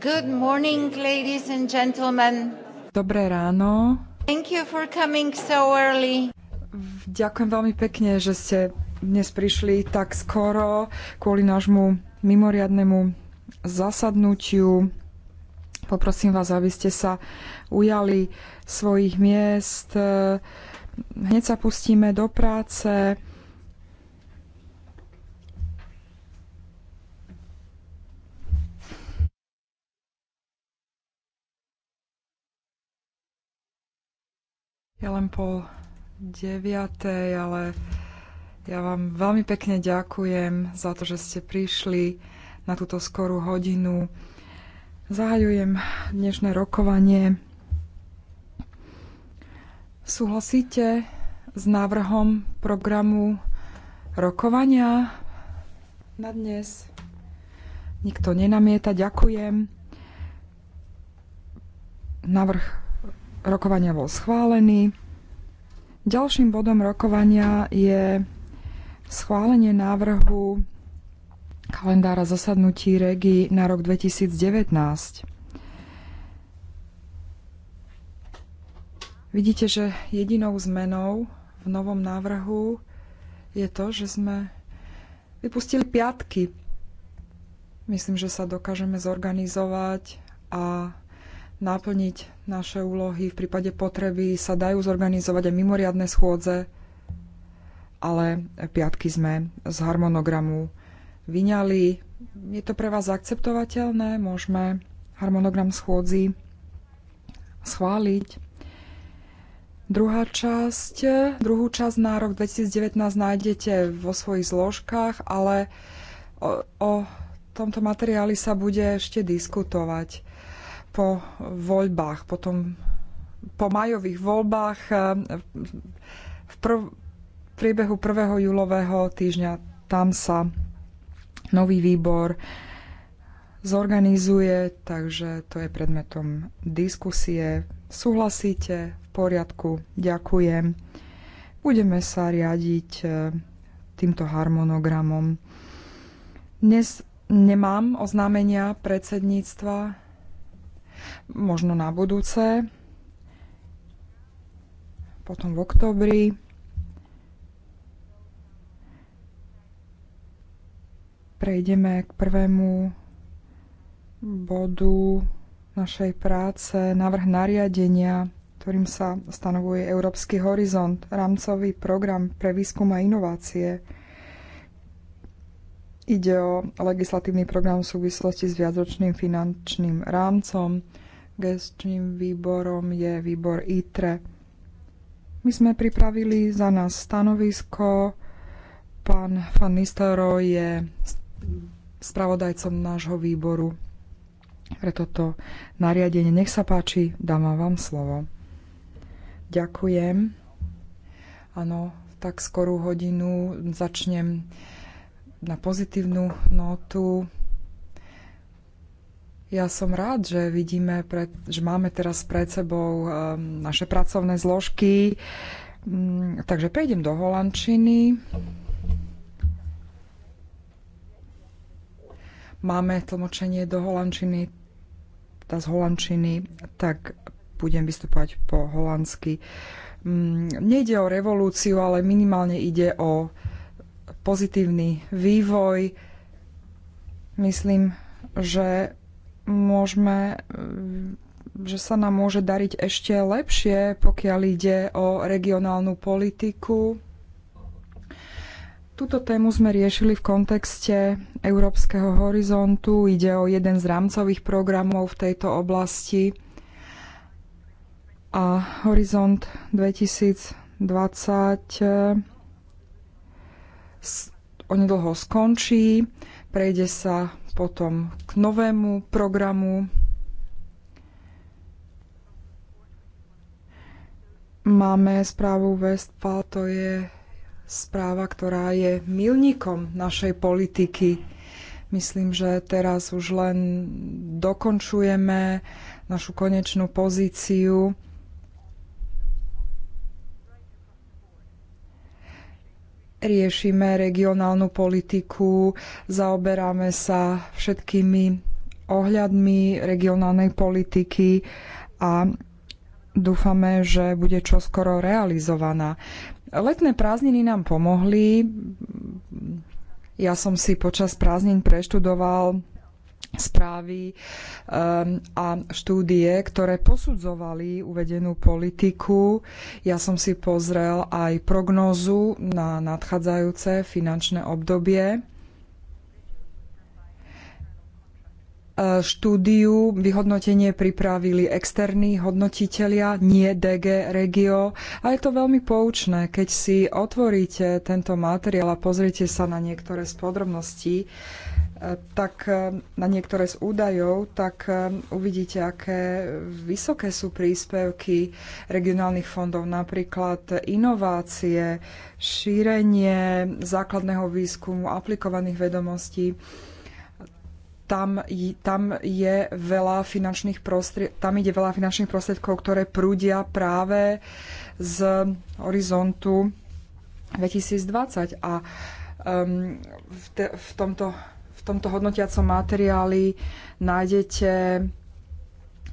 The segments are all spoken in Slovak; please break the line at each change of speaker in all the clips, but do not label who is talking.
Good morning, ladies and gentlemen. Dobré ráno. Thank you for coming so early. Ďakujem veľmi pekne, že ste dnes prišli tak skoro kvôli nášmu mimoriadnemu zasadnutiu. Poprosím vás, aby ste sa ujali svojich miest. Hneď sa pustíme do práce. Je len po 9. ale ja vám veľmi pekne ďakujem za to, že ste prišli na túto skorú hodinu. Zahajujem dnešné rokovanie. Súhlasíte s návrhom programu rokovania na dnes? Nikto nenamieta, ďakujem. Navrh rokovania bol schválený. Ďalším bodom rokovania je schválenie návrhu kalendára zasadnutí REGI na rok 2019. Vidíte, že jedinou zmenou v novom návrhu je to, že sme vypustili piatky. Myslím, že sa dokážeme zorganizovať a naplniť naše úlohy. V prípade potreby sa dajú zorganizovať aj mimoriadne schôdze, ale piatky sme z harmonogramu vyňali. Je to pre vás akceptovateľné? Môžeme harmonogram schôdzi schváliť. Druhá časť, druhú časť na rok 2019 nájdete vo svojich zložkách, ale o, o tomto materiáli sa bude ešte diskutovať po voľbách, potom po majových voľbách eh, v prv, priebehu 1. júlového týždňa tam sa nový výbor zorganizuje, takže to je predmetom diskusie. Súhlasíte? V poriadku, ďakujem. Budeme sa riadiť eh, týmto harmonogramom. Dnes nemám oznámenia predsedníctva možno na budúce, potom v oktobri. Prejdeme k prvému bodu našej práce, návrh nariadenia, ktorým sa stanovuje Európsky horizont, rámcový program pre výskum a inovácie Ide o legislatívny program v súvislosti s viacročným finančným rámcom. Gestným výborom je výbor ITRE. My sme pripravili za nás stanovisko. Pán Van Nistero je spravodajcom nášho výboru pre toto nariadenie. Nech sa páči, dám vám slovo. Ďakujem. Áno, tak skorú hodinu začnem na pozitívnu notu. Ja som rád, že vidíme, pred, že máme teraz pred sebou um, naše pracovné zložky. Um, takže prejdem do holandčiny. Máme tlmočenie do holandčiny, tá teda z holandčiny, tak budem vystupovať po holandsky. Um, nejde o revolúciu, ale minimálne ide o pozitívny vývoj. Myslím, že môžeme že sa nám môže dariť ešte lepšie, pokiaľ ide o regionálnu politiku. Túto tému sme riešili v kontexte Európskeho horizontu. Ide o jeden z rámcových programov v tejto oblasti. A Horizont 2020 onedlho skončí, prejde sa potom k novému programu. Máme správu Westphal, to je správa, ktorá je milníkom našej politiky. Myslím, že teraz už len dokončujeme našu konečnú pozíciu riešime regionálnu politiku, zaoberáme sa všetkými ohľadmi regionálnej politiky a dúfame, že bude čoskoro realizovaná. Letné prázdniny nám pomohli. Ja som si počas prázdnin preštudoval správy ehm, a štúdie, ktoré posudzovali uvedenú politiku. Ja som si pozrel aj prognózu na nadchádzajúce finančné obdobie Štúdiu vyhodnotenie pripravili externí hodnotitelia, nie DG Regio. A je to veľmi poučné, keď si otvoríte tento materiál a pozriete sa na niektoré z podrobností, e, tak e, na niektoré z údajov, tak e, uvidíte, aké vysoké sú príspevky regionálnych fondov, napríklad inovácie, šírenie základného výskumu, aplikovaných vedomostí tam, tam, je veľa finančných prostri- tam ide veľa finančných prostriedkov, ktoré prúdia práve z horizontu 2020. A um, v, te, v, tomto, v tomto hodnotiacom materiáli nájdete,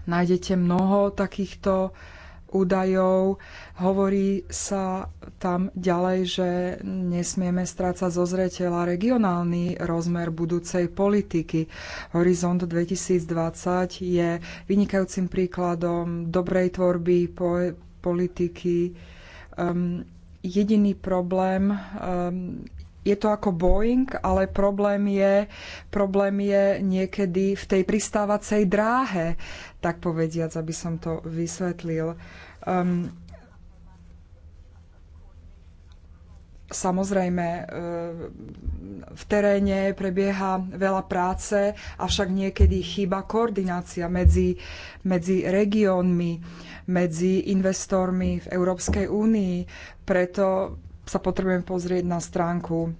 nájdete mnoho takýchto údajov. Hovorí sa tam ďalej, že nesmieme strácať zo zreteľa regionálny rozmer budúcej politiky. Horizont 2020 je vynikajúcim príkladom dobrej tvorby po politiky. Um, jediný problém um, je to ako Boeing, ale problém je, problém je niekedy v tej pristávacej dráhe, tak povediac, aby som to vysvetlil. Um, Samozrejme, e, v teréne prebieha veľa práce, avšak niekedy chýba koordinácia medzi, medzi regiónmi, medzi investormi v Európskej únii. Preto sa potrebujeme pozrieť na stránku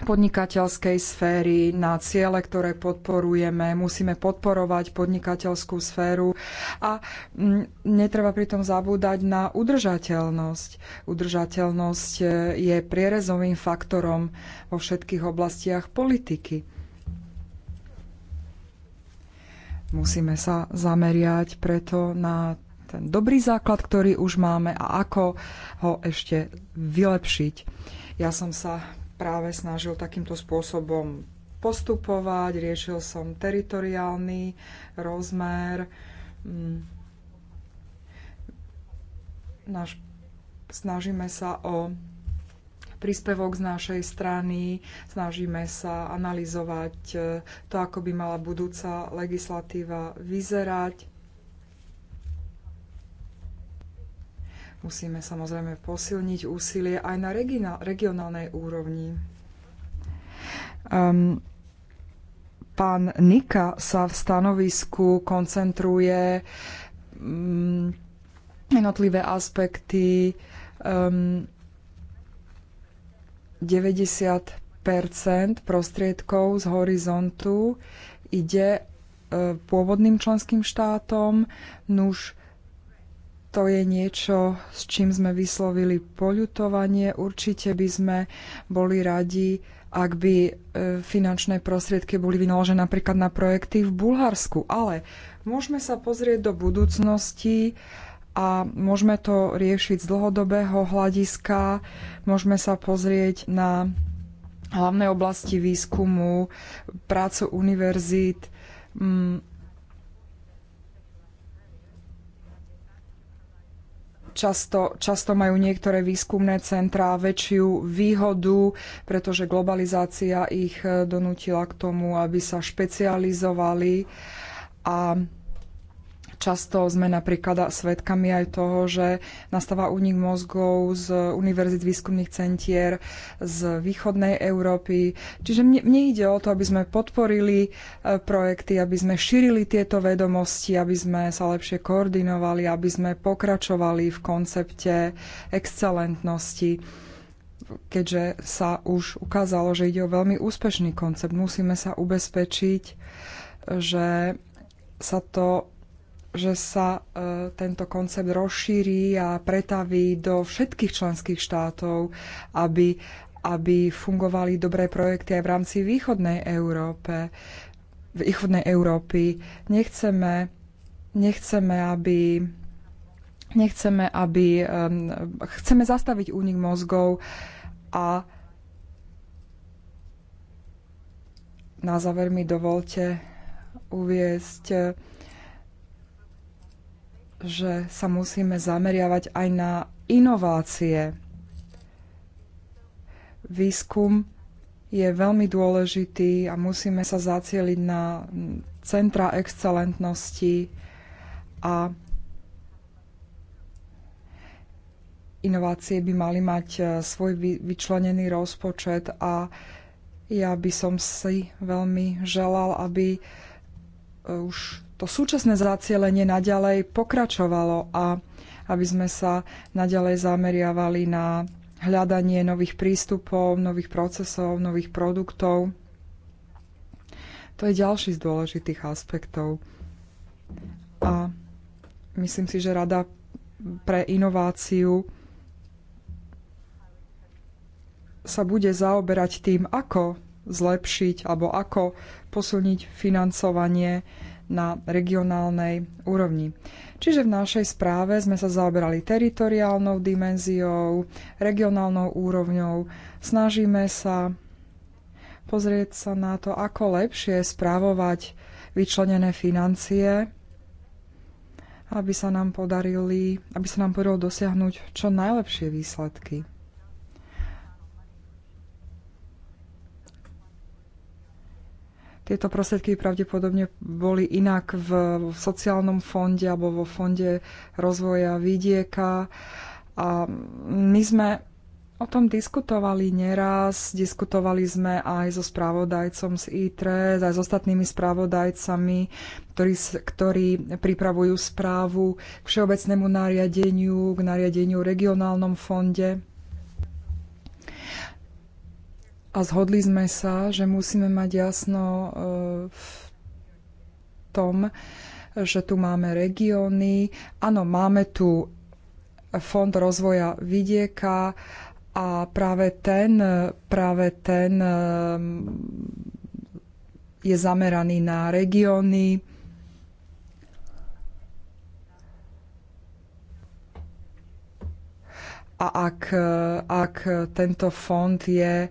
podnikateľskej sféry, na ciele, ktoré podporujeme. Musíme podporovať podnikateľskú sféru a netreba pritom zabúdať na udržateľnosť. Udržateľnosť e, je prierezovým faktorom vo všetkých oblastiach politiky. Musíme sa zameriať preto na ten dobrý základ, ktorý už máme a ako ho ešte vylepšiť. Ja som sa práve snažil takýmto spôsobom postupovať, riešil som teritoriálny rozmer. Mm. Naš, snažíme sa o príspevok z našej strany, snažíme sa analyzovať eh, to, ako by mala budúca legislatíva vyzerať. Musíme samozrejme posilniť úsilie aj na regionálnej úrovni. Um, pán Nika sa v stanovisku koncentruje um, jednotlivé aspekty um, ehm, 90 prostriedkov z horizontu ide e, pôvodným členským štátom, nuž to je niečo, s čím sme vyslovili poľutovanie. Určite by sme boli radi, ak by e, finančné prostriedky boli vynaložené napríklad na projekty v Bulharsku. Ale môžeme sa pozrieť do budúcnosti a môžeme to riešiť z dlhodobého hľadiska. Môžeme sa pozrieť na hlavné oblasti výskumu, prácu univerzít, mm, Často, často majú niektoré výskumné centrá väčšiu výhodu, pretože globalizácia ich eh, donútila k tomu, aby sa špecializovali a Často sme napríklad svedkami aj toho, že nastáva únik mozgov z univerzit výskumných centier z východnej Európy. Čiže mne, mne ide o to, aby sme podporili e, projekty, aby sme šírili tieto vedomosti, aby sme sa lepšie koordinovali, aby sme pokračovali v koncepte excelentnosti keďže sa už ukázalo, že ide o veľmi úspešný koncept. Musíme sa ubezpečiť, že sa to že sa e, tento koncept rozšíri a pretaví do všetkých členských štátov, aby, aby fungovali dobré projekty aj v rámci východnej Európe, východnej Európy. Nechceme, nechceme aby nechceme, aby um, chceme zastaviť únik mozgov a na záver mi dovolte uviesť že sa musíme zameriavať aj na inovácie. Výskum je veľmi dôležitý a musíme sa zacieliť na centra excelentnosti a inovácie by mali mať e, svoj vyčlenený rozpočet a ja by som si veľmi želal, aby e, už to súčasné zacielenie naďalej pokračovalo a aby sme sa naďalej zameriavali na hľadanie nových prístupov, nových procesov, nových produktov. To je ďalší z dôležitých aspektov. A myslím si, že Rada pre inováciu sa bude zaoberať tým, ako zlepšiť alebo ako posilniť financovanie na regionálnej úrovni. Čiže v našej správe sme sa zaoberali teritoriálnou dimenziou, regionálnou úrovňou. Snažíme sa pozrieť sa na to, ako lepšie správovať vyčlenené financie, aby sa nám podarili, aby sa nám podarilo dosiahnuť čo najlepšie výsledky. Tieto prostriedky pravdepodobne boli inak v sociálnom fonde alebo vo fonde rozvoja vidieka. A my sme o tom diskutovali neraz, diskutovali sme aj so správodajcom z ITRE, aj s ostatnými správodajcami, ktorí, ktorí pripravujú správu k všeobecnému nariadeniu, k nariadeniu regionálnom fonde a zhodli sme sa, že musíme mať jasno e, v tom, že tu máme regióny. Áno, máme tu Fond rozvoja vidieka a práve ten, práve ten e, je zameraný na regióny. A ak, ak tento fond je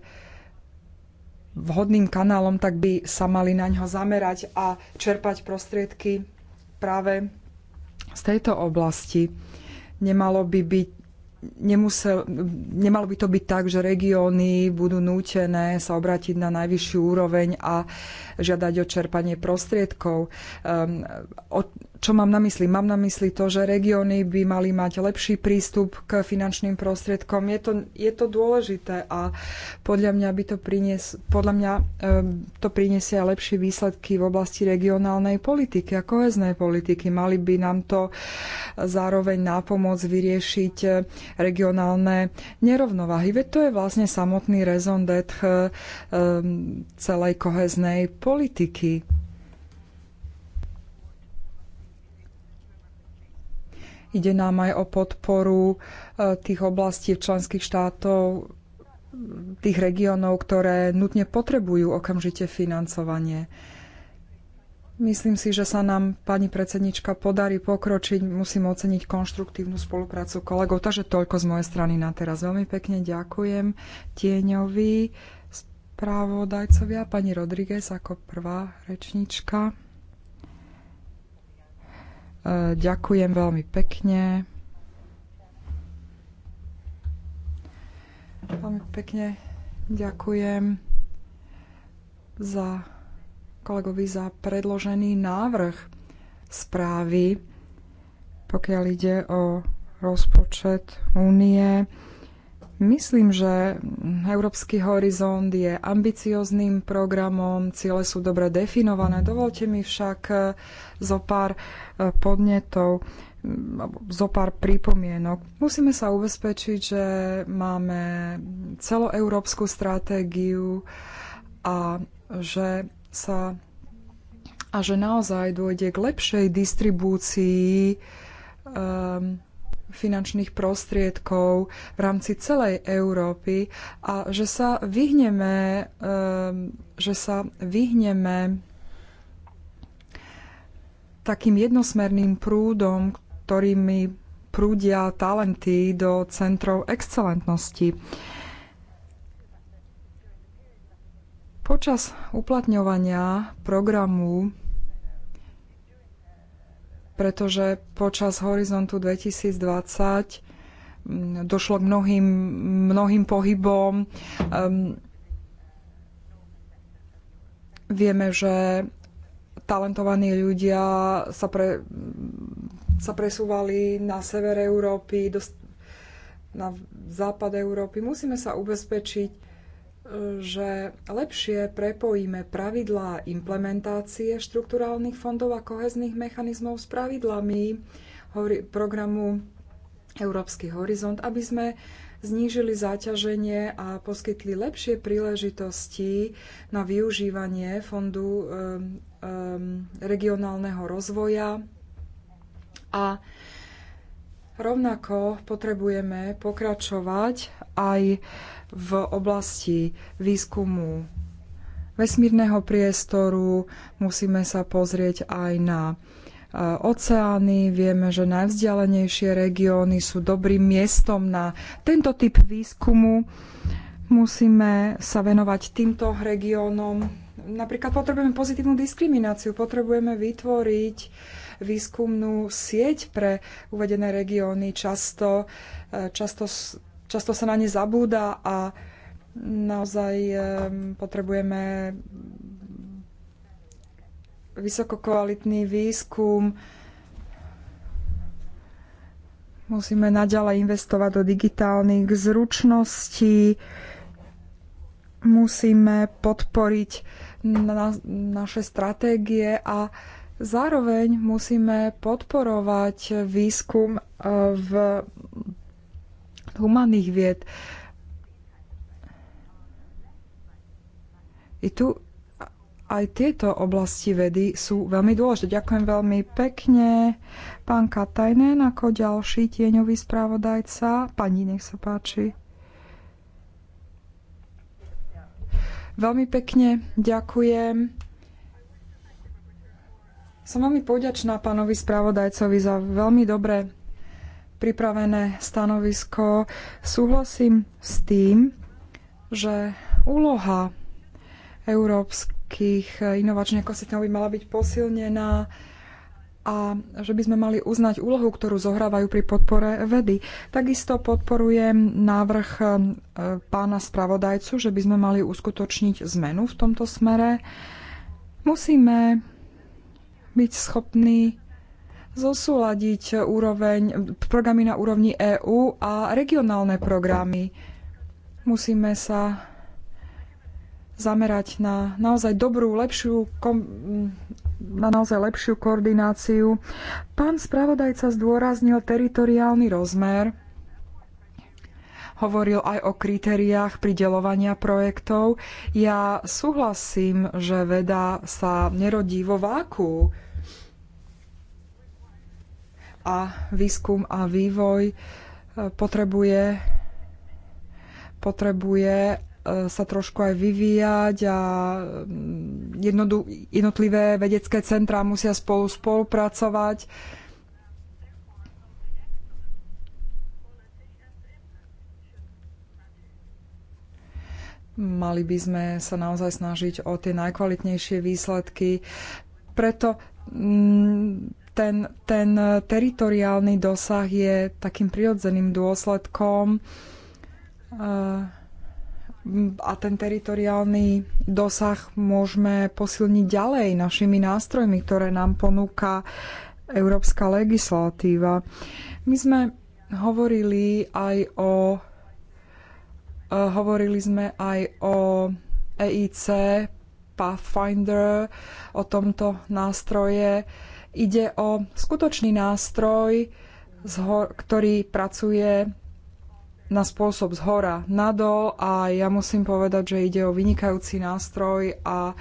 vhodným kanálom, tak by sa mali na ňo zamerať a čerpať prostriedky práve z tejto oblasti. Nemalo by byť Nemusel, nemalo by to byť tak, že regióny budú nútené sa obrátiť na najvyššiu úroveň a žiadať o čerpanie prostriedkov. Um, čo mám na mysli? Mám na mysli to, že regióny by mali mať lepší prístup k finančným prostriedkom. Je to, je to dôležité a podľa mňa, by to, prinies, podľa mňa e, to priniesie aj lepšie výsledky v oblasti regionálnej politiky a koheznej politiky. Mali by nám to zároveň pomoc vyriešiť regionálne nerovnováhy. Veď to je vlastne samotný rezondet e, celej koheznej politiky. Ide nám aj o podporu e, tých oblastí v členských štátov, tých regiónov, ktoré nutne potrebujú okamžite financovanie. Myslím si, že sa nám, pani predsednička, podarí pokročiť. Musím oceniť konštruktívnu spoluprácu kolegov. Takže toľko z mojej strany na teraz. Veľmi pekne ďakujem tieňovi, správodajcovia, pani Rodriguez ako prvá rečnička. Eh, ďakujem veľmi pekne. Veľmi pekne ďakujem za kolegovi za predložený návrh správy, pokiaľ ide o rozpočet únie. Myslím, že Európsky horizont je ambicióznym programom, ciele sú dobre definované. Dovolte mi však e, zo pár e, podnetov, zo pár pripomienok. Musíme sa ubezpečiť, že máme celoeurópsku stratégiu a že sa a že naozaj dôjde k lepšej distribúcii um, finančných prostriedkov v rámci celej Európy a že sa vyhneme, ehm, že sa vyhneme takým jednosmerným prúdom, ktorými prúdia talenty do centrov excelentnosti. Počas uplatňovania programu pretože počas horizontu 2020 mm, došlo k mnohým, mnohým pohybom. Um, vieme, že talentovaní ľudia sa, pre, sa presúvali na sever Európy, do, na západ Európy. Musíme sa ubezpečiť, že lepšie prepojíme pravidlá implementácie štrukturálnych fondov a kohezných mechanizmov s pravidlami programu Európsky horizont, aby sme znížili záťaženie a poskytli lepšie príležitosti na využívanie Fondu um, um, regionálneho rozvoja a rovnako potrebujeme pokračovať aj v oblasti výskumu vesmírneho priestoru, musíme sa pozrieť aj na e, oceány. Vieme, že najvzdialenejšie regióny sú dobrým miestom na tento typ výskumu. Musíme sa venovať týmto regiónom. Napríklad potrebujeme pozitívnu diskrimináciu, potrebujeme vytvoriť výskumnú sieť pre uvedené regióny. Často, e, často často sa na ne zabúda a naozaj potrebujeme vysokokvalitný výskum, musíme naďalej investovať do digitálnych zručností, musíme podporiť na, naše stratégie a zároveň musíme podporovať výskum eh, v humanných vied. I tu aj tieto oblasti vedy sú veľmi dôležité. Ďakujem veľmi pekne. Pán Katajnen ako ďalší tieňový správodajca. Pani, nech sa páči. Veľmi pekne ďakujem. Som veľmi poďačná pánovi spravodajcovi za veľmi dobré pripravené stanovisko. Súhlasím s tým, že úloha európskych inovačných ekosystémov by mala byť posilnená a že by sme mali uznať úlohu, ktorú zohrávajú pri podpore vedy. Takisto podporujem návrh e, pána spravodajcu, že by sme mali uskutočniť zmenu v tomto smere. Musíme byť schopní zosúladiť úroveň, programy na úrovni EÚ a regionálne programy. Musíme sa zamerať na naozaj dobrú, lepšiu, kom, na naozaj lepšiu koordináciu. Pán spravodajca zdôraznil teritoriálny rozmer, hovoril aj o kritériách pridelovania projektov. Ja súhlasím, že veda sa nerodí vo váku a výskum a vývoj e, potrebuje, potrebuje e, sa trošku aj vyvíjať a mm, jednotlivé vedecké centrá musia spolu spolupracovať. Mali by sme sa naozaj snažiť o tie najkvalitnejšie výsledky. Preto mm, ten, ten teritoriálny dosah je takým prirodzeným dôsledkom eh, a ten teritoriálny dosah môžeme posilniť ďalej našimi nástrojmi, ktoré nám ponúka európska legislatíva. My sme hovorili aj o eh, hovorili sme aj o EIC Pathfinder, o tomto nástroje Ide o skutočný nástroj, ktorý pracuje na spôsob z hora nadol a ja musím povedať, že ide o vynikajúci nástroj a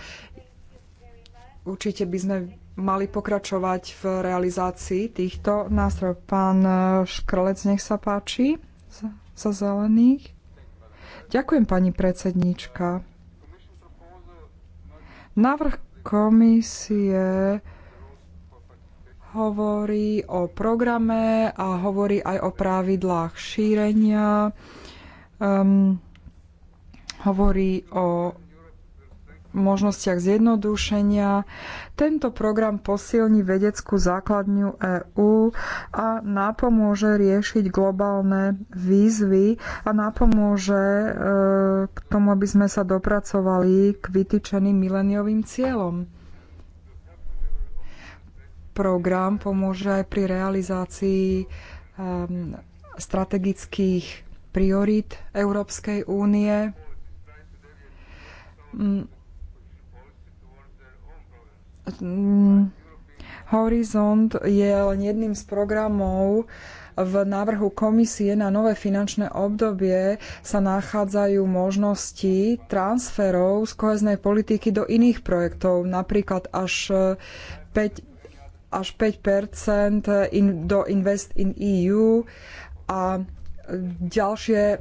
určite by sme mali pokračovať v realizácii týchto nástrojov. Pán Škrlec, nech sa páči, za, za zelených. Ďakujem, pani predsedníčka. Návrh komisie hovorí o programe a hovorí aj o pravidlách šírenia, um, hovorí o možnostiach zjednodušenia. Tento program posilní vedeckú základňu EÚ a napomôže riešiť globálne výzvy a napomôže e, k tomu, aby sme sa dopracovali k vytýčeným mileniovým cieľom program pomôže pri realizácii um, strategických priorít Európskej únie. Mm. Mm. Horizont je len jedným z programov v návrhu komisie na nové finančné obdobie sa nachádzajú možnosti transferov z koheznej politiky do iných projektov, napríklad až 5, až 5 in, do Invest in EU a ďalšie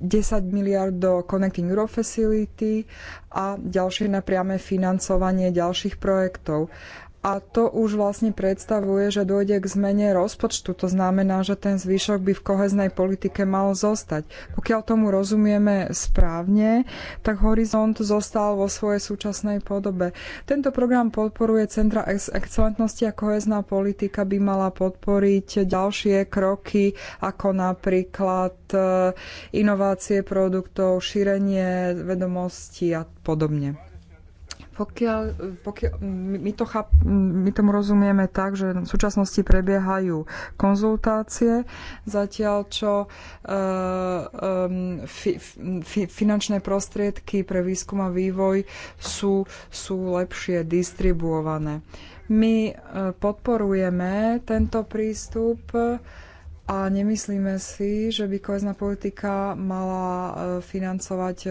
10 miliard do Connecting Europe Facility a ďalšie na priame financovanie ďalších projektov a to už vlastne predstavuje, že dojde k zmene rozpočtu. To znamená, že ten zvyšok by v koheznej politike mal zostať. Pokiaľ tomu rozumieme správne, tak Horizont zostal vo svojej súčasnej podobe. Tento program podporuje Centra excelentnosti a kohezná politika by mala podporiť ďalšie kroky, ako napríklad e, inovácie produktov, šírenie vedomostí a podobne. Pokiaľ, pokiaľ my, to cháp, my tomu rozumieme tak, že v súčasnosti prebiehajú konzultácie, zatiaľ čo e, e, fi, fi, finančné prostriedky pre výskum a vývoj sú, sú lepšie distribuované. My e, podporujeme tento prístup. E, a nemyslíme si, že by kohezná politika mala e, financovať e,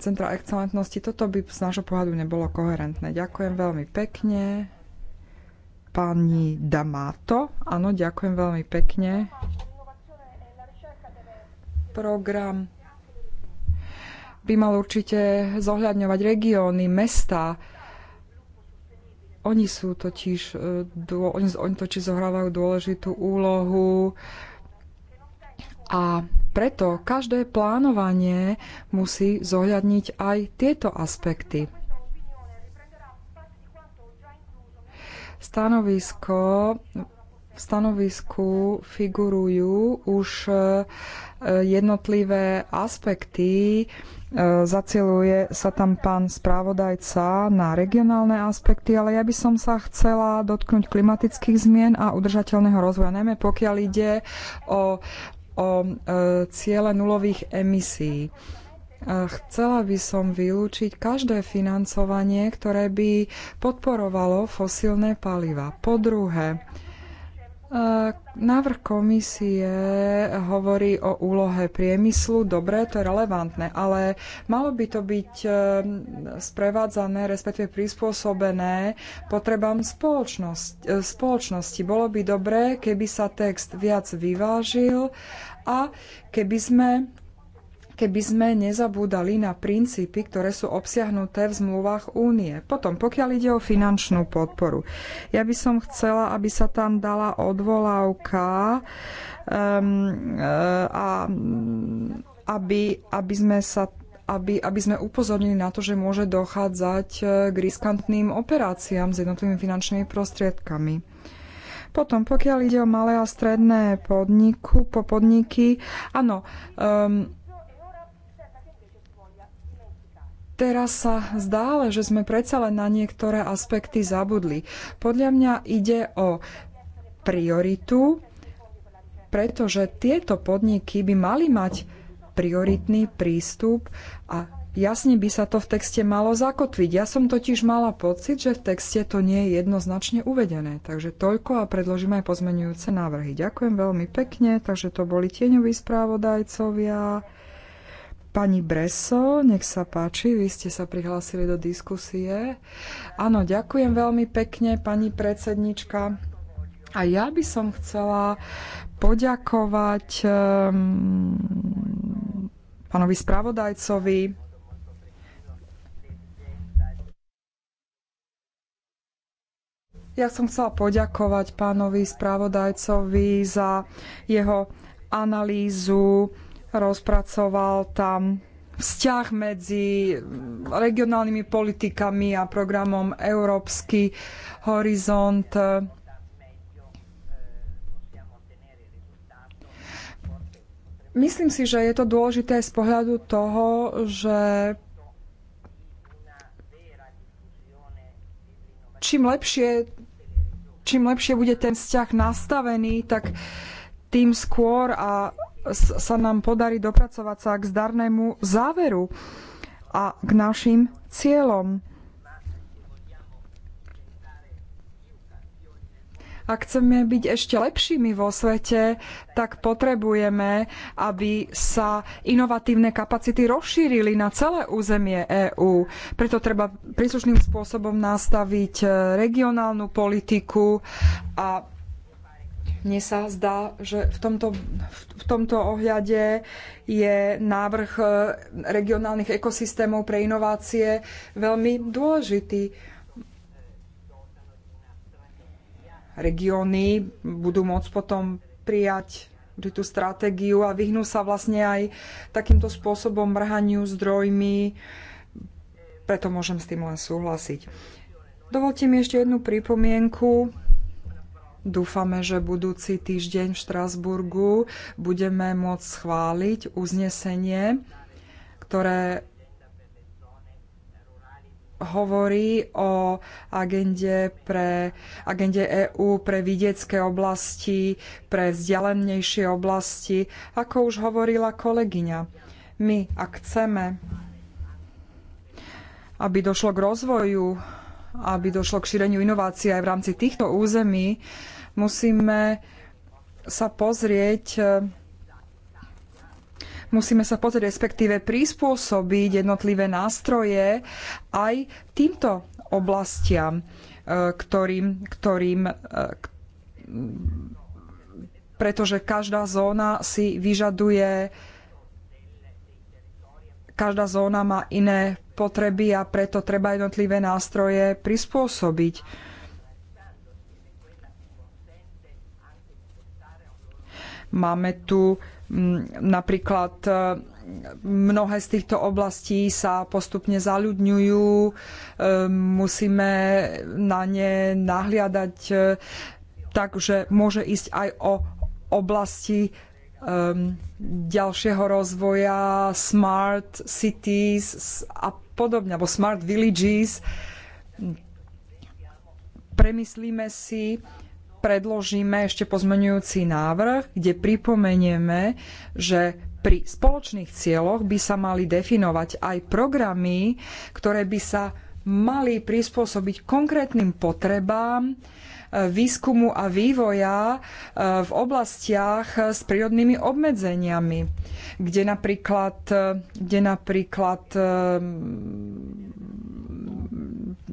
centra excelentnosti. Toto by z nášho pohľadu nebolo koherentné. Ďakujem veľmi pekne. Pani Damato, áno, ďakujem veľmi pekne. Program by mal určite zohľadňovať regióny, mesta, oni sú totiž, e, oni, oni totiž zohrávajú dôležitú úlohu a preto každé plánovanie musí zohľadniť aj tieto aspekty. Stanovisko v stanovisku figurujú už e, jednotlivé aspekty. E, zacieluje sa tam pán správodajca na regionálne aspekty, ale ja by som sa chcela dotknúť klimatických zmien a udržateľného rozvoja, najmä pokiaľ ide o, o e, ciele nulových emisí. Chcela by som vylúčiť každé financovanie, ktoré by podporovalo fosílne paliva. Po druhé, Návrh komisie hovorí o úlohe priemyslu, dobre, to je relevantné, ale malo by to byť eh, sprevádzané, respektíve prispôsobené potrebám spoločnosť, eh, spoločnosti. Bolo by dobré, keby sa text viac vyvážil a keby sme keby sme nezabúdali na princípy, ktoré sú obsiahnuté v zmluvách únie. Potom, pokiaľ ide o finančnú podporu, ja by som chcela, aby sa tam dala odvolávka um, a aby, aby sme sa aby, aby sme upozornili na to, že môže dochádzať eh, k riskantným operáciám s jednotlivými finančnými prostriedkami. Potom, pokiaľ ide o malé a stredné podniku, po podniky, áno, um, Teraz sa zdále, že sme predsa len na niektoré aspekty zabudli. Podľa mňa ide o prioritu, pretože tieto podniky by mali mať prioritný prístup a jasne by sa to v texte malo zakotviť. Ja som totiž mala pocit, že v texte to nie je jednoznačne uvedené. Takže toľko a predložím aj pozmenujúce návrhy. Ďakujem veľmi pekne, takže to boli tieňoví správodajcovia. Pani Breso, nech sa páči, vy ste sa prihlásili do diskusie. Áno, ďakujem veľmi pekne, pani predsednička. A ja by som chcela poďakovať um, pánovi spravodajcovi, Ja som chcela poďakovať pánovi spravodajcovi za jeho analýzu Rozpracoval tam vzťah medzi regionálnymi politikami a programom Európsky horizont. Myslím si, že je to dôležité z pohľadu toho, že čím lepšie, čím lepšie bude ten vzťah nastavený, tak tým skôr a sa nám podarí dopracovať sa k zdarnému záveru a k našim cieľom. Ak chceme byť ešte lepšími vo svete, tak potrebujeme, aby sa inovatívne kapacity rozšírili na celé územie EÚ. Preto treba príslušným spôsobom nastaviť eh, regionálnu politiku a mne sa zdá, že v tomto, v tomto ohľade je návrh e, regionálnych ekosystémov pre inovácie veľmi dôležitý. Regióny budú môcť potom prijať tú stratégiu a vyhnú sa vlastne aj takýmto spôsobom mrhaniu zdrojmi, preto môžem s tým len súhlasiť. Dovolte mi ešte jednu pripomienku Dúfame, že budúci týždeň v Štrasburgu budeme môcť schváliť uznesenie, ktoré hovorí o agende, pre, agende EÚ pre vidiecké oblasti, pre vzdialenejšie oblasti, ako už hovorila kolegyňa. My, ak chceme, aby došlo k rozvoju, aby došlo k šíreniu inovácií aj v rámci týchto území, Musíme sa pozrieť e, musíme sa pozrieť, respektíve prispôsobiť jednotlivé nástroje aj týmto oblastiam, e, ktorým, ktorým e, pretože každá zóna si vyžaduje každá zóna má iné potreby a preto treba jednotlivé nástroje prispôsobiť Máme tu mm, napríklad e, mnohé z týchto oblastí sa postupne zaľudňujú, e, musíme na ne nahliadať, e, takže môže ísť aj o oblasti ďalšieho rozvoja, smart cities a podobne, alebo smart villages. Premyslíme si, predložíme ešte pozmenujúci návrh, kde pripomenieme, že pri spoločných cieľoch by sa mali definovať aj programy, ktoré by sa mali prispôsobiť konkrétnym potrebám e, výskumu a vývoja e, v oblastiach s prírodnými obmedzeniami, kde napríklad, e, kde napríklad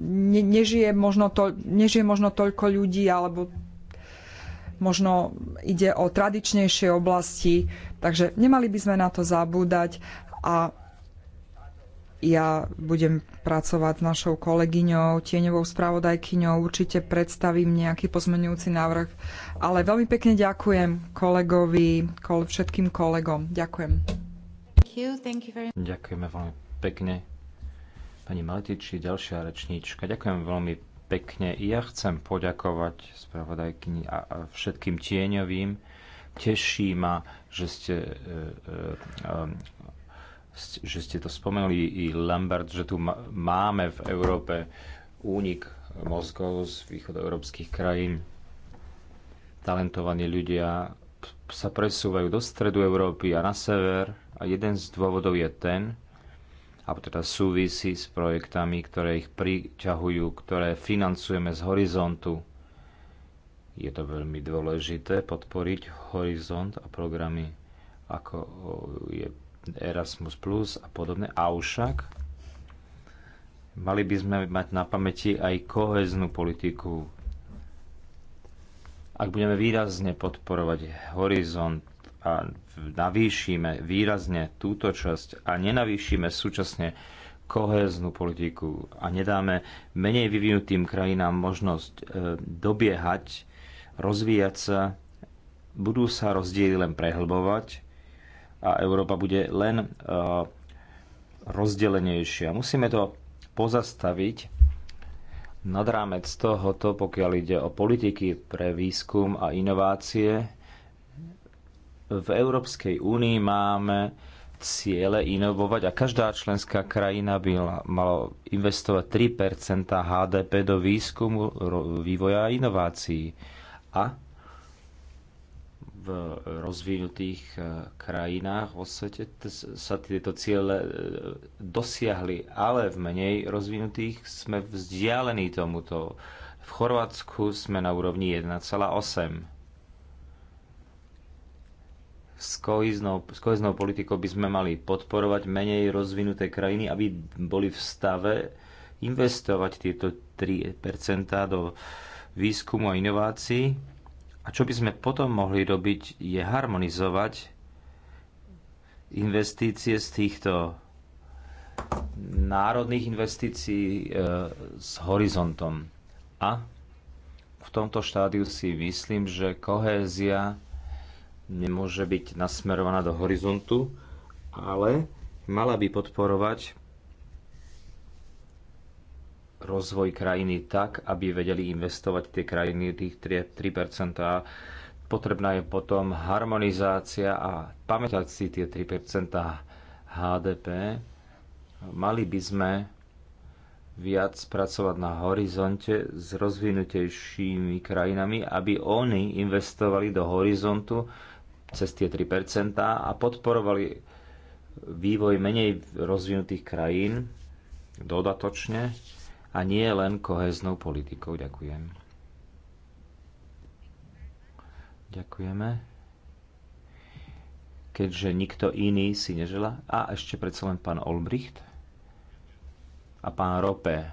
ne, nežije, možno to, nežije možno toľko ľudí alebo možno ide o tradičnejšie oblasti, takže nemali by sme na to zabúdať a ja budem pracovať s našou kolegyňou, tieňovou spravodajkyňou, určite predstavím nejaký pozmenujúci návrh, ale veľmi pekne ďakujem kolegovi, všetkým kolegom. Ďakujem.
Ďakujeme veľmi pekne. Pani Maletiči, ďalšia rečníčka. Ďakujem veľmi pekne. ja chcem poďakovať spravodajkyni a všetkým tieňovým. Teší ma, že ste, e, e, e, že ste to spomenuli i Lambert, že tu máme v Európe únik mozgov z východoeurópskych krajín. Talentovaní ľudia sa presúvajú do stredu Európy a na sever a jeden z dôvodov je ten, alebo teda súvisí s projektami, ktoré ich priťahujú, ktoré financujeme z horizontu. Je to veľmi dôležité podporiť horizont a programy ako je Erasmus Plus a podobne. Avšak mali by sme mať na pamäti aj koheznú politiku. Ak budeme výrazne podporovať horizont, a navýšime výrazne túto časť a nenavýšime súčasne kohéznú politiku a nedáme menej vyvinutým krajinám možnosť e, dobiehať, rozvíjať sa, budú sa rozdiely len prehlbovať a Európa bude len e, rozdelenejšia. Musíme to pozastaviť nad rámec tohoto, pokiaľ ide o politiky pre výskum a inovácie, v Európskej únii máme ciele inovovať a každá členská krajina by mala investovať 3 HDP do výskumu, vývoja a inovácií. A v rozvinutých e, krajinách vo svete sa tieto ciele e, dosiahli, ale v menej rozvinutých sme vzdialení tomuto. V Chorvátsku sme na úrovni 1,8 s kohiznou, politikou by sme mali podporovať menej rozvinuté krajiny, aby boli v stave investovať tieto 3% do výskumu a inovácií. A čo by sme potom mohli robiť, je harmonizovať investície z týchto národných investícií e, s horizontom. A v tomto štádiu si myslím, že kohézia nemôže byť nasmerovaná do horizontu, ale mala by podporovať rozvoj krajiny tak, aby vedeli investovať tie krajiny tých 3%. Potrebná je potom harmonizácia a pamätať si tie 3% HDP. Mali by sme viac pracovať na horizonte s rozvinutejšími krajinami, aby oni investovali do horizontu, cez tie 3% a podporovali vývoj menej rozvinutých krajín dodatočne a nie len koheznou politikou. Ďakujem. Ďakujeme keďže nikto iný si nežela. A ešte predsa len pán Olbricht a pán Rope.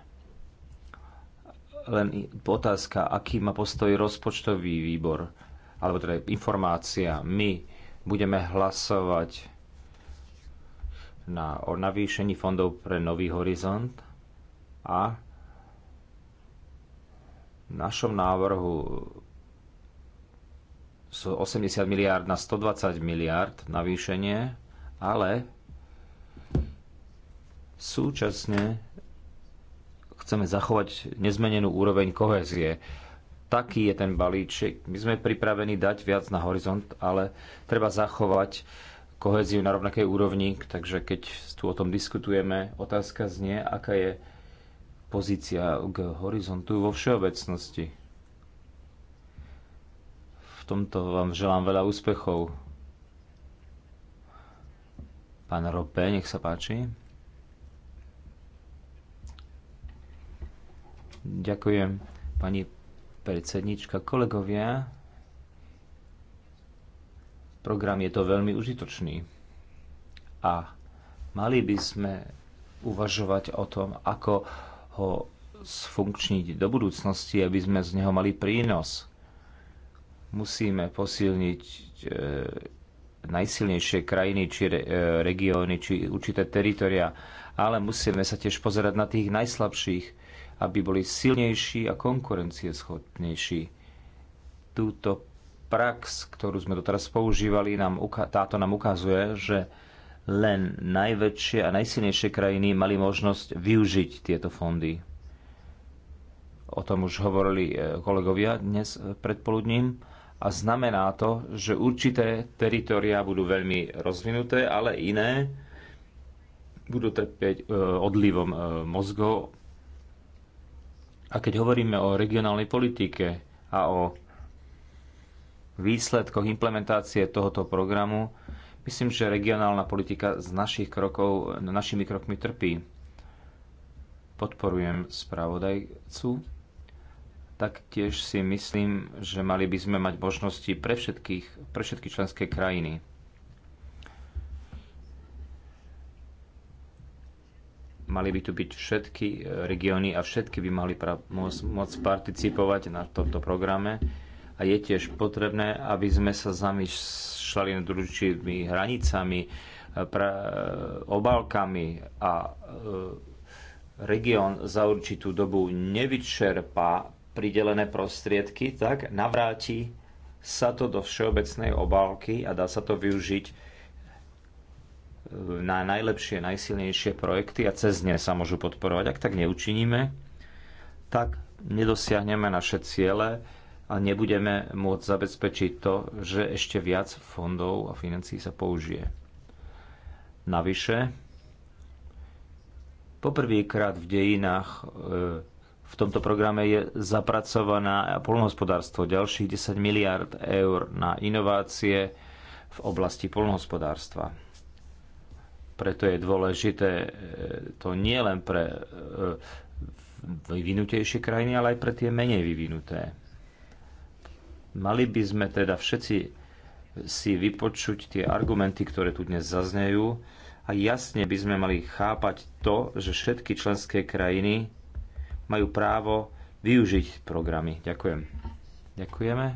Len otázka, aký má postoj rozpočtový výbor alebo teda informácia, my budeme hlasovať na, o navýšení fondov pre Nový horizont a v našom návrhu sú 80 miliárd na 120 miliárd navýšenie, ale súčasne chceme zachovať nezmenenú úroveň kohézie taký je ten balíček. My sme pripravení dať viac na horizont, ale treba zachovať koheziu na rovnakej úrovni, takže keď tu o tom diskutujeme, otázka znie, aká je pozícia k horizontu vo všeobecnosti. V tomto vám želám veľa úspechov. Pán Rope, nech sa páči. Ďakujem, pani predsednička, kolegovia. Program je to veľmi užitočný. A mali by sme uvažovať o tom, ako ho sfunkčniť do budúcnosti, aby sme z neho mali prínos. Musíme posilniť e, najsilnejšie krajiny či re, e, regióny či určité teritoria, ale musíme sa tiež pozerať na tých najslabších aby boli silnejší a konkurencieschopnejší. Túto prax, ktorú sme doteraz používali, nám, táto nám ukazuje, že len najväčšie a najsilnejšie krajiny mali možnosť využiť tieto fondy. O tom už hovorili e, kolegovia dnes e, predpoludním. A znamená to, že určité teritoria budú veľmi rozvinuté, ale iné budú trpieť e, odlivom mozgov a keď hovoríme o regionálnej politike a o výsledkoch implementácie tohoto programu, myslím, že regionálna politika z našich krokov, našimi krokmi trpí. Podporujem spravodajcu. Taktiež si myslím, že mali by sme mať možnosti pre, všetkých, pre všetky členské krajiny. mali by tu byť všetky e, regióny a všetky by mali môcť participovať na tomto programe. A je tiež potrebné, aby sme sa zamýšľali nad určitými hranicami, e, pra, e, obálkami a e, región za určitú dobu nevyčerpá pridelené prostriedky, tak navráti sa to do všeobecnej obálky a dá sa to využiť na najlepšie, najsilnejšie projekty a cez ne sa môžu podporovať. Ak tak neučiníme, tak nedosiahneme naše ciele a nebudeme môcť zabezpečiť to, že ešte viac fondov a financií sa použije. Navyše, poprvýkrát v dejinách e, v tomto programe je zapracovaná polnohospodárstvo ďalších 10 miliard eur na inovácie v oblasti polnohospodárstva. Preto je dôležité e, to nie len pre e, vyvinutejšie krajiny, ale aj pre tie menej vyvinuté. Mali by sme teda všetci si vypočuť tie argumenty, ktoré tu dnes zaznejú a jasne by sme mali chápať to, že všetky členské krajiny majú právo využiť programy. Ďakujem. Ďakujeme.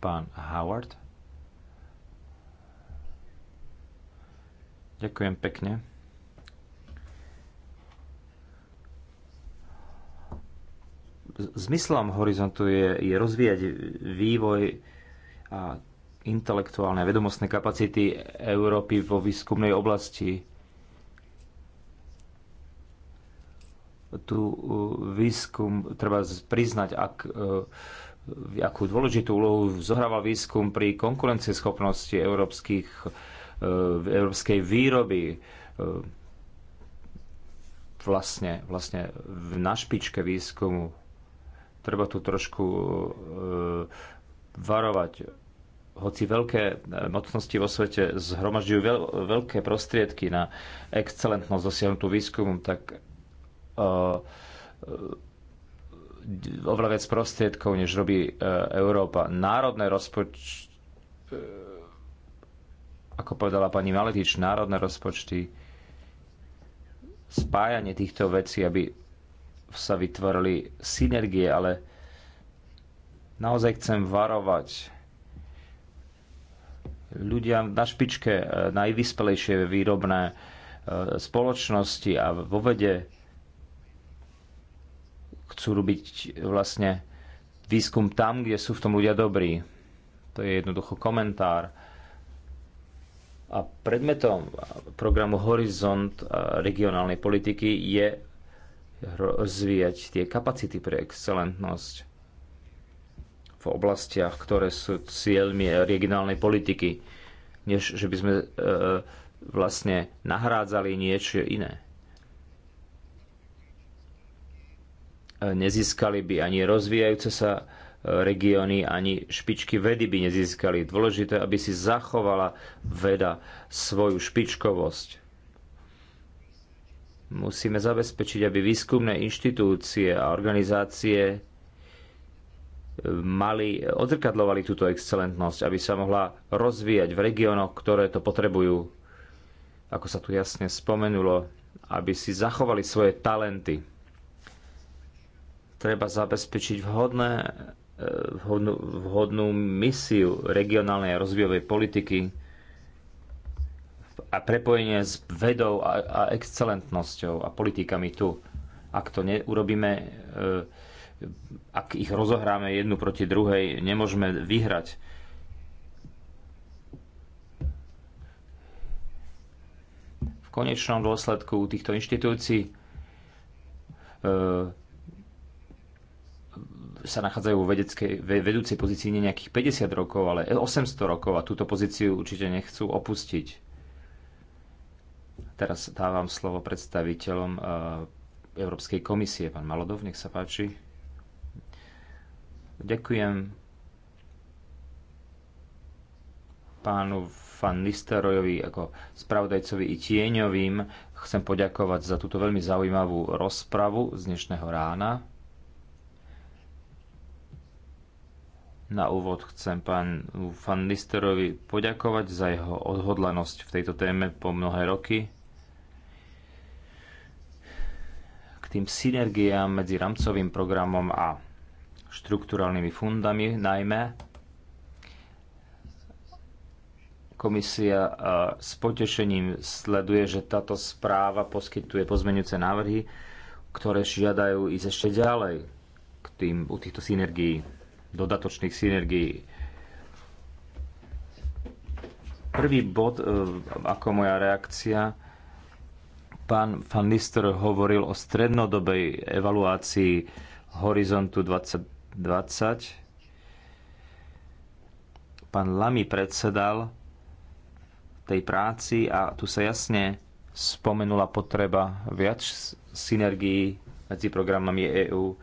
Pán Howard. Ďakujem pekne. Zmyslom horizontu je, je rozvíjať vývoj a intelektuálne a vedomostné kapacity Európy vo výskumnej oblasti. Tu výskum treba priznať, ak, e, akú dôležitú úlohu zohráva výskum pri konkurencieschopnosti európskych v európskej výroby e, vlastne, vlastne na špičke výskumu. Treba tu trošku e, varovať. Hoci veľké e, mocnosti vo svete zhromažďujú veľ, veľké prostriedky na excelentnosť dosiahnutú výskumu, tak uh, oveľa viac prostriedkov, než robí Európa. Národné rozpočty. Ako povedala pani Maletič, národné rozpočty, spájanie týchto vecí, aby sa vytvorili synergie, ale naozaj chcem varovať ľudia na špičke, e, najvyspelejšie výrobné e, spoločnosti a vo vede chcú robiť vlastne výskum tam, kde sú v tom ľudia dobrí. To je jednoducho komentár. A predmetom programu Horizont regionálnej politiky je rozvíjať tie kapacity pre excelentnosť v oblastiach, ktoré sú cieľmi regionálnej politiky, než že by sme e, vlastne nahrádzali niečo iné. E, nezískali by ani rozvíjajúce sa regióny ani špičky vedy by nezískali. Dôležité, aby si zachovala veda svoju špičkovosť. Musíme zabezpečiť, aby výskumné inštitúcie a organizácie eh, mali, odzrkadlovali túto excelentnosť, aby sa mohla rozvíjať v regiónoch, ktoré to potrebujú. Ako sa tu jasne spomenulo, aby si zachovali svoje talenty treba zabezpečiť vhodné vhodnú, vhodnú misiu regionálnej a rozvojovej politiky a prepojenie s vedou a, a excelentnosťou a politikami tu. Ak to neurobíme, e, ak ich rozohráme jednu proti druhej, nemôžeme vyhrať. V konečnom dôsledku týchto inštitúcií e, sa nachádzajú vo vedeckej, vedúcej pozícii nie nejakých 50 rokov, ale 800 rokov a túto pozíciu určite nechcú opustiť. Teraz dávam slovo predstaviteľom eh, Európskej komisie. Pán Malodov, nech sa páči. Ďakujem pánu Van Nistelrooyovi ako spravodajcovi i tieňovým. Chcem poďakovať za túto veľmi zaujímavú rozpravu z dnešného rána. Na úvod chcem pánu Van Listerovi poďakovať za jeho odhodlanosť v tejto téme po mnohé roky. K tým synergiám medzi rámcovým programom a štruktúralnými fundami najmä komisia e, s potešením sleduje, že táto správa poskytuje pozmeňujúce návrhy, ktoré žiadajú ísť ešte ďalej k tým, u týchto synergií dodatočných synergií. Prvý bod, e, ako moja reakcia, pán Van Nister hovoril o strednodobej evaluácii Horizontu 2020. Pán Lamy predsedal tej práci a tu sa jasne spomenula potreba viac synergií medzi programami EÚ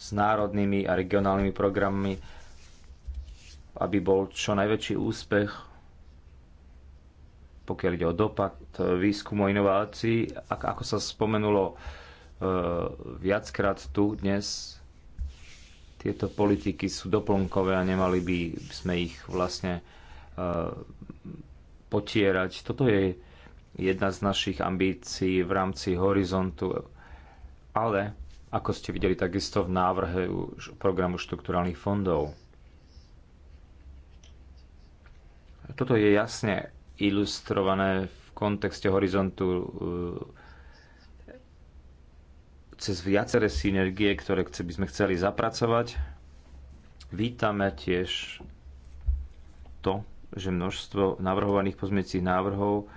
s národnými a regionálnymi programmi, aby bol čo najväčší úspech, pokiaľ ide o dopad výskumu a inovácií. Ako sa spomenulo e, viackrát tu dnes, tieto politiky sú doplnkové a nemali by sme ich vlastne e, potierať. Toto je jedna z našich ambícií v rámci horizontu, ale ako ste videli takisto v návrhe programu štrukturálnych fondov. Toto je jasne ilustrované v kontexte horizontu e, cez viaceré synergie, ktoré by sme chceli zapracovať. Vítame tiež to, že množstvo navrhovaných pozmeňujúcich návrhov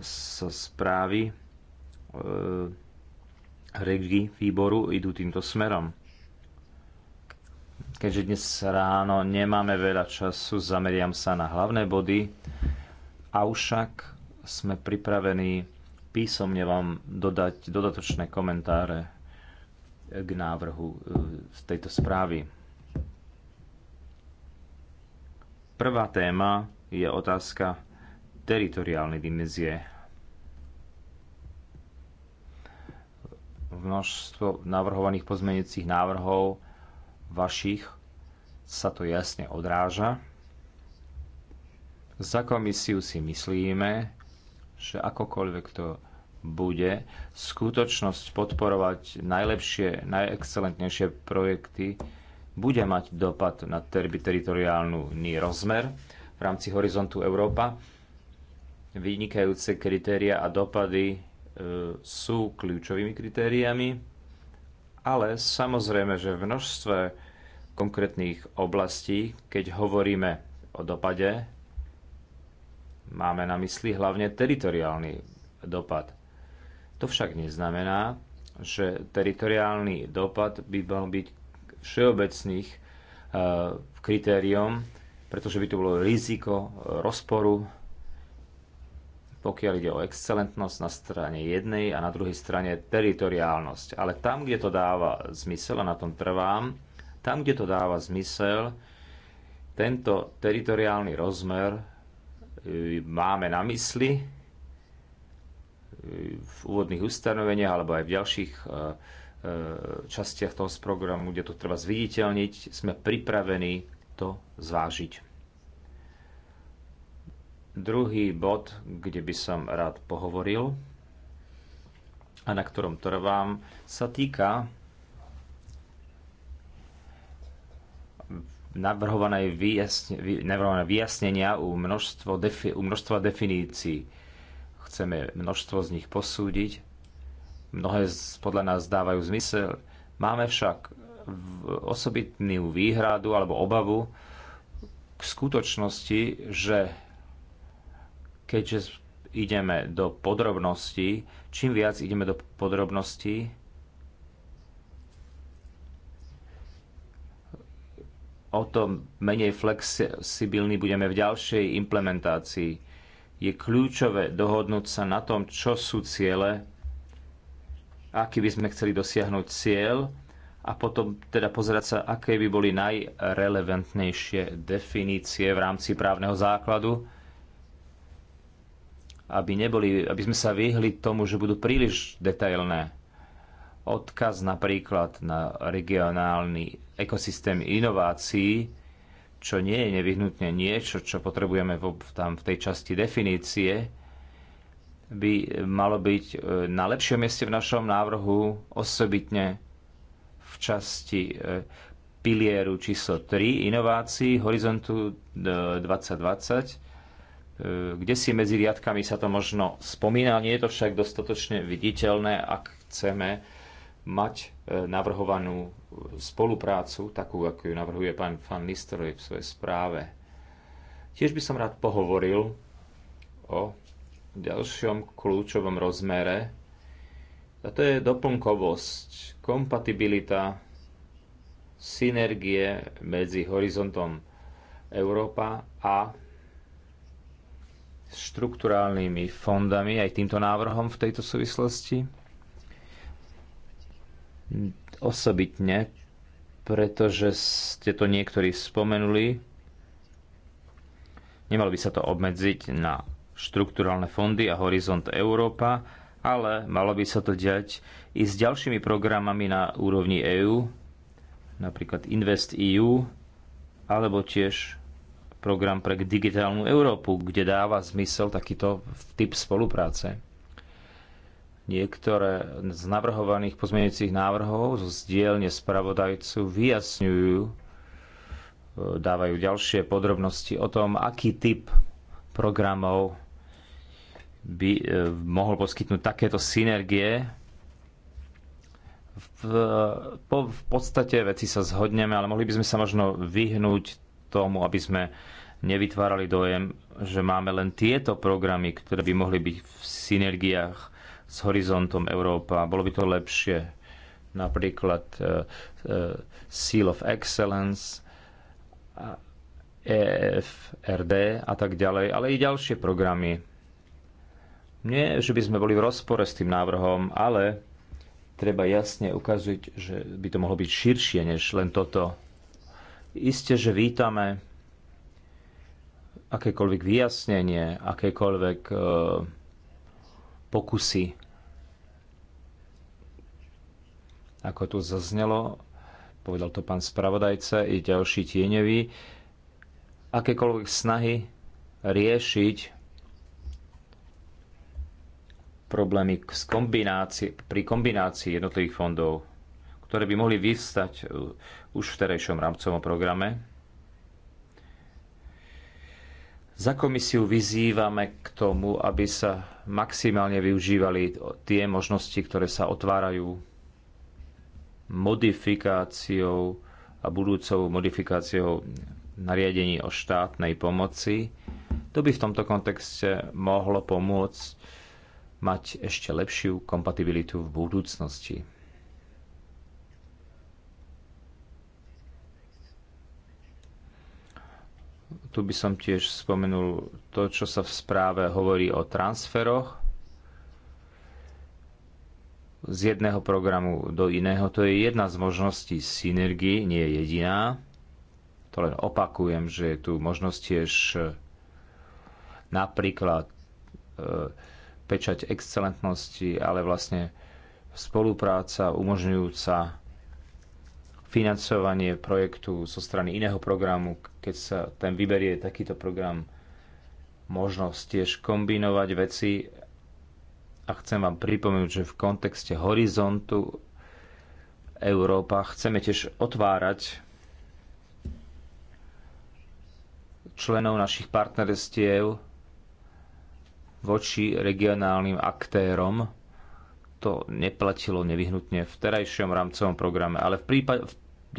sa správy e, regi výboru idú týmto smerom. Keďže dnes ráno nemáme veľa času, zameriam sa na hlavné body, avšak sme pripravení písomne vám dodať dodatočné komentáre k návrhu z e, tejto správy. Prvá téma je otázka teritoriálnej dimenzie množstvo navrhovaných pozmeniacich návrhov vašich sa to jasne odráža. Za komisiu si myslíme, že akokoľvek to bude, skutočnosť podporovať najlepšie, najexcelentnejšie projekty bude mať dopad na teritoriálny rozmer v rámci horizontu Európa. Vynikajúce kritéria a dopady sú kľúčovými kritériami, ale samozrejme, že v množstve konkrétnych oblastí, keď hovoríme o dopade, máme na mysli hlavne teritoriálny dopad. To však neznamená, že teritoriálny dopad by mal byť všeobecných eh, kritériom, pretože by to bolo riziko rozporu pokiaľ ide o excelentnosť na strane jednej a na druhej strane teritoriálnosť. Ale tam, kde to dáva zmysel, a na tom trvám, tam, kde to dáva zmysel, tento teritoriálny rozmer e, máme na mysli e, v úvodných ustanoveniach alebo aj v ďalších e, častiach toho z programu, kde to treba zviditeľniť, sme pripravení to zvážiť. Druhý bod, kde by som rád pohovoril a na ktorom trvám, sa týka navrhované, vyjasne, navrhované vyjasnenia u, množstvo defi, u množstva definícií. Chceme množstvo z nich posúdiť. Mnohé podľa nás dávajú zmysel. Máme však osobitnú výhradu alebo obavu k skutočnosti, že Keďže ideme do podrobností, čím viac ideme do podrobností, o to menej flexibilní budeme v ďalšej implementácii. Je kľúčové dohodnúť sa na tom, čo sú ciele, aký by sme chceli dosiahnuť cieľ a potom teda pozerať sa, aké by boli najrelevantnejšie definície v rámci právneho základu aby, neboli, aby sme sa vyhli tomu, že budú príliš detailné. Odkaz napríklad na regionálny ekosystém inovácií, čo nie je nevyhnutne niečo, čo potrebujeme v, tam v tej časti definície, by malo byť e, na lepšom mieste v našom návrhu, osobitne v časti e, pilieru číslo 3 inovácií Horizontu 2020 e, Eh, kde si medzi riadkami sa to možno spomína, nie je to však dostatočne viditeľné, ak chceme mať eh, navrhovanú eh, spoluprácu, takú, ako ju navrhuje pán Van Nistelrooy v svojej správe. Tiež by som rád pohovoril o ďalšom kľúčovom rozmere, a to je doplnkovosť, kompatibilita, synergie medzi horizontom Európa a štrukturálnymi fondami aj týmto návrhom v tejto súvislosti? Osobitne, pretože ste to niektorí spomenuli, nemalo by sa to obmedziť na štrukturálne fondy a Horizont Európa, ale malo by sa to diať i s ďalšími programami na úrovni EÚ, napríklad Invest EU, alebo tiež program pre digitálnu Európu, kde dáva zmysel takýto typ spolupráce. Niektoré z navrhovaných pozmeňujúcich návrhov zo zdielne spravodajcu vyjasňujú, e, dávajú ďalšie podrobnosti o tom, aký typ programov by e, mohol poskytnúť takéto synergie. V, po, v podstate veci sa zhodneme, ale mohli by sme sa možno vyhnúť tomu, aby sme nevytvárali dojem, že máme len tieto programy, ktoré by mohli byť v synergiách s horizontom Európa. Bolo by to lepšie. Napríklad uh, uh, Seal of Excellence, EFRD a tak ďalej, ale i ďalšie programy. Nie, že by sme boli v rozpore s tým návrhom, ale treba jasne ukázať, že by to mohlo byť širšie než len toto. Isté, že vítame akékoľvek vyjasnenie, akékoľvek uh, pokusy, ako tu zaznelo, povedal to pán spravodajca i ďalší tieňoví, akékoľvek snahy riešiť problémy s kombinácii, pri kombinácii jednotlivých fondov, ktoré by mohli vyvstať e, už v terejšom rámcovom programe, za komisiu vyzývame k tomu, aby sa maximálne využívali tie možnosti, ktoré sa otvárajú modifikáciou a budúcou modifikáciou nariadení o štátnej pomoci. To by v tomto kontexte mohlo pomôcť mať ešte lepšiu kompatibilitu v budúcnosti. Tu by som tiež spomenul to, čo sa v správe hovorí o transferoch z jedného programu do iného. To je jedna z možností synergii, nie je jediná. To len opakujem, že je tu možnosť tiež e, napríklad e, pečať excelentnosti, ale vlastne spolupráca umožňujúca financovanie projektu zo strany iného programu, keď sa ten vyberie takýto program, možnosť tiež kombinovať veci. A chcem vám pripomenúť, že v kontexte horizontu Európa chceme tiež otvárať členov našich partnerstiev voči regionálnym aktérom. To neplatilo nevyhnutne v terajšom rámcovom programe, ale v prípade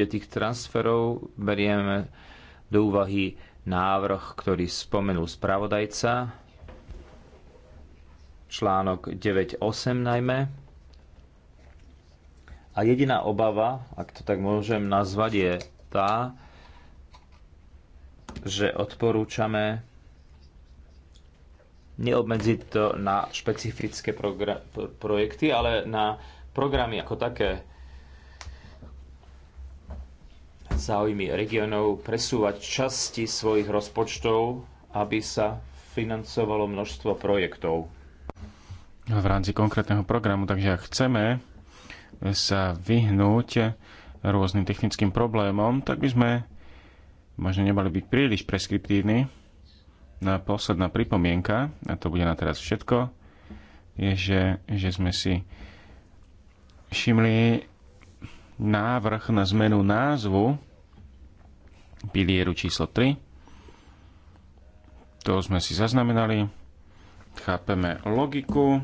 tých transferov berieme do úvahy návrh, ktorý spomenul spravodajca, článok 9.8 najmä. A jediná obava, ak to tak môžem nazvať, je tá, že odporúčame neobmedziť to na špecifické projekty, ale na programy ako také záujmy regiónov presúvať časti svojich rozpočtov, aby sa financovalo množstvo projektov.
V rámci konkrétneho programu, takže ak chceme sa vyhnúť rôznym technickým problémom, tak by sme možno nemali byť príliš preskriptívni. Na posledná pripomienka, a to bude na teraz všetko, je, že, že sme si všimli návrh na zmenu názvu pilieru číslo 3. To sme si zaznamenali. Chápeme logiku.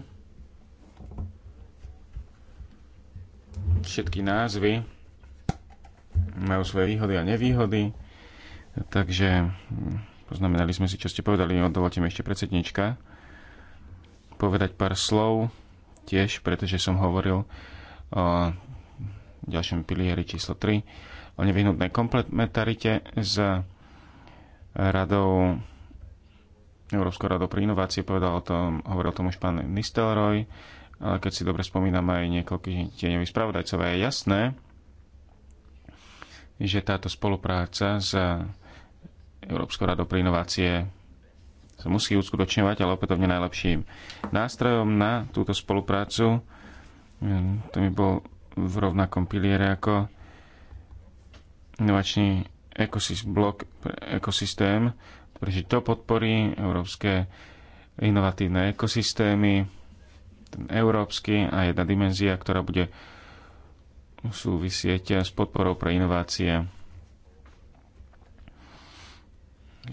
Všetky názvy majú svoje výhody a nevýhody. Takže hm, poznamenali sme si, čo ste povedali. No, dovolte mi ešte predsednička povedať pár slov tiež, pretože som hovoril o ďalšom pilieri číslo 3 o nevyhnutnej komplementarite s radou Európskou radou pre inovácie, povedal o tom, hovoril o tom už pán Nistelroj, ale keď si dobre spomínam aj niekoľký tieňových spravodajcov, je jasné, že táto spolupráca s Európskou radou pre inovácie sa musí uskutočňovať, ale opätovne najlepším nástrojom na túto spoluprácu mm, to mi bol v rovnakom piliere ako inovačný ekosystém, blok ekosystém, pretože to podporí európske inovatívne ekosystémy, ten európsky a jedna dimenzia, ktorá bude súvisieť s podporou pre inovácie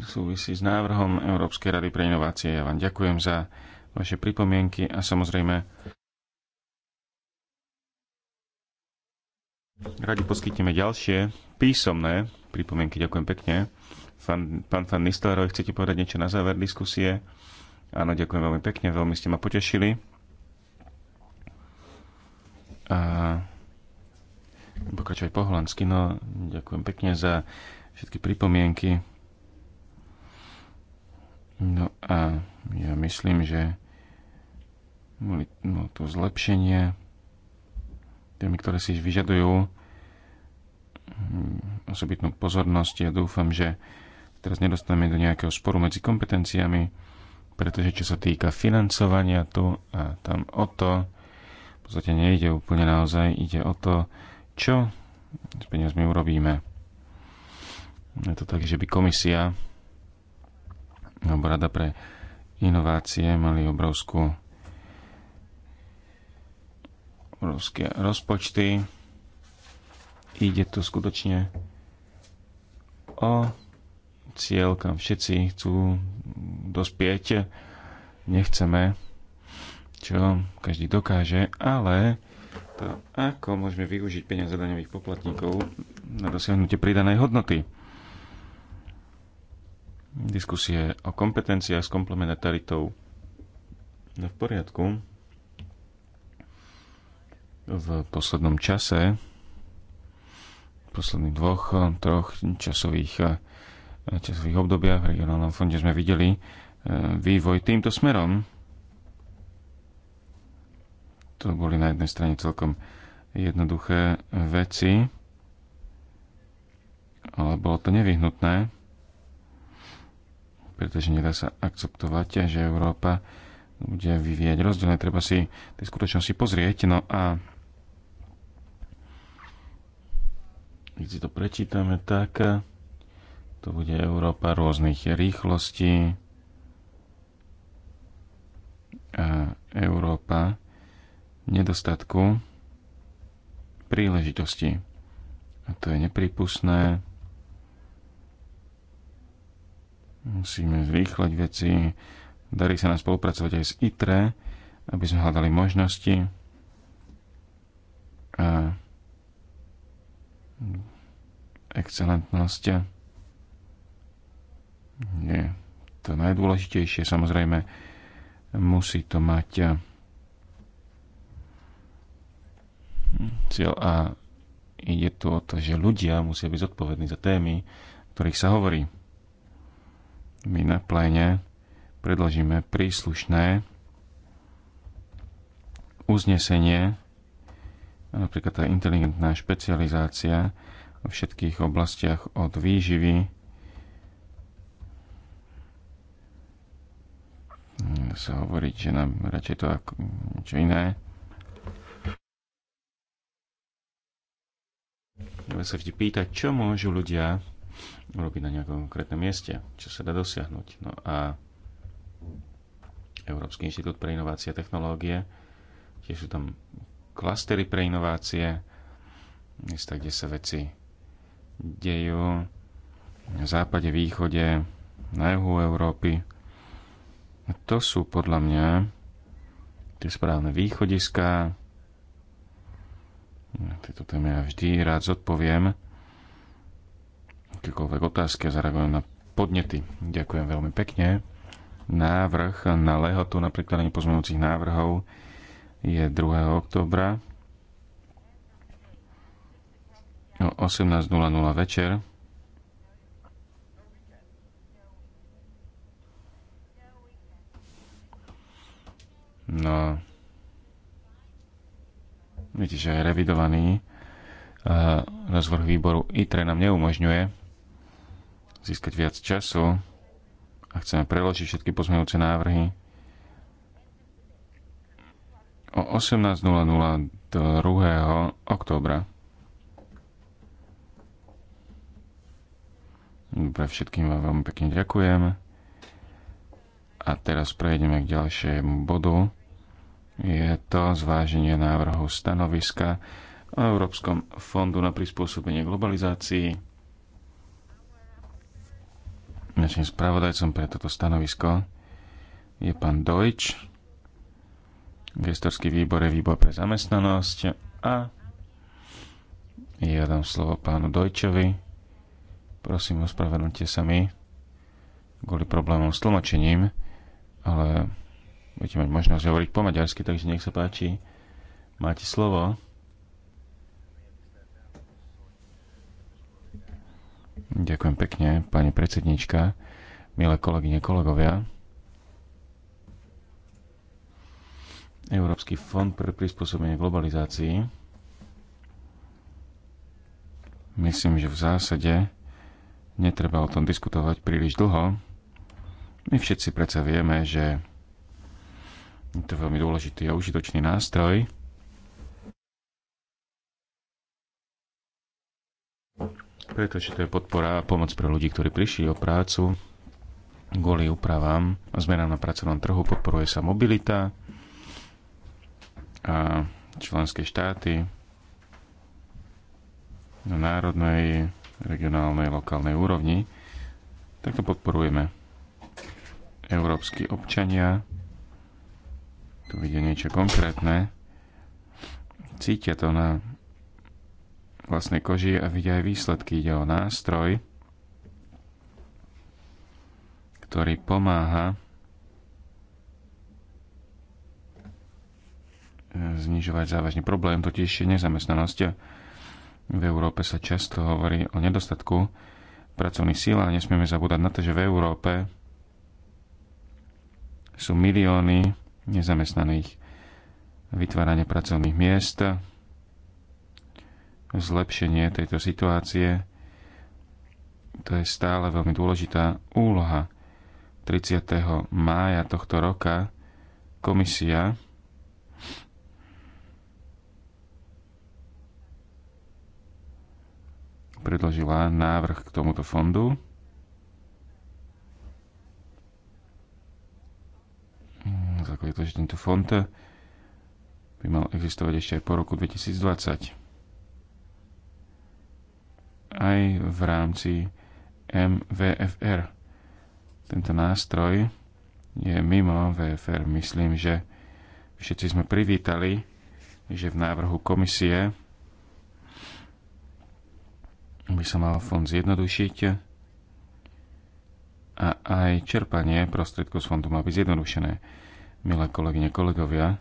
súvisí s návrhom Európskej rady pre inovácie. Ja vám ďakujem za vaše pripomienky a samozrejme Radi poskytneme ďalšie písomné pripomienky. Ďakujem pekne. Fan, pán Fan Nistelroj, chcete povedať niečo na záver diskusie? Áno, ďakujem veľmi pekne, veľmi ste ma potešili. A pokračovať po holandsky, no ďakujem pekne za všetky pripomienky. No a ja myslím, že no, to zlepšenie témy, ktoré si vyžadujú mm, osobitnú pozornosť. Ja dúfam, že teraz nedostaneme do nejakého sporu medzi kompetenciami, pretože čo sa týka financovania tu a tam o to, v podstate nejde úplne naozaj, ide o to, čo s peniazmi urobíme. Je to tak, že by komisia alebo Rada pre inovácie mali obrovskú obrovské rozpočty. Ide tu skutočne o cieľ, kam všetci chcú dospieť. Nechceme, čo každý dokáže, ale to, ako môžeme využiť peniaze daňových poplatníkov na dosiahnutie pridanej hodnoty. Diskusie o kompetenciách s komplementaritou. No v poriadku v poslednom čase, v posledných dvoch, troch časových, časových obdobiach v regionálnom fonde sme videli eh, vývoj týmto smerom. To boli na jednej strane celkom jednoduché veci, ale bolo to nevyhnutné, pretože nedá sa akceptovať, že Európa bude vyvíjať rozdielne. Treba si tie skutočnosti pozrieť. No a Keď si to prečítame, tak to bude Európa rôznych rýchlostí a Európa nedostatku príležitosti. A to je nepripustné. Musíme zrýchlať veci. Darí sa nám spolupracovať aj s ITRE, aby sme hľadali možnosti. A excelentnosť je to najdôležitejšie. Samozrejme, musí to mať eh, cieľ a ide tu o to, že ľudia musia byť zodpovední za témy, o ktorých sa hovorí. My na pléne predložíme príslušné uznesenie, napríklad tá inteligentná špecializácia v všetkých oblastiach od výživy sa hovoriť, že nám radšej to ako niečo iné. Treba sa vždy pýtať, čo môžu ľudia urobiť na nejakom konkrétnom mieste, čo sa dá dosiahnuť. No a Európsky inštitút pre inovácie a technológie, tiež sú tam klastery pre inovácie, miesta, kde sa veci dejú v západe, východe, na juhu Európy. To sú podľa mňa tie správne východiska. Tieto témy ja vždy rád zodpoviem. Akékoľvek otázky a zareagujem na podnety. Ďakujem veľmi pekne. Návrh na lehotu na prekladanie pozmenujúcich návrhov je 2. oktobra 18.00 večer. No, viete, že revidovaný uh, rozvrh výboru ITRE nám neumožňuje získať viac času a chceme preložiť všetky pozmeňujúce návrhy o 18.00 2. októbra. Dobre, všetkým vám veľmi pekne ďakujem. A teraz prejdeme k ďalšiemu bodu. Je to zváženie návrhu stanoviska o Európskom fondu na prispôsobenie globalizácii. Našim spravodajcom pre toto stanovisko je pán Dojč. Gestorský výbor je výbor pre zamestnanosť a ja dám slovo pánu Dojčovi Prosím, ospravedlňte sa mi kvôli problémom s tlmočením, ale budete mať možnosť hovoriť po maďarsky, takže nech sa páči. Máte slovo. Ďakujem pekne, pani predsednička, milé kolegyne, kolegovia. Európsky fond pre prispôsobenie globalizácii. Myslím, že v zásade netreba o tom diskutovať príliš dlho. My všetci predsa vieme, že je to veľmi dôležitý a užitočný nástroj. Pretože to je podpora a pomoc pre ľudí, ktorí prišli o prácu kvôli úpravám a zmenám na pracovnom trhu. Podporuje sa mobilita a členské štáty na národnej regionálnej, lokálnej úrovni. Takto podporujeme európsky občania. Tu vidie niečo konkrétne. Cítia to na vlastnej koži a vidia aj výsledky. Ide o nástroj, ktorý pomáha znižovať závažný problém, totiž nezamestnanosť. V Európe sa často hovorí o nedostatku pracovných síl a nesmieme zabúdať na to, že v Európe sú milióny nezamestnaných. Vytváranie pracovných miest, zlepšenie tejto situácie, to je stále veľmi dôležitá úloha. 30. mája tohto roka komisia predložila návrh k tomuto fondu. Základe to, že tento fond by mal existovať ešte aj po roku 2020. Aj v rámci MVFR. Tento nástroj je mimo VFR. Myslím, že všetci sme privítali, že v návrhu komisie by sa mal fond zjednodušiť a aj čerpanie prostriedkov z fondu má byť zjednodušené. Milé kolegyne, kolegovia,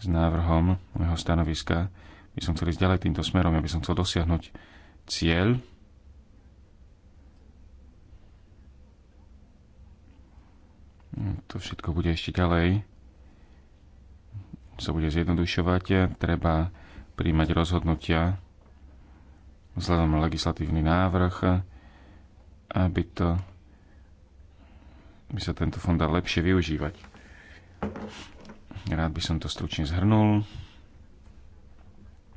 s návrhom môjho stanoviska by som chcel ísť ďalej týmto smerom, aby som chcel dosiahnuť cieľ, to všetko bude ešte ďalej sa bude zjednodušovať, treba príjmať rozhodnutia vzhľadom na legislatívny návrh, aby to by sa tento fond dal lepšie využívať. Rád by som to stručne zhrnul.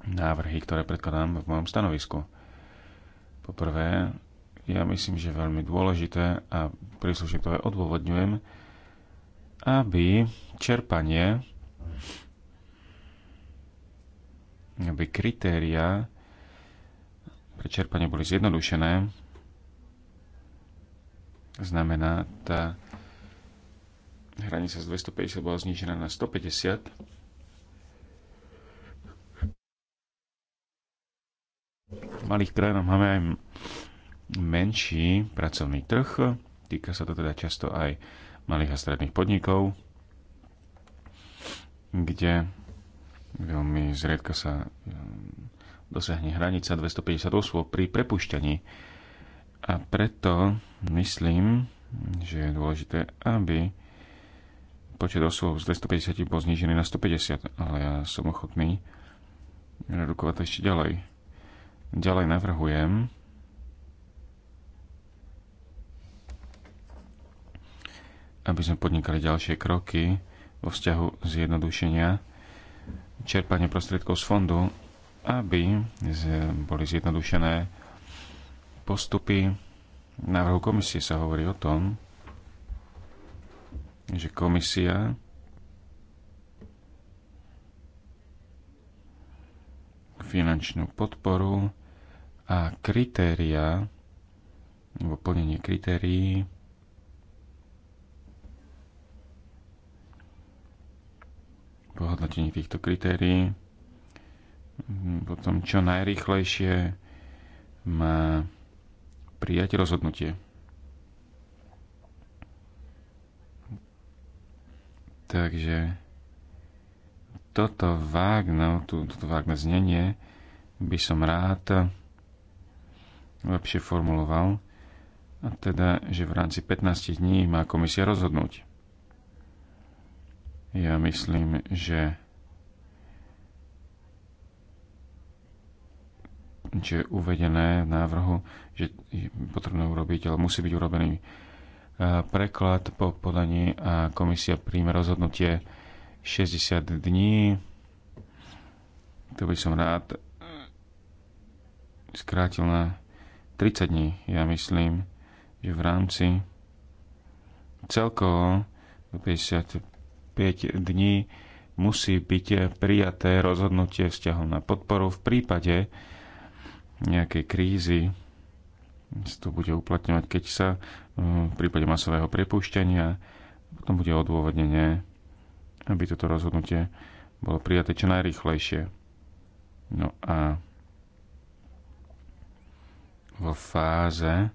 Návrhy, ktoré predkladám v mojom stanovisku. Poprvé, ja myslím, že veľmi dôležité a príslušne to aj odôvodňujem, aby čerpanie, aby kritéria čerpanie boli zjednodušené, znamená, tá hranica z 250 bola znižená na 150. V malých krajinách máme aj menší pracovný trh. Týka sa to teda často aj malých a stredných podnikov, kde veľmi zriedka sa dosiahne hranica 250 osôb pri prepušťaní. A preto myslím, že je dôležité, aby počet osôb z 250 bol znížený na 150, ale ja som ochotný redukovať to ešte ďalej. Ďalej navrhujem aby sme podnikali ďalšie kroky vo vzťahu zjednodušenia čerpania prostriedkov z fondu aby boli zjednodušené postupy. V návrhu komisie sa hovorí o tom, že komisia finančnú podporu a kritéria alebo plnenie kritérií pohodnotenie týchto kritérií Mhm, potom čo najrýchlejšie má prijať rozhodnutie. Takže toto vágne, tú, toto vágne znenie by som rád lepšie formuloval, a teda, že v rámci 15 dní má komisia rozhodnúť. Ja myslím, že je uvedené v návrhu, že je potrebné urobiť, ale musí byť urobený e, preklad po podaní a komisia príjme rozhodnutie 60 dní. To by som rád skrátil na 30 dní. Ja myslím, že v rámci celkovo 55 dní musí byť prijaté rozhodnutie vzťahom na podporu v prípade, nejakej krízy sa to bude uplatňovať, keď sa e, v prípade masového prepušťania potom bude odôvodnenie, aby toto rozhodnutie bolo prijaté čo najrychlejšie. No a vo fáze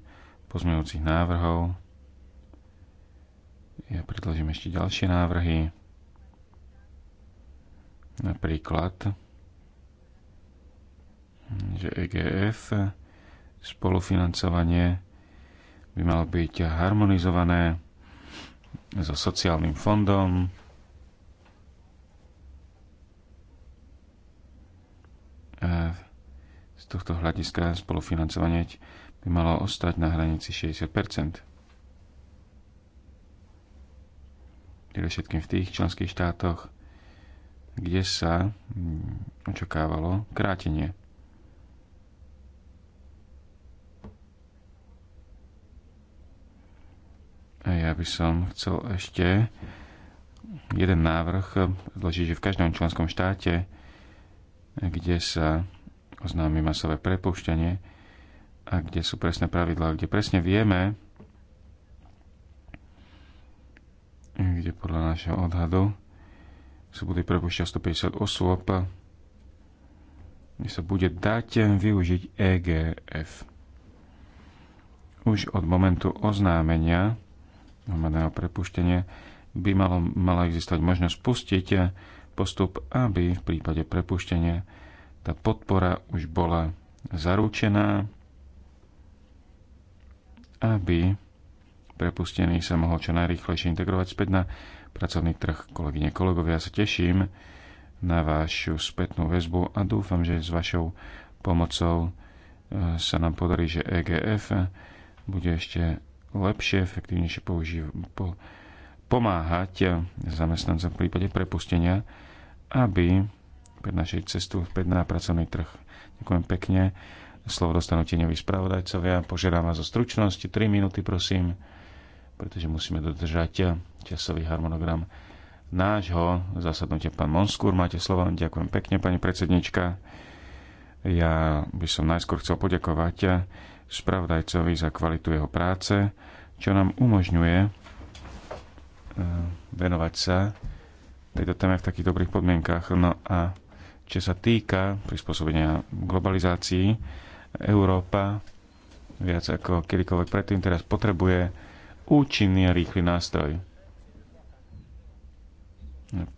pozmeňujúcich návrhov ja predložím ešte ďalšie návrhy. Napríklad že EGF spolufinancovanie by malo byť harmonizované so sociálnym fondom, z tohto hľadiska spolufinancovanie by malo ostať na hranici 60 všetkým v tých členských štátoch, kde sa očakávalo krátenie. Ja by som chcel ešte jeden návrh zložiť, že v každom členskom štáte, kde sa oznámi masové prepušťanie a kde sú presné pravidlá, kde presne vieme, kde podľa našeho odhadu sa bude prepušťať 150 osôb, kde sa bude dať využiť EGF. Už od momentu oznámenia hromadného prepuštenia by malo, mala existovať možnosť pustiť postup, aby v prípade prepuštenia tá podpora už bola zaručená, aby prepustený sa mohol čo najrýchlejšie integrovať späť na pracovný trh. Kolegyne, kolegovia, ja sa teším na vašu spätnú väzbu a dúfam, že s vašou pomocou e, sa nám podarí, že EGF bude ešte lepšie, efektívnejšie použiť, po- pomáhať zamestnancom v prípade prepustenia, aby našej cestu späť na pracovný trh. Ďakujem pekne. Slovo dostanú tieňoví spravodajcovia. Požiadam vás o stručnosť. 3 minúty, prosím, pretože musíme dodržať časový harmonogram nášho zasadnutia. Pán Monskúr, máte slovo. Ďakujem pekne, pani predsednička. Ja by som najskôr chcel poďakovať spravodajcovi za kvalitu jeho práce, čo nám umožňuje e, venovať sa tejto téme v takých dobrých podmienkach. No a čo sa týka prispôsobenia globalizácii, Európa viac ako kedykoľvek predtým teraz potrebuje účinný a rýchly nástroj.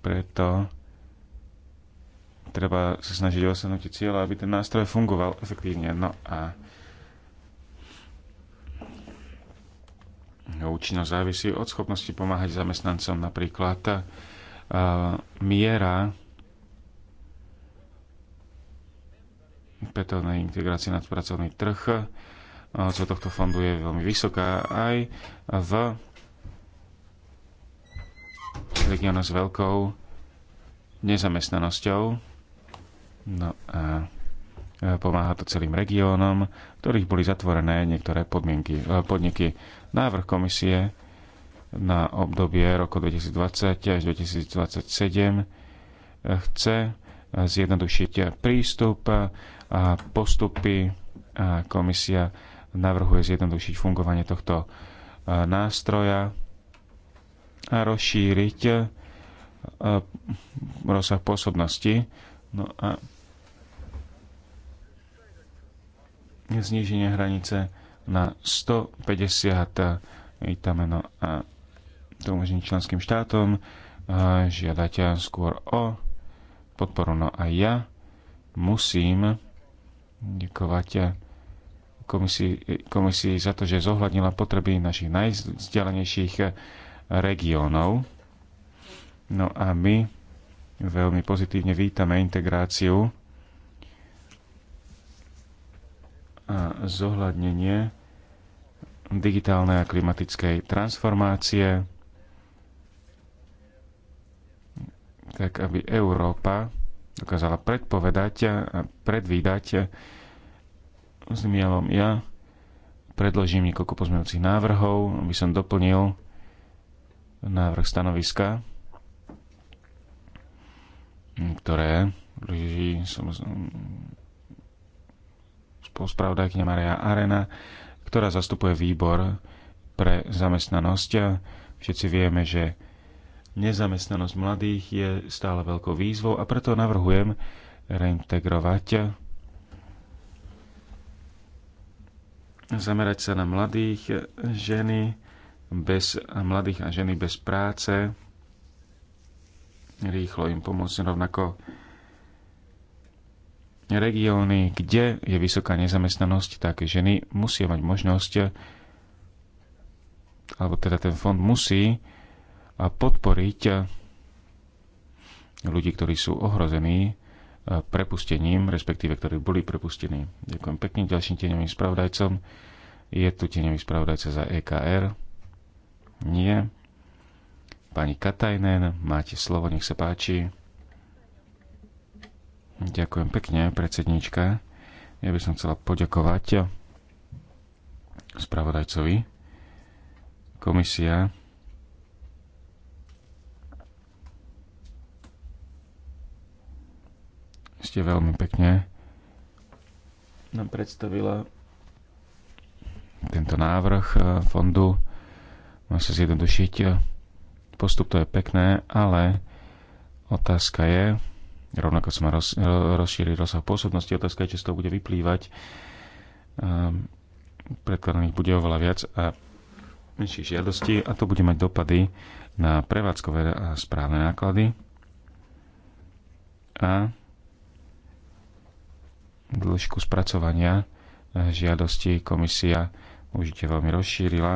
Preto treba sa snažiť dosiahnuť cieľa, aby ten nástroj fungoval efektívne. No a účinnosť závisí od schopnosti pomáhať zamestnancom. Napríklad eh, miera petovnej integrácie nad pracovný trh čo eh, tohto fondu je veľmi vysoká aj v regiónoch s veľkou nezamestnanosťou. No a eh, pomáha to celým regiónom ktorých boli zatvorené niektoré podmienky, e, podniky. Návrh komisie na obdobie roku 2020 až 2027 e, chce zjednodušiť prístup a postupy. A komisia navrhuje zjednodušiť fungovanie tohto e, nástroja a rozšíriť rozsah pôsobnosti. No a zníženie hranice na 150 vitameno a to umožní členským štátom žiadať skôr o podporu. No a ja musím ďakovať komisii, komisii za to, že zohľadnila potreby našich najzdialenejších regiónov. No a my veľmi pozitívne vítame integráciu a zohľadnenie digitálnej a klimatickej transformácie, tak aby Európa dokázala predpovedať a predvídať s mielom ja predložím niekoľko pozmeňujúcich návrhov, aby som doplnil návrh stanoviska, ktoré som spoluspravodajkyňa Maria Arena, ktorá zastupuje výbor pre zamestnanosť. Všetci vieme, že nezamestnanosť mladých je stále veľkou výzvou a preto navrhujem reintegrovať zamerať sa na mladých ženy bez, a mladých a ženy bez práce, rýchlo im pomôcť rovnako regióny, kde je vysoká nezamestnanosť, tak ženy musia mať možnosť, alebo teda ten fond musí podporiť ľudí, ktorí sú ohrození e, prepustením, respektíve ktorí boli prepustení. Ďakujem pekne ďalším tieňovým spravodajcom. Je tu tieňový spravodajca za EKR? Nie. Pani Katajnen, máte slovo, nech sa páči. Ďakujem pekne, predsednička. Ja by som chcela poďakovať spravodajcovi. Komisia ste veľmi pekne nám predstavila tento návrh e, fondu. Má sa zjednodušiť. Postup to je pekné, ale otázka je, Rovnako sa roz, e, rozšíriť rozsah pôsobnosti. Otázka je, či z toho bude vyplývať. E, predkladaných bude oveľa viac a menších žiadostí a to bude mať dopady na prevádzkové a správne náklady a dĺžku spracovania e, žiadosti komisia užite veľmi rozšírila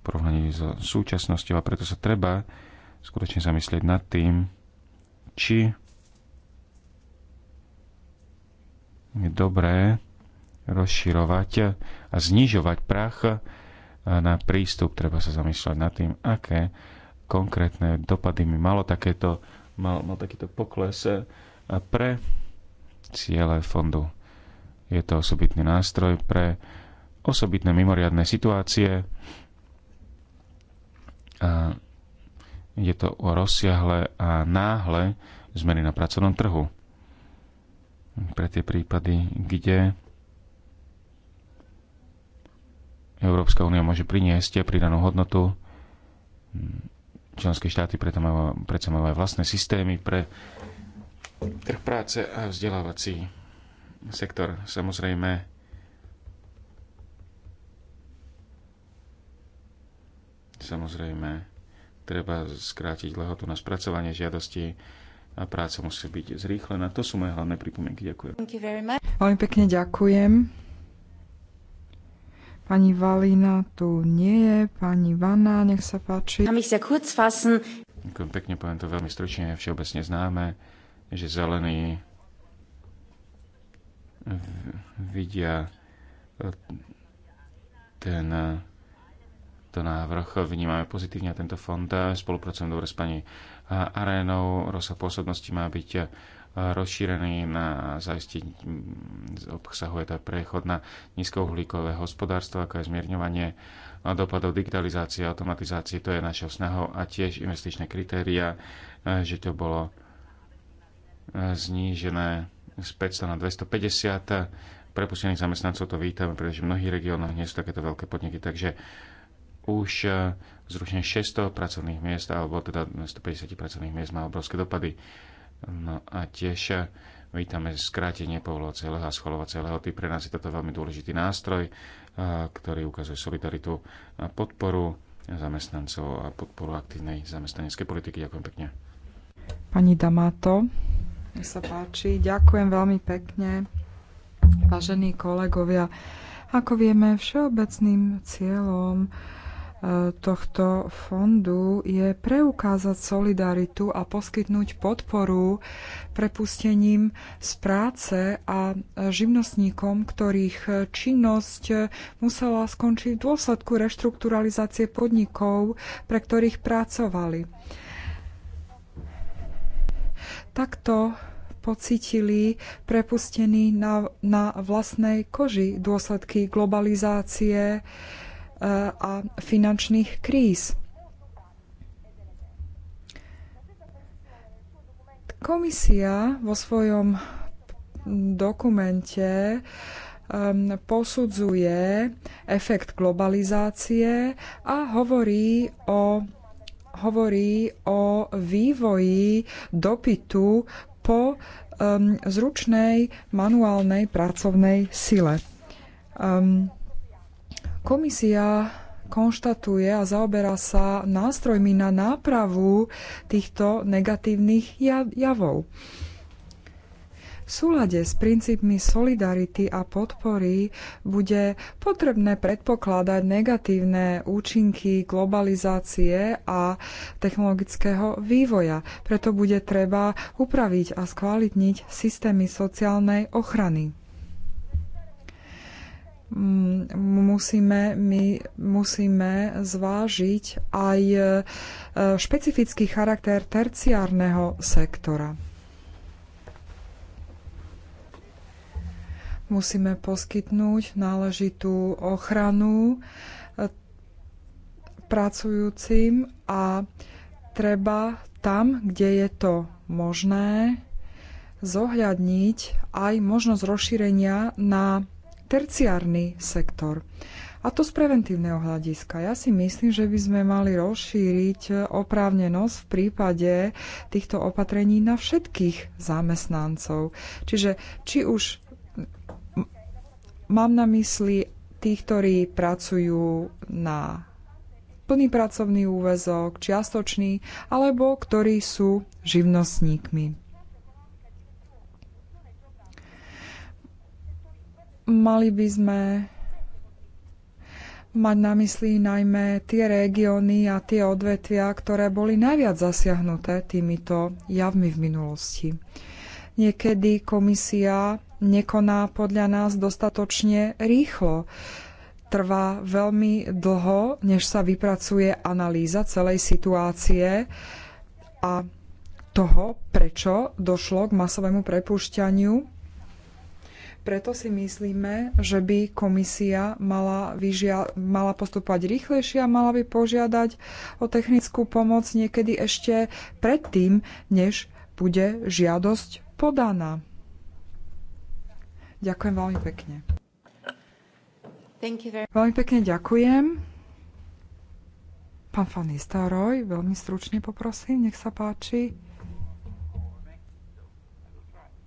v porovnaní so súčasnosťou a preto sa treba skutočne zamyslieť nad tým, či je dobré rozširovať a znižovať prach e, na prístup. Treba sa zamýšľať nad tým, aké konkrétne dopady mi malo takéto, mal, mal takýto pokles e, pre ciele fondu. Je to osobitný nástroj pre osobitné mimoriadne situácie. A je to o rozsiahle a náhle zmeny na pracovnom trhu pre tie prípady, kde Európska únia môže priniesť pridanú hodnotu. Členské štáty preto majú, preto majú aj vlastné systémy pre trh práce a vzdelávací sektor. Samozrejme, samozrejme, treba skrátiť lehotu na spracovanie žiadosti a práca musí byť zrýchlená. To sú moje hlavné pripomienky. Ďakujem.
Veľmi pekne ďakujem. Pani valina tu nie je, pani Vana, nech sa páči. Ďakujem
pekne, poviem to veľmi stručne, všeobecne známe, že zelení vidia ten to návrh vnímame pozitívne tento fond. Spolupracujem dobre s pani arénou. Rozsah pôsobnosti má byť e, rozšírený na zaistiť, mm, obsahuje tá prechod na nízkouhlíkové hospodárstvo, ako je zmierňovanie e, dopadov digitalizácie, a automatizácie, to je našou snahou a tiež investičné kritéria, e, že to bolo znížené z 500 na 250 prepustených zamestnancov, to vítame, pretože v mnohých regiónoch nie sú takéto veľké podniky, takže už zrušenie 600 pracovných miest, alebo teda 150 pracovných miest má obrovské dopady. No a tiež eh, vítame skrátenie povolov celého a scholovať celého. Tý pre nás je toto veľmi dôležitý nástroj, eh, ktorý ukazuje solidaritu a podporu zamestnancov
a podporu aktívnej zamestnaneckej politiky. Ďakujem pekne. Pani Damato, nech sa páči. Ďakujem veľmi pekne, vážení kolegovia. Ako vieme, všeobecným cieľom tohto fondu je preukázať solidaritu a poskytnúť podporu prepustením z práce a živnostníkom, ktorých činnosť musela skončiť v dôsledku reštrukturalizácie podnikov, pre ktorých pracovali. Takto pocitili prepustení na, na vlastnej koži dôsledky globalizácie, E, a finančných kríz. Komisia vo svojom dokumente posudzuje efekt globalizácie a hovorí o, hovorí o vývoji dopytu po um, zručnej manuálnej pracovnej sile. Um, Komisia konštatuje a zaoberá sa nástrojmi na nápravu týchto negatívnych javov. V súlade s princípmi solidarity a podpory bude potrebné predpokladať negatívne účinky globalizácie a technologického vývoja. Preto bude treba upraviť a skvalitniť systémy sociálnej ochrany. Mm, musíme, my musíme zvážiť aj e, špecifický charakter terciárneho sektora. Musíme poskytnúť náležitú ochranu e, pracujúcim a treba tam, kde je to možné, zohľadniť aj možnosť rozšírenia na terciárny sektor. A to z preventívneho hľadiska. Ja si myslím, že by sme mali rozšíriť oprávnenosť v prípade týchto opatrení na všetkých zamestnancov. Čiže či už mám na mysli tých, ktorí pracujú na plný pracovný úvezok, čiastočný, alebo ktorí sú živnostníkmi. Mali by sme mať na mysli najmä tie regióny a tie odvetvia, ktoré boli najviac zasiahnuté týmito javmi v minulosti. Niekedy komisia nekoná podľa nás dostatočne rýchlo. Trvá veľmi dlho, než sa vypracuje analýza celej situácie a toho, prečo došlo k masovému prepušťaniu preto si myslíme, že by komisia mala, vyžia- mala postupovať rýchlejšie a mala by požiadať o technickú pomoc niekedy ešte predtým, než bude žiadosť podaná. Ďakujem veľmi pekne. Veľmi pekne ďakujem. Pán Fanny Roy, veľmi stručne poprosím, nech sa páči.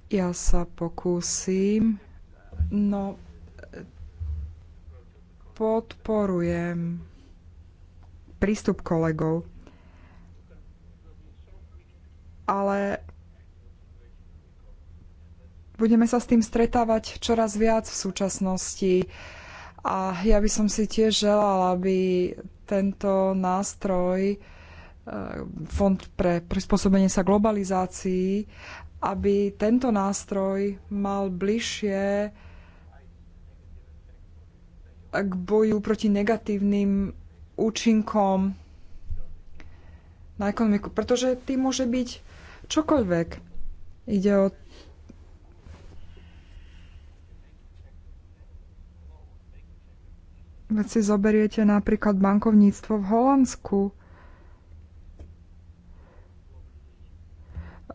Ja sa pokúsim No, podporujem prístup kolegov, ale budeme sa s tým stretávať čoraz viac v súčasnosti a ja by som si tiež želala, aby tento nástroj, e, Fond pre prispôsobenie sa globalizácii, aby tento nástroj mal bližšie k boju proti negatívnym účinkom na ekonomiku, pretože tým môže byť čokoľvek. Ide o Veď si zoberiete napríklad bankovníctvo v Holandsku.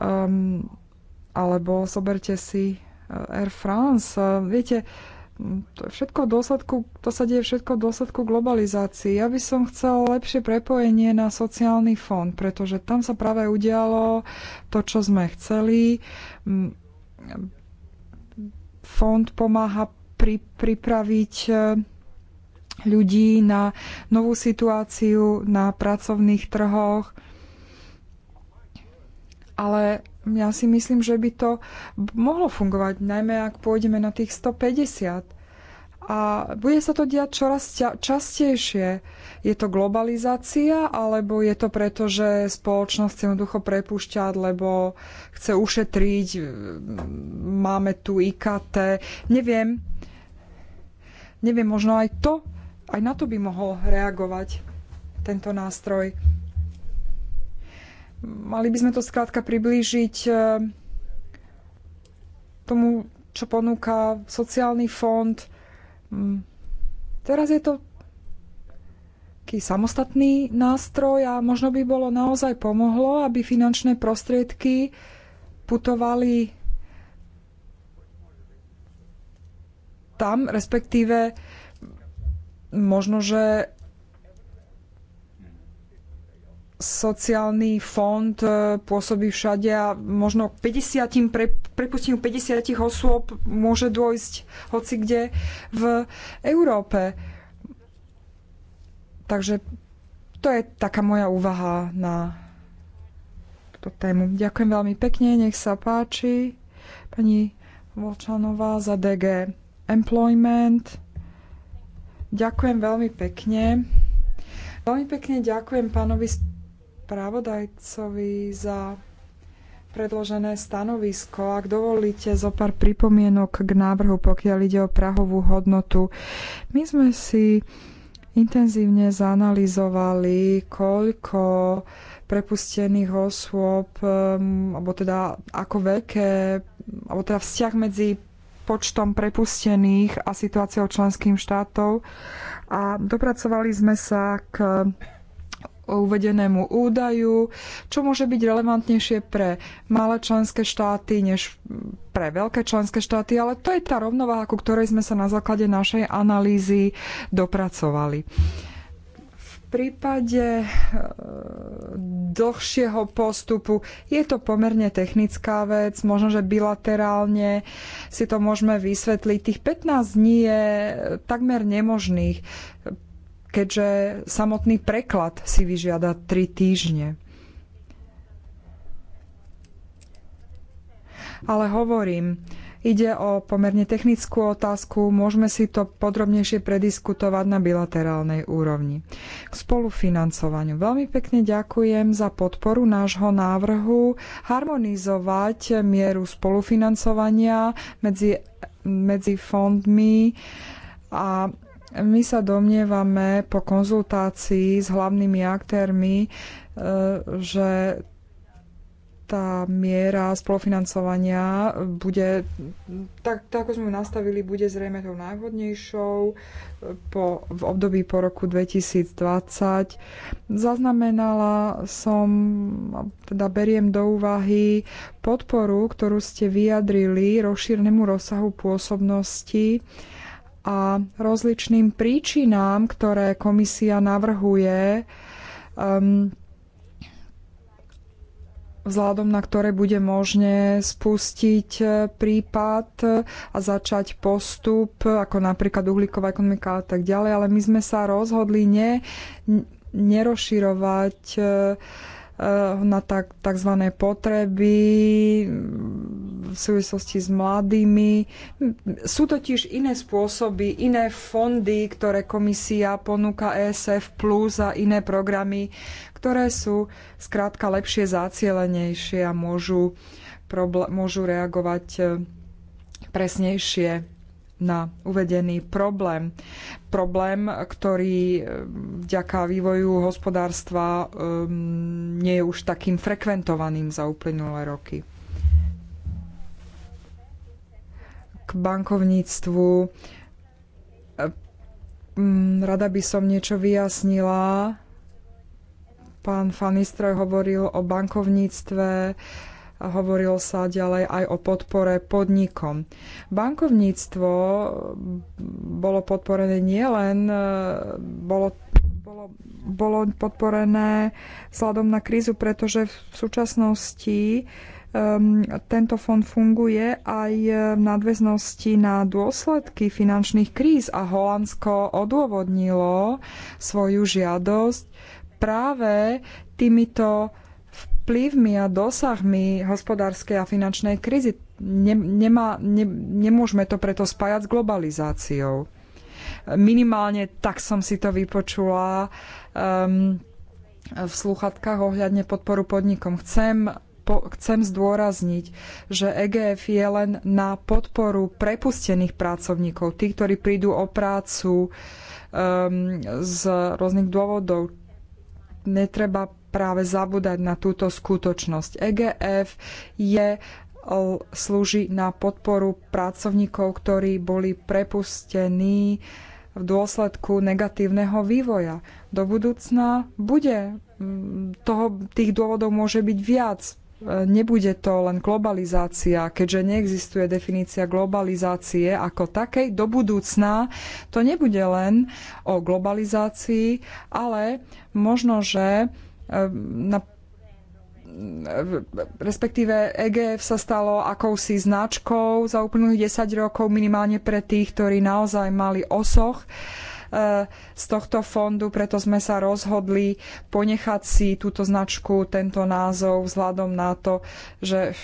Um, alebo zoberte si eh, Air France. Viete, uh, to je všetko v dôsledku, to sa deje všetko v dôsledku globalizácii. Ja by som chcel lepšie prepojenie na sociálny fond, pretože tam sa práve udialo to, čo sme chceli. Mm, fond pomáha pri, pripraviť e, ľudí na novú situáciu na pracovných trhoch, ale ja si myslím, že by to mohlo fungovať, najmä ak pôjdeme na tých 150. A bude sa to diať čoraz častejšie. Je to globalizácia, alebo je to preto, že spoločnosť jednoducho prepušťať, lebo chce ušetriť, máme tu IKT, neviem. Neviem, možno aj to, aj na to by mohol reagovať tento nástroj. Mali by sme to skrátka priblížiť eh, tomu, čo ponúka sociálny fond. Mm. Teraz je to taký samostatný nástroj a možno by bolo naozaj pomohlo, aby finančné prostriedky putovali tam, respektíve možno, že sociálny fond e, pôsobí všade a možno 50, pre, prepustím 50 osôb môže dôjsť hoci kde v Európe. Takže to je taká moja úvaha na túto tému. Ďakujem veľmi pekne, nech sa páči pani Volčanová za DG Employment. Ďakujem veľmi pekne. Veľmi pekne ďakujem pánovi spravodajcovi za predložené stanovisko. Ak dovolíte zo pár pripomienok k návrhu, pokiaľ ide o prahovú hodnotu. My sme si intenzívne zanalizovali, koľko prepustených osôb, ehm, alebo teda ako veľké, alebo teda vzťah medzi počtom prepustených a situáciou členským štátov. A dopracovali sme sa k uvedenému údaju, čo môže byť relevantnejšie pre malé členské štáty než pre veľké členské štáty, ale to je tá rovnováha, ku ktorej sme sa na základe našej analýzy dopracovali. V prípade e, dlhšieho postupu je to pomerne technická vec, možno, že bilaterálne si to môžeme vysvetliť. Tých 15 dní je takmer nemožných keďže samotný preklad si vyžiada 3 týždne. Ale hovorím, ide o pomerne technickú otázku, môžeme si to podrobnejšie prediskutovať na bilaterálnej úrovni. K spolufinancovaniu. Veľmi pekne ďakujem za podporu nášho návrhu harmonizovať mieru spolufinancovania medzi, medzi fondmi a my sa domnievame po konzultácii s hlavnými aktérmi, e, že tá miera spolufinancovania bude, tak, tak ako sme ju nastavili, bude zrejme tou najvhodnejšou e, po, v období po roku 2020. Zaznamenala som, teda beriem do úvahy podporu, ktorú ste vyjadrili rozšírnemu rozsahu pôsobnosti uh, a rozličným príčinám, ktoré komisia navrhuje, um, vzhľadom na ktoré bude možné spustiť eh, prípad a začať postup, ako napríklad uhlíková ekonomika a tak ďalej, ale my sme sa rozhodli ne, nerozširovať eh, eh, na tak, tzv. potreby v súvislosti s mladými. Sú totiž iné spôsoby, iné fondy, ktoré komisia ponúka ESF plus a iné programy, ktoré sú skrátka lepšie zacielenejšie a môžu, môžu reagovať e, presnejšie na uvedený problém. Problém, ktorý e, vďaka vývoju hospodárstva um, nie je už takým frekventovaným za uplynulé roky. bankovníctvu. Mm, rada by som niečo vyjasnila. Pán Fanistroj hovoril o bankovníctve, hovoril sa ďalej aj o podpore podnikom. Bankovníctvo bolo podporené nielen, e, bolo bolo, bolo podporené vzhľadom na krízu, pretože v súčasnosti Um, tento fond funguje aj eh, v nadväznosti na dôsledky finančných kríz a Holandsko odôvodnilo svoju žiadosť práve týmito vplyvmi a dosahmi hospodárskej a finančnej krízy. Ne, nemá, ne, nemôžeme to preto spájať s globalizáciou. Minimálne tak som si to vypočula um, v sluchatkách ohľadne podporu podnikom. Chcem chcem zdôrazniť, že EGF je len na podporu prepustených pracovníkov, tých, ktorí prídu o prácu um, z rôznych dôvodov. Netreba práve zabúdať na túto skutočnosť. EGF je slúži na podporu pracovníkov, ktorí boli prepustení v dôsledku negatívneho vývoja. Do budúcna bude toho, tých dôvodov môže byť viac nebude to len globalizácia, keďže neexistuje definícia globalizácie ako takej. Do budúcna to nebude len o globalizácii, ale možno, že eh, na eh, respektíve EGF sa stalo akousi značkou za uplynulých 10 rokov minimálne pre tých, ktorí naozaj mali osoch. Eh, z tohto fondu, preto sme sa rozhodli ponechať si túto značku, tento názov vzhľadom na to, že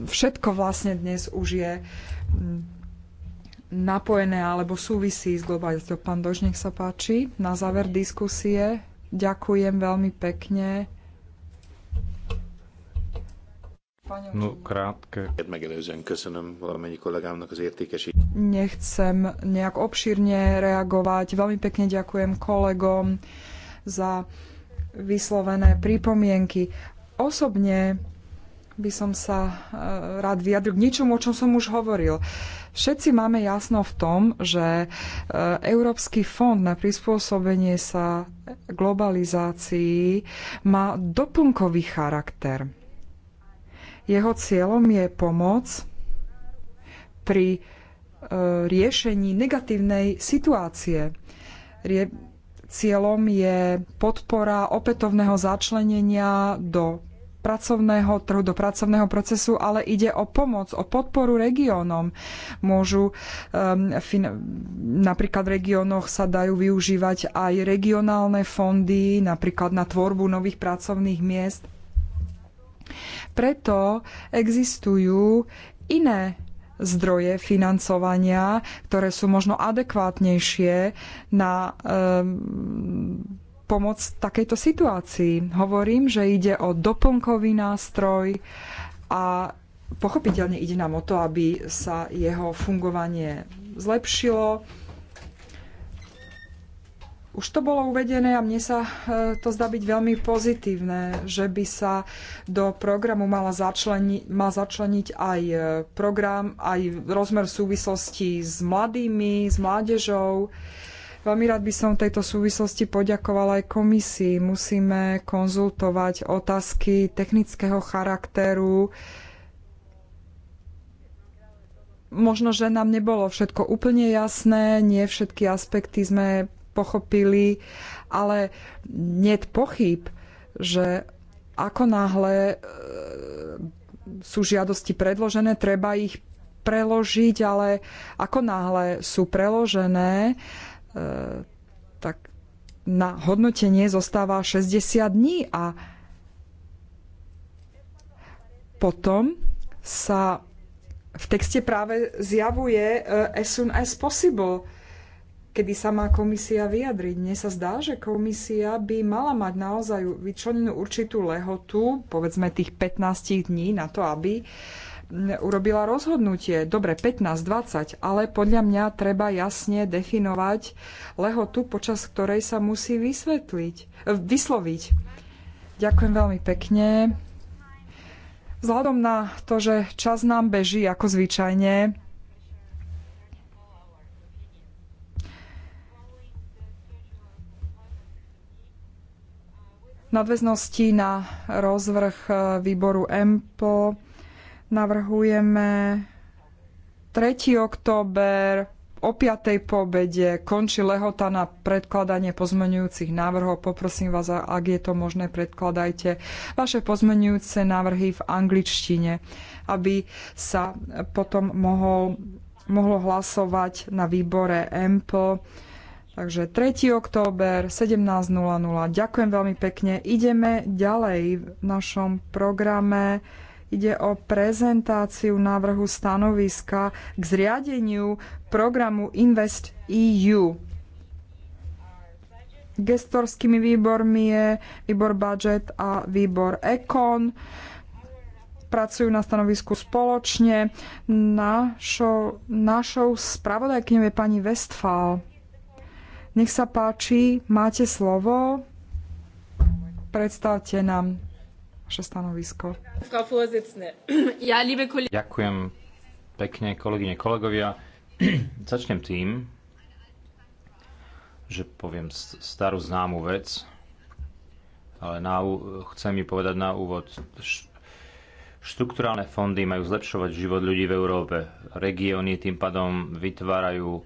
všetko vlastne dnes už je hm, napojené alebo súvisí s globalizáciou. Pán Dož, nech sa páči. Na záver diskusie ďakujem veľmi pekne
No, krátke.
Nechcem nejak obšírne reagovať. Veľmi pekne ďakujem kolegom za vyslovené pripomienky. Osobne by som sa e, rád vyjadril k ničomu, o čom som už hovoril. Všetci máme jasno v tom, že e, Európsky fond na prispôsobenie sa globalizácii má doplnkový charakter jeho cieľom je pomoc pri e, riešení negatívnej situácie. Cieľom je podpora opätovného začlenenia do pracovného trhu, do pracovného procesu, ale ide o pomoc, o podporu regiónom. Môžu um, fin- napríklad v regiónoch sa dajú využívať aj regionálne fondy, napríklad na tvorbu nových pracovných miest preto existujú iné zdroje financovania, ktoré sú možno adekvátnejšie na um, pomoc takejto situácii. Hovorím, že ide o doplnkový nástroj a pochopiteľne ide nám o to, aby sa jeho fungovanie zlepšilo už to bolo uvedené a mne sa e, to zdá byť veľmi pozitívne, že by sa do programu mala začleni, mal začleniť aj e, program, aj rozmer v súvislosti s mladými, s mládežou. Veľmi rád by som v tejto súvislosti poďakovala aj komisii. Musíme konzultovať otázky technického charakteru, možno, že nám nebolo všetko úplne jasné, nie všetky aspekty sme pochopili, ale net pochyb, že ako náhle e, sú žiadosti predložené, treba ich preložiť, ale ako náhle sú preložené, e, tak na hodnotenie zostáva 60 dní a potom sa v texte práve zjavuje as e, soon as possible kedy sa má komisia vyjadriť. Mne sa zdá, že komisia by mala mať naozaj vyčlenenú určitú lehotu, povedzme tých 15 dní na to, aby urobila rozhodnutie. Dobre, 15-20, ale podľa mňa treba jasne definovať lehotu, počas ktorej sa musí vysvetliť, e, vysloviť. Ďakujem veľmi pekne. Vzhľadom na to, že čas nám beží ako zvyčajne, nadväznosti na rozvrh e, výboru EMPO navrhujeme 3. október o 5. po obede končí lehota na predkladanie pozmenujúcich návrhov. Poprosím vás, ak je to možné, predkladajte vaše pozmenujúce návrhy v angličtine, aby sa potom mohol, mohlo hlasovať na výbore EMPO Takže 3. október, 17.00. Ďakujem veľmi pekne. Ideme ďalej v našom programe. Ide o prezentáciu návrhu stanoviska k zriadeniu programu Invest EU. Gestorskými výbormi je výbor budget a výbor Econ. Pracujú na stanovisku spoločne. Našou, našou spravodajkňou je pani Westfall. Nech sa páči, máte slovo. Predstavte nám vaše stanovisko. Ďakujem
pekne, kolegyne, kolegovia. Začnem tým, že poviem starú známu vec, ale na, chcem mi povedať na úvod, Štrukturálne fondy majú zlepšovať život ľudí v Európe. Regióny tým pádom vytvárajú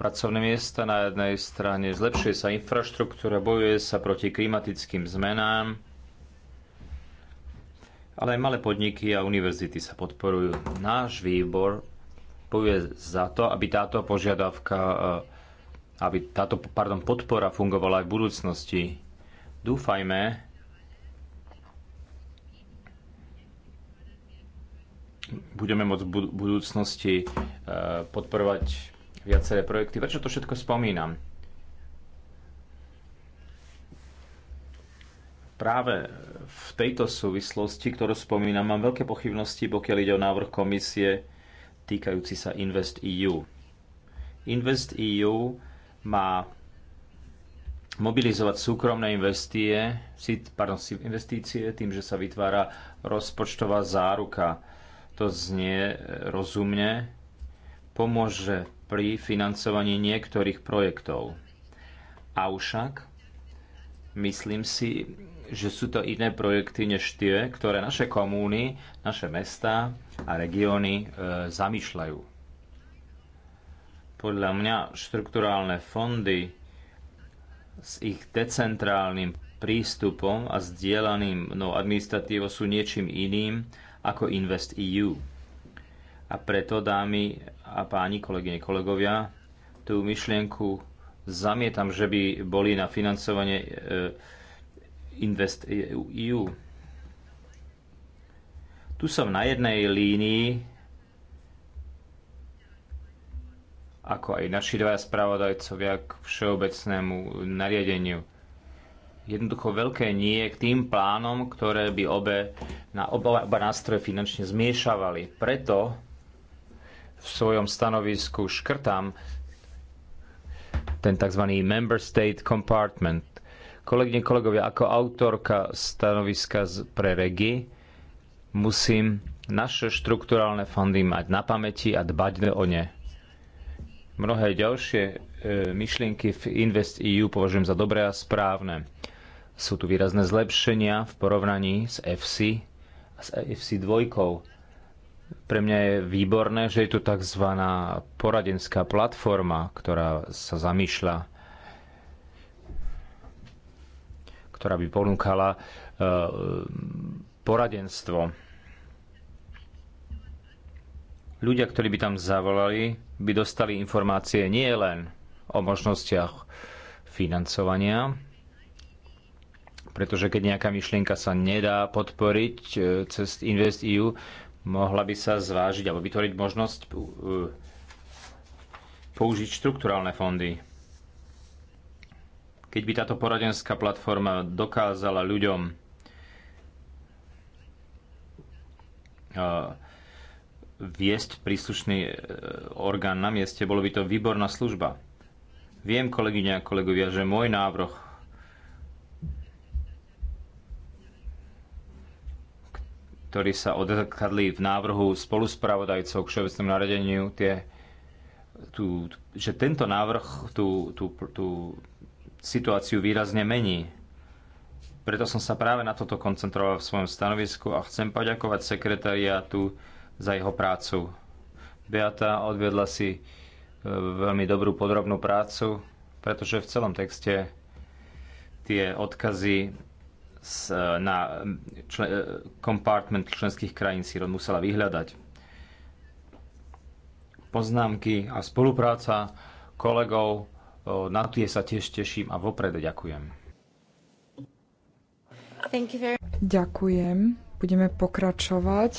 pracovné miesta na jednej strane, zlepšuje sa infraštruktúra, bojuje sa proti klimatickým zmenám, ale aj malé podniky a univerzity sa podporujú. Náš výbor bojuje za to, aby táto požiadavka, eh, aby táto pardon, podpora fungovala aj v budúcnosti. Dúfajme, budeme môcť v budúcnosti eh, podporovať viaceré projekty. Prečo to všetko spomínam? Práve v tejto súvislosti, ktorú spomínam, mám veľké pochybnosti, pokiaľ ide o návrh komisie týkajúci sa Invest EU. Invest EU má mobilizovať súkromné investície, pardon, investície tým, že sa vytvára rozpočtová záruka. To znie rozumne, pomôže pri financovaní niektorých projektov. Avšak myslím si, že sú to iné projekty než tie, ktoré naše komúny, naše mesta a regióny e, zamýšľajú. Podľa mňa štrukturálne fondy s ich decentrálnym prístupom a sdielaným no, administratívou sú niečím iným ako Invest EU a preto, dámy a páni, kolegyne, kolegovia, tú myšlienku zamietam, že by boli na financovanie e, Invest EU. E tu som na jednej línii, ako aj naši dvaja spravodajcovia k všeobecnému nariadeniu. Jednoducho veľké nie k tým plánom, ktoré by obe na oba, oba nástroje finančne zmiešavali. Preto v svojom stanovisku škrtám ten tzv. Member State Compartment. Kolegyne, kolegovia, ako autorka stanoviska pre regi musím naše štrukturálne fondy mať na pamäti a dbať o ne. Mnohé ďalšie e, myšlienky v Invest EU považujem za dobré a správne. Sú tu výrazné zlepšenia v porovnaní s FC a s FC dvojkou pre mňa je výborné, že je tu tzv. poradenská platforma, ktorá sa zamýšľa, ktorá by ponúkala e, poradenstvo. Ľudia, ktorí by tam zavolali, by dostali informácie nie len o možnostiach financovania, pretože keď nejaká myšlienka sa nedá podporiť e, cez InvestEU, mohla by sa zvážiť alebo vytvoriť možnosť uh, použiť štrukturálne fondy. Keď by táto poradenská platforma dokázala ľuďom uh, viesť príslušný uh, orgán na mieste, bolo by to výborná služba. Viem, kolegyňa a kolegovia, že môj návrh ktorí sa odzrkadli v návrhu spoluspravodajcov k všeobecnému naredeniu, tie, tú, že tento návrh tú, tú, tú situáciu výrazne mení. Preto som sa práve na toto koncentroval v svojom stanovisku a chcem poďakovať sekretariátu za jeho prácu. Beata odvedla si e, veľmi dobrú podrobnú prácu, pretože v celom texte tie odkazy na čl- kompartment členských krajín si musela vyhľadať. Poznámky a spolupráca kolegov, na tie sa tiež teším a vopred ďakujem.
Ďakujem. Budeme pokračovať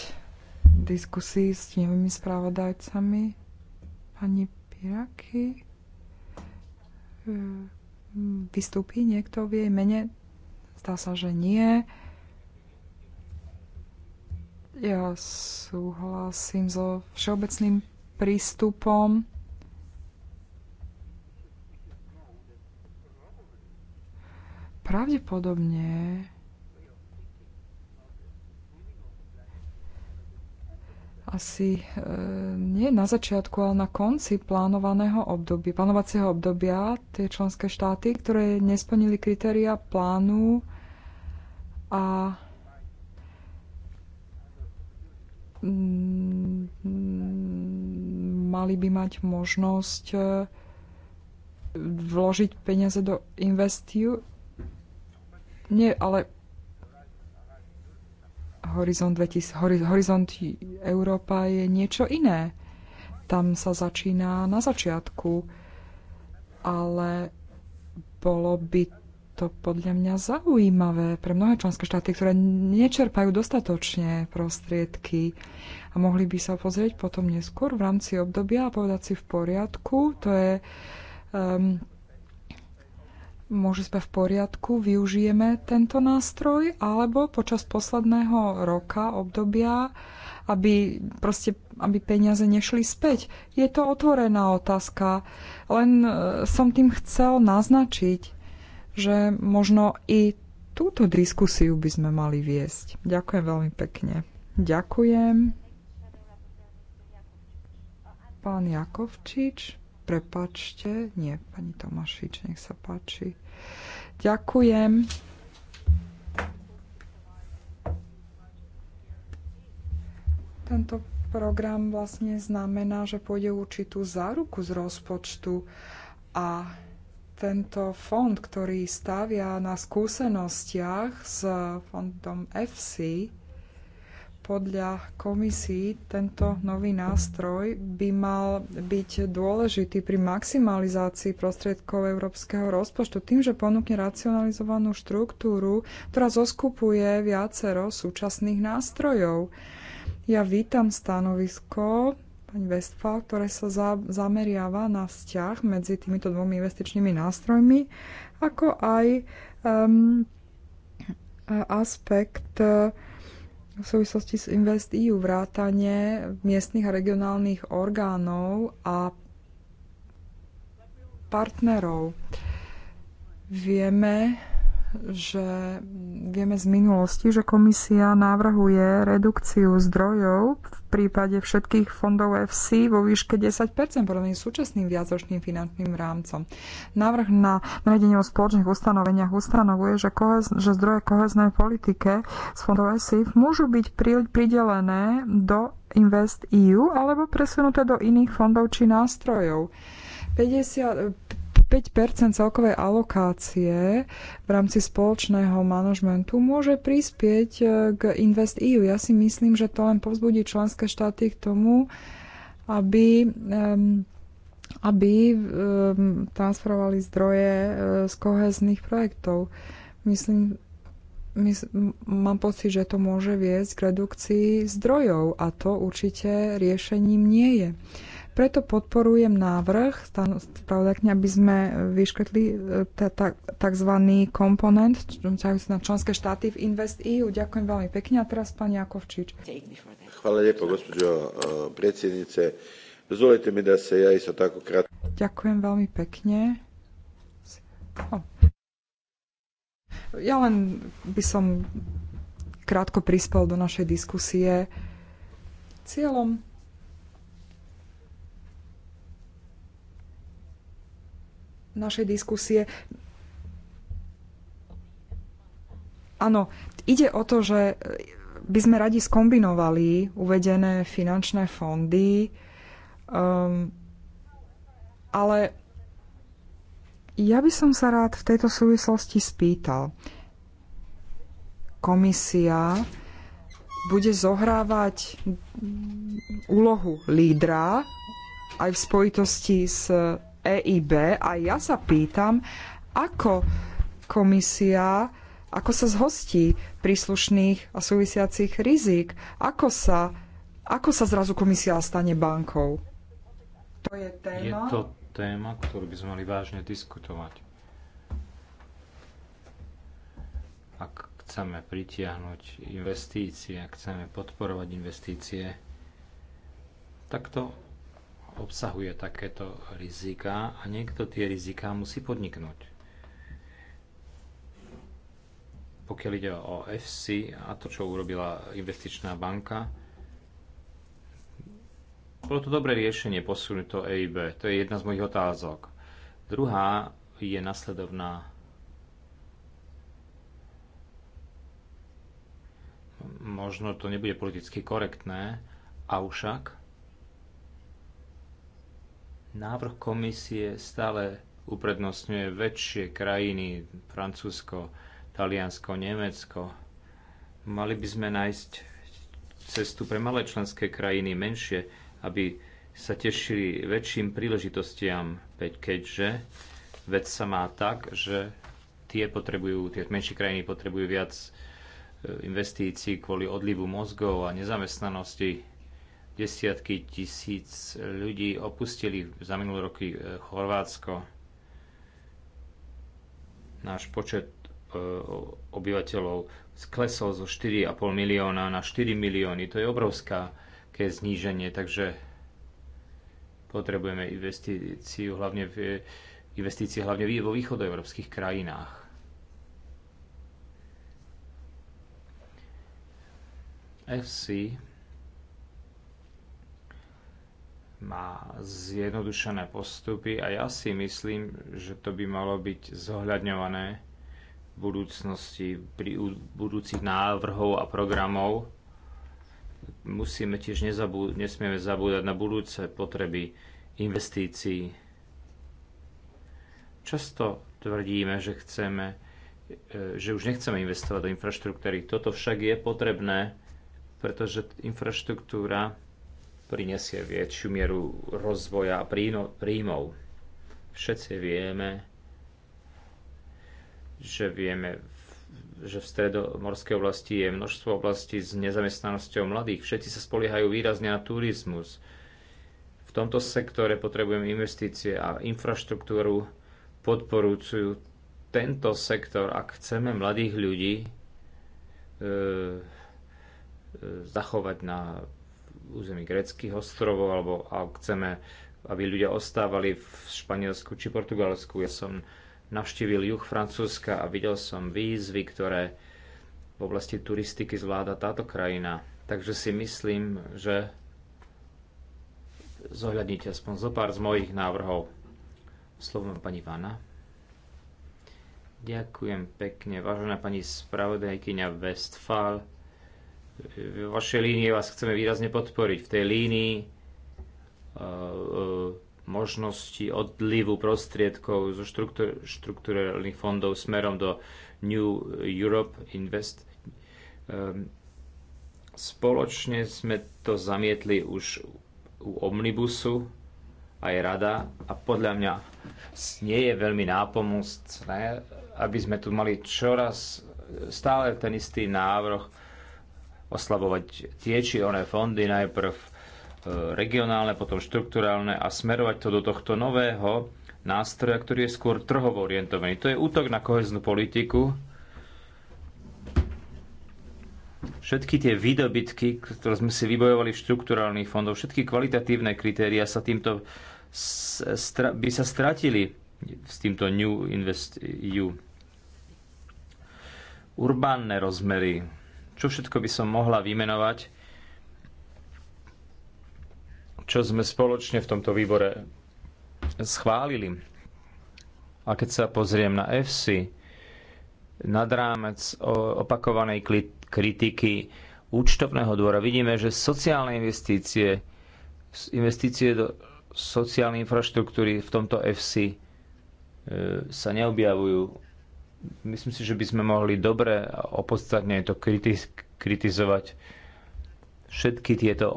v diskusii s tými správodajcami. Pani Piraky. E, vystúpi niekto v jej mene? Zdá sa, že nie. Ja súhlasím so všeobecným prístupom. Pravdepodobne asi e, nie na začiatku, ale na konci plánovaného obdobia, plánovacieho obdobia tie členské štáty, ktoré nesplnili kritéria plánu a mm, mali by mať možnosť e, vložiť peniaze do investiu. Nie, ale Horizont, 2000, Horizont Európa je niečo iné. Tam sa začína na začiatku, ale bolo by to podľa mňa zaujímavé pre mnohé členské štáty, ktoré nečerpajú dostatočne prostriedky a mohli by sa pozrieť potom neskôr v rámci obdobia a povedať si v poriadku, to je um, môže sme v poriadku, využijeme tento nástroj, alebo počas posledného roka, obdobia, aby, proste, aby peniaze nešli späť. Je to otvorená otázka, len e, som tým chcel naznačiť, že možno i túto diskusiu by sme mali viesť. Ďakujem veľmi pekne. Ďakujem. Pán Jakovčič, prepačte, nie, pani Tomašič, nech sa páči. Ďakujem. Tento program vlastne znamená, že pôjde určitú záruku z rozpočtu a tento fond, ktorý stavia na skúsenostiach s fondom FC, podľa komisií tento nový nástroj by mal byť dôležitý pri maximalizácii prostriedkov európskeho rozpočtu tým, že ponúkne racionalizovanú štruktúru, ktorá zoskupuje viacero súčasných nástrojov. Ja vítam stanovisko pani Westphal, ktoré sa za, zameriava na vzťah medzi týmito dvomi investičnými nástrojmi, ako aj um, aspekt uh, v súvislosti s InvestEU vrátanie miestnych a regionálnych orgánov a partnerov. Vieme, že vieme z minulosti, že komisia navrhuje redukciu zdrojov v prípade všetkých fondov FC vo výške 10 porovnaní s súčasným viacročným finančným rámcom. Návrh na nariadenie o spoločných ustanoveniach ustanovuje, že, kohez, že zdroje koheznej politike z fondov ESIF môžu byť pridelené do Invest EU alebo presunuté do iných fondov či nástrojov. 50, 5 celkovej alokácie v rámci spoločného manažmentu môže prispieť e, k Invest EU. Ja si myslím, že to len povzbudí členské štáty k tomu, aby aby transferovali zdroje e, z kohezných projektov. Myslím, mysl, mám pocit, že to môže viesť k redukcii zdrojov a to určite riešením nie je. Preto podporujem návrh aby sme e, vyškrtli e, tzv. komponent na členské štáty v Invest EU. Ďakujem veľmi pekne. A teraz pani Jakovčič.
Hvala lepo, gospođo e, predsjednice. Zvolite mi da se ja isto tako kratko...
Ďakujem veľmi pekne. Ja len by som krátko prispel do našej diskusie. Cieľom našej diskusie. Áno, ide o to, že by sme radi skombinovali uvedené finančné fondy, um, ale ja by som sa rád v tejto súvislosti spýtal. Komisia bude zohrávať úlohu lídra aj v spojitosti s EIB a ja sa pýtam, ako komisia ako sa zhostí príslušných a súvisiacich rizík, ako sa, ako sa zrazu komisia stane bankou. To je téma. Je to
téma, ktorú by sme mali vážne diskutovať. Ak chceme pritiahnuť investície, ak chceme podporovať investície, tak to obsahuje takéto rizika a niekto tie riziká musí podniknúť. Pokiaľ ide o FC a to, čo urobila investičná banka, bolo to dobré riešenie posunúť to EIB. To je jedna z mojich otázok. Druhá je nasledovná. Možno to nebude politicky korektné, avšak Návrh komisie stále uprednostňuje väčšie krajiny, Francúzsko, Taliansko, Nemecko. Mali by sme nájsť cestu pre malé členské krajiny menšie, aby sa tešili väčším príležitostiam, keďže vec sa má tak, že tie potrebujú, tie menšie krajiny potrebujú viac e, investícií kvôli odlivu mozgov a nezamestnanosti. Desiatky tisíc ľudí opustili za minulé roky e, Chorvátsko. Náš počet e, obyvateľov sklesol zo 4,5 milióna na 4 milióny. To je obrovská ke zníženie, takže potrebujeme investíciu hlavne v, investície hlavne vo východoeurópskych krajinách. FC má zjednodušené postupy a ja si myslím, že to by malo byť zohľadňované v budúcnosti, pri budúcich návrhov a programov. Musíme tiež nezabú- nesmieme zabúdať na budúce potreby investícií. Často tvrdíme, že chceme, e, že už nechceme investovať do infraštruktúry. Toto však je potrebné, pretože infraštruktúra prinesie väčšiu mieru rozvoja a príjmov. Všetci vieme, že vieme, že v stredomorskej oblasti je množstvo oblastí s nezamestnanosťou mladých. Všetci sa spoliehajú výrazne na turizmus. V tomto sektore potrebujeme investície a infraštruktúru podporujúcu tento sektor, ak chceme mladých ľudí e, e, zachovať na území greckých ostrovov, alebo ak chceme, aby ľudia ostávali v Španielsku či Portugalsku. Ja som navštívil juh Francúzska a videl som výzvy, ktoré v oblasti turistiky zvláda táto krajina. Takže si myslím, že zohľadnite aspoň zo pár z mojich návrhov. Slovo pani Vána. Ďakujem pekne, vážená pani spravodajkyňa Westfál vaše línii vás chceme výrazne podporiť. V tej línii e, e, možnosti odlivu prostriedkov zo štruktúrálnych fondov smerom do New Europe Invest. E, spoločne sme to zamietli už u Omnibusu, aj rada a podľa mňa nie je veľmi nápomocné, aby sme tu mali čoraz stále ten istý návrh oslabovať tie či oné fondy, najprv e, regionálne, potom štrukturálne a smerovať to do tohto nového nástroja, ktorý je skôr trhovo orientovaný. To je útok na koheznú politiku. Všetky tie výdobytky, ktoré sme si vybojovali v štrukturálnych fondoch, všetky kvalitatívne kritéria sa týmto by sa stratili s týmto New Invest EU. Urbánne rozmery, čo všetko by som mohla vymenovať, čo sme spoločne v tomto výbore schválili. A keď sa pozriem na FC, nad rámec opakovanej kritiky účtovného dvora, vidíme, že sociálne investície, investície do sociálnej infraštruktúry v tomto FC e, sa neobjavujú Myslím si, že by sme mohli dobre opodstatne to kritizovať všetky tieto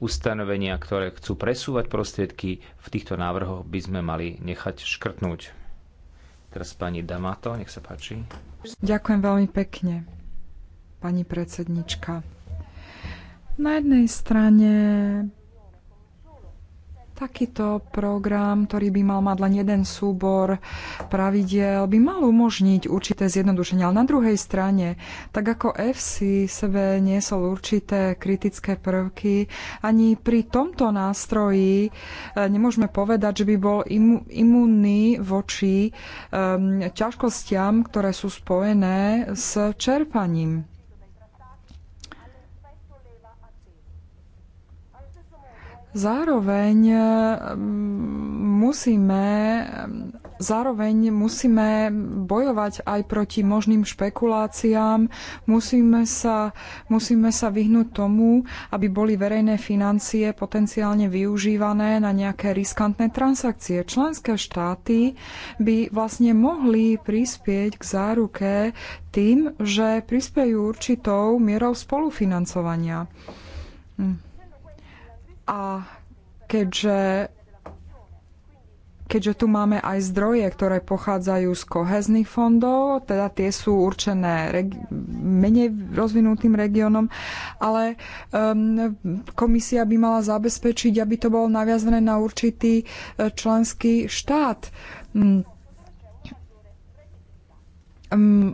ustanovenia, ktoré chcú presúvať prostriedky, v týchto návrhoch by sme mali nechať škrtnúť. Teraz pani Damato, nech sa páči.
Ďakujem veľmi pekne, pani predsednička. Na jednej strane Takýto program, ktorý by mal mať len jeden súbor pravidel, by mal umožniť určité zjednodušenie. Ale na druhej strane, tak ako FC sebe niesol určité kritické prvky, ani pri tomto nástroji e, nemôžeme povedať, že by bol imu, imunný voči um, ťažkostiam, ktoré sú spojené s čerpaním. Zároveň eh, musíme, zároveň musíme bojovať aj proti možným špekuláciám. Musíme sa, musíme sa vyhnúť tomu, aby boli verejné financie potenciálne využívané na nejaké riskantné transakcie. Členské štáty by vlastne mohli prispieť k záruke tým, že prispejú určitou mierou spolufinancovania. Hm. A keďže keďže tu máme aj zdroje, ktoré pochádzajú z kohezných fondov, teda tie sú určené menej rozvinutým regiónom, ale um, komisia by mala zabezpečiť, aby to bolo naviazané na určitý e, členský štát. Um, um,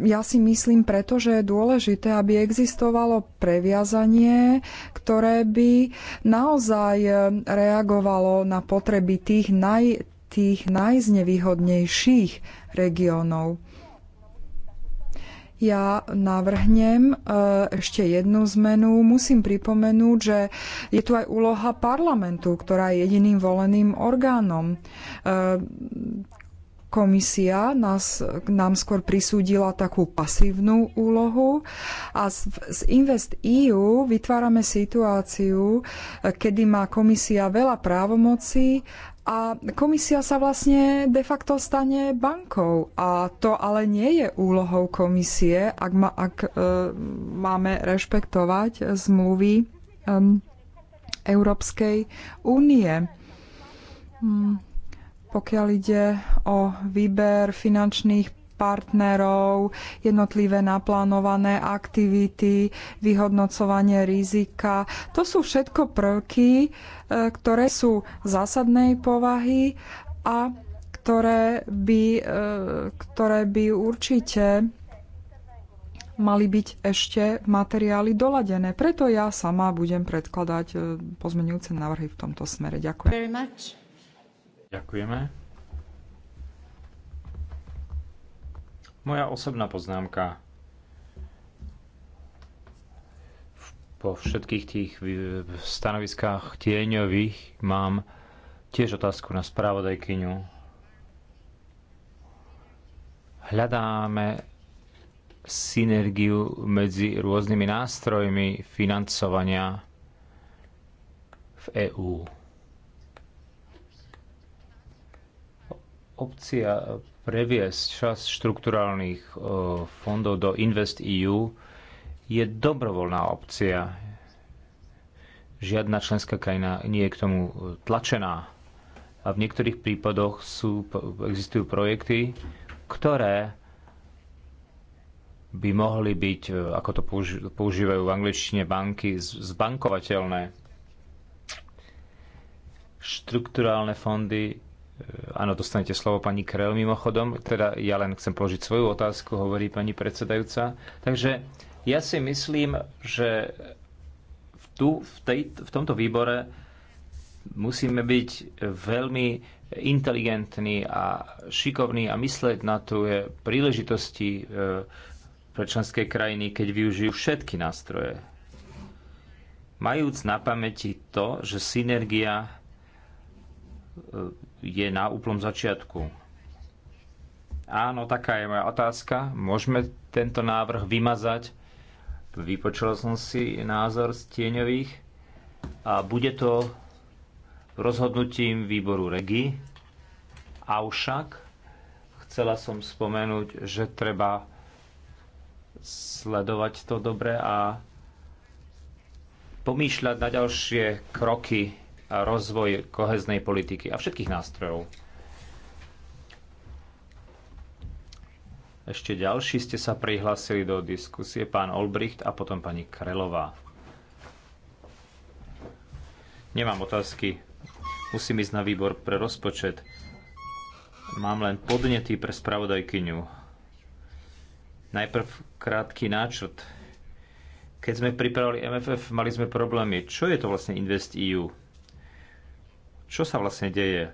ja si myslím preto, že je dôležité, aby existovalo previazanie, ktoré by naozaj e, reagovalo na potreby tých, naj, tých najznevýhodnejších regiónov. Ja navrhnem e, ešte jednu zmenu. Musím pripomenúť, že je tu aj úloha parlamentu, ktorá je jediným voleným orgánom e, komisia nás, nám skôr prisúdila takú pasívnu úlohu a z, z Invest EU vytvárame situáciu, kedy má komisia veľa právomocí a komisia sa vlastne de facto stane bankou. A to ale nie je úlohou komisie, ak, ma, ak e, máme rešpektovať zmluvy e, Európskej únie. Hmm pokiaľ ide o výber finančných partnerov, jednotlivé naplánované aktivity, vyhodnocovanie rizika. To sú všetko prvky, e, ktoré sú zásadnej povahy a ktoré by, e, ktoré by určite mali byť ešte materiály doladené. Preto ja sama budem predkladať e, pozmenujúce návrhy v tomto smere. Ďakujem.
Ďakujeme. Moja osobná poznámka po všetkých tých stanoviskách tieňových mám tiež otázku na spravodajkyňu. Hľadáme synergiu medzi rôznymi nástrojmi financovania v EÚ. opcia eh, previesť čas štrukturálnych eh, fondov do Invest EU je dobrovoľná opcia. Žiadna členská krajina nie je k tomu eh, tlačená. A v niektorých prípadoch sú, existujú projekty, ktoré by mohli byť, ako to používajú v angličtine banky, zbankovateľné. Štrukturálne fondy E, áno, dostanete slovo pani Krel mimochodom. Teda ja len chcem položiť svoju otázku, hovorí pani predsedajúca. Takže ja si myslím, že tu v, tej, v tomto výbore musíme byť veľmi inteligentní a šikovní a myslieť na je príležitosti e, pre členské krajiny, keď využijú všetky nástroje. Majúc na pamäti to, že synergia e, je na úplnom začiatku. Áno, taká je moja otázka. Môžeme tento návrh vymazať? Vypočul som si názor z tieňových. a bude to rozhodnutím výboru REGI. Avšak chcela som spomenúť, že treba sledovať to dobre a pomýšľať na ďalšie kroky rozvoj koheznej politiky a všetkých nástrojov. Ešte ďalší ste sa prihlásili do diskusie, pán Olbricht a potom pani Krelová. Nemám otázky. Musím ísť na výbor pre rozpočet. Mám len podnety pre spravodajkyňu. Najprv krátky náčrt. Keď sme pripravili MFF, mali sme problémy. Čo je to vlastne Invest EU? Čo sa vlastne deje?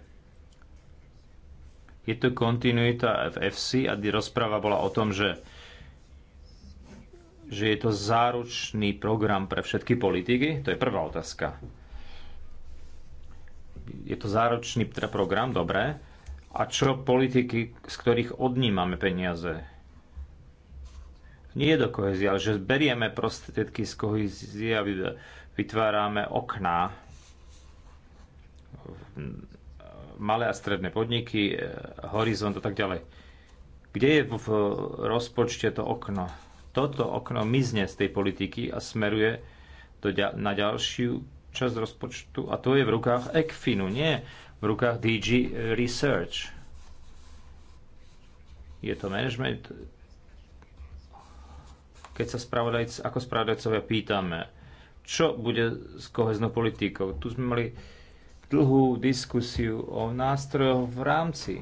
Je to kontinuita v FC a rozpráva bola o tom, že že je to záručný program pre všetky politiky? To je prvá otázka. Je to záručný program, dobre. A čo politiky, z ktorých odnímame peniaze? Nie do kohezie, ale že berieme prostriedky z kohezie a vytvárame okná malé a stredné podniky, e, horizont a tak ďalej. Kde je v rozpočte to okno? Toto okno mizne z tej politiky a smeruje to na ďalšiu časť rozpočtu a to je v rukách ECFINu, nie v rukách DG Research. Je to management. Keď sa spravodajc, ako spravodajcovia pýtame, čo bude s koheznou politikou. Tu sme mali dlhú diskusiu o nástrojoch v rámci.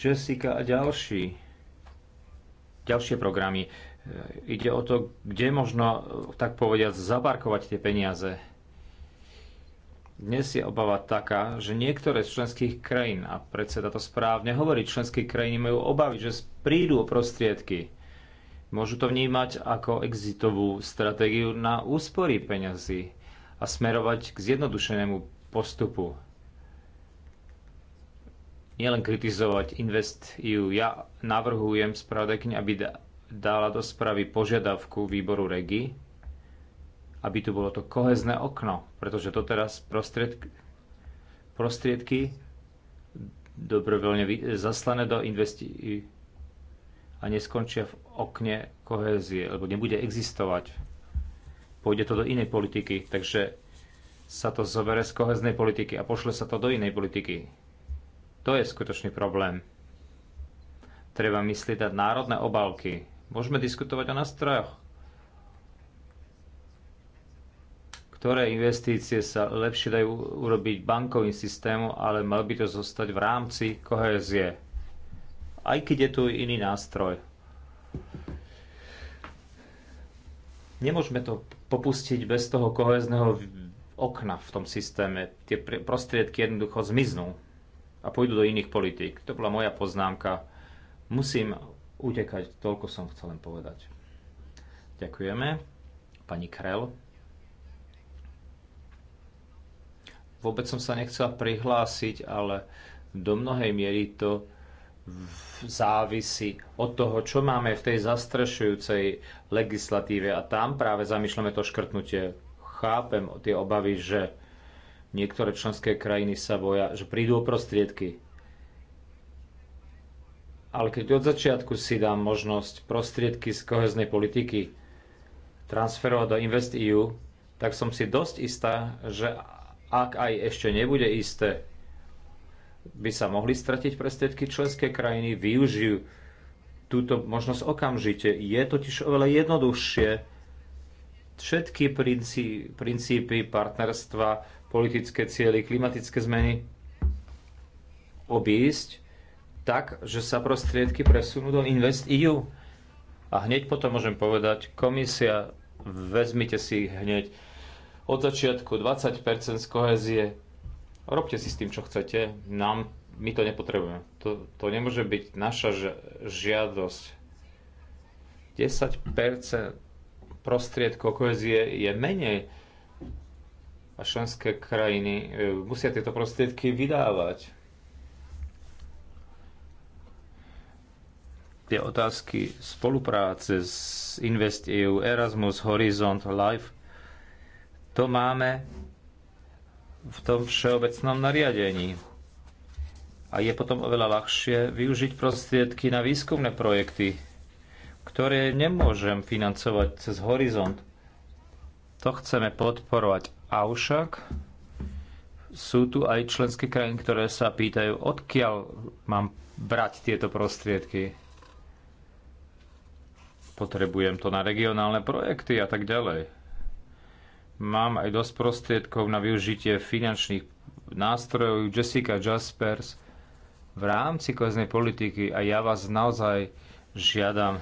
Jessica a ďalší. Ďalšie programy. E, ide o to, kde možno, e, tak povediať, zabarkovať tie peniaze. Dnes je obava taká, že niektoré z členských krajín, a predseda to správne hovorí, členské krajiny majú obavy, že prídu o prostriedky. Môžu to vnímať ako exitovú stratégiu na úspory peňazí a smerovať k zjednodušenému postupu. Nielen kritizovať Invest EU. Ja navrhujem spravodajkyni, aby dala do spravy požiadavku výboru REGI, aby tu bolo to kohezné okno, pretože to teraz prostriedky, prostriedky dobrovoľne zaslané do investí a neskončia v okne kohézie, lebo nebude existovať pôjde to do inej politiky, takže sa to zobere z koheznej politiky a pošle sa to do inej politiky. To je skutočný problém. Treba myslieť na národné obálky. Môžeme diskutovať o nástrojoch. Ktoré investície sa lepšie dajú urobiť bankovým systémom, ale mal by to zostať v rámci kohézie. Aj keď je tu iný nástroj. Nemôžeme to popustiť bez toho kohezného okna v tom systéme. Tie prostriedky jednoducho zmiznú a pôjdu do iných politík. To bola moja poznámka. Musím utekať, toľko som chcel len povedať. Ďakujeme. Pani Krel. Vôbec som sa nechcela prihlásiť, ale do mnohej miery to závisí od toho, čo máme v tej zastrešujúcej legislatíve a tam práve zamýšľame to škrtnutie. Chápem tie obavy, že niektoré členské krajiny sa boja, že prídu o prostriedky. Ale keď od začiatku si dám možnosť prostriedky z koheznej politiky transferovať do InvestEU, tak som si dosť istá, že ak aj ešte nebude isté, by sa mohli stratiť prostriedky, členské krajiny využijú túto možnosť okamžite. Je totiž oveľa jednoduchšie všetky princí, princípy partnerstva, politické cieľy, klimatické zmeny obísť tak, že sa prostriedky presunú do InvestEU. A hneď potom môžem povedať, komisia, vezmite si hneď od začiatku 20% z kohezie, Robte si s tým, čo chcete, nám, my to nepotrebujeme. To, to nemôže byť naša žiadosť. 10% prostriedkov kohezie je menej a členské krajiny e, musia tieto prostriedky vydávať. Tie otázky spolupráce s InvestEU, Erasmus, Horizont, Life, to máme v tom všeobecnom nariadení. A je potom oveľa ľahšie využiť prostriedky na výskumné projekty, ktoré nemôžem financovať cez horizont. To chceme podporovať. Avšak sú tu aj členské krajiny, ktoré sa pýtajú, odkiaľ mám brať tieto prostriedky. Potrebujem to na regionálne projekty a tak ďalej. Mám aj dosť prostriedkov na využitie finančných nástrojov Jessica Jaspers v rámci koheznej politiky a ja vás naozaj žiadam,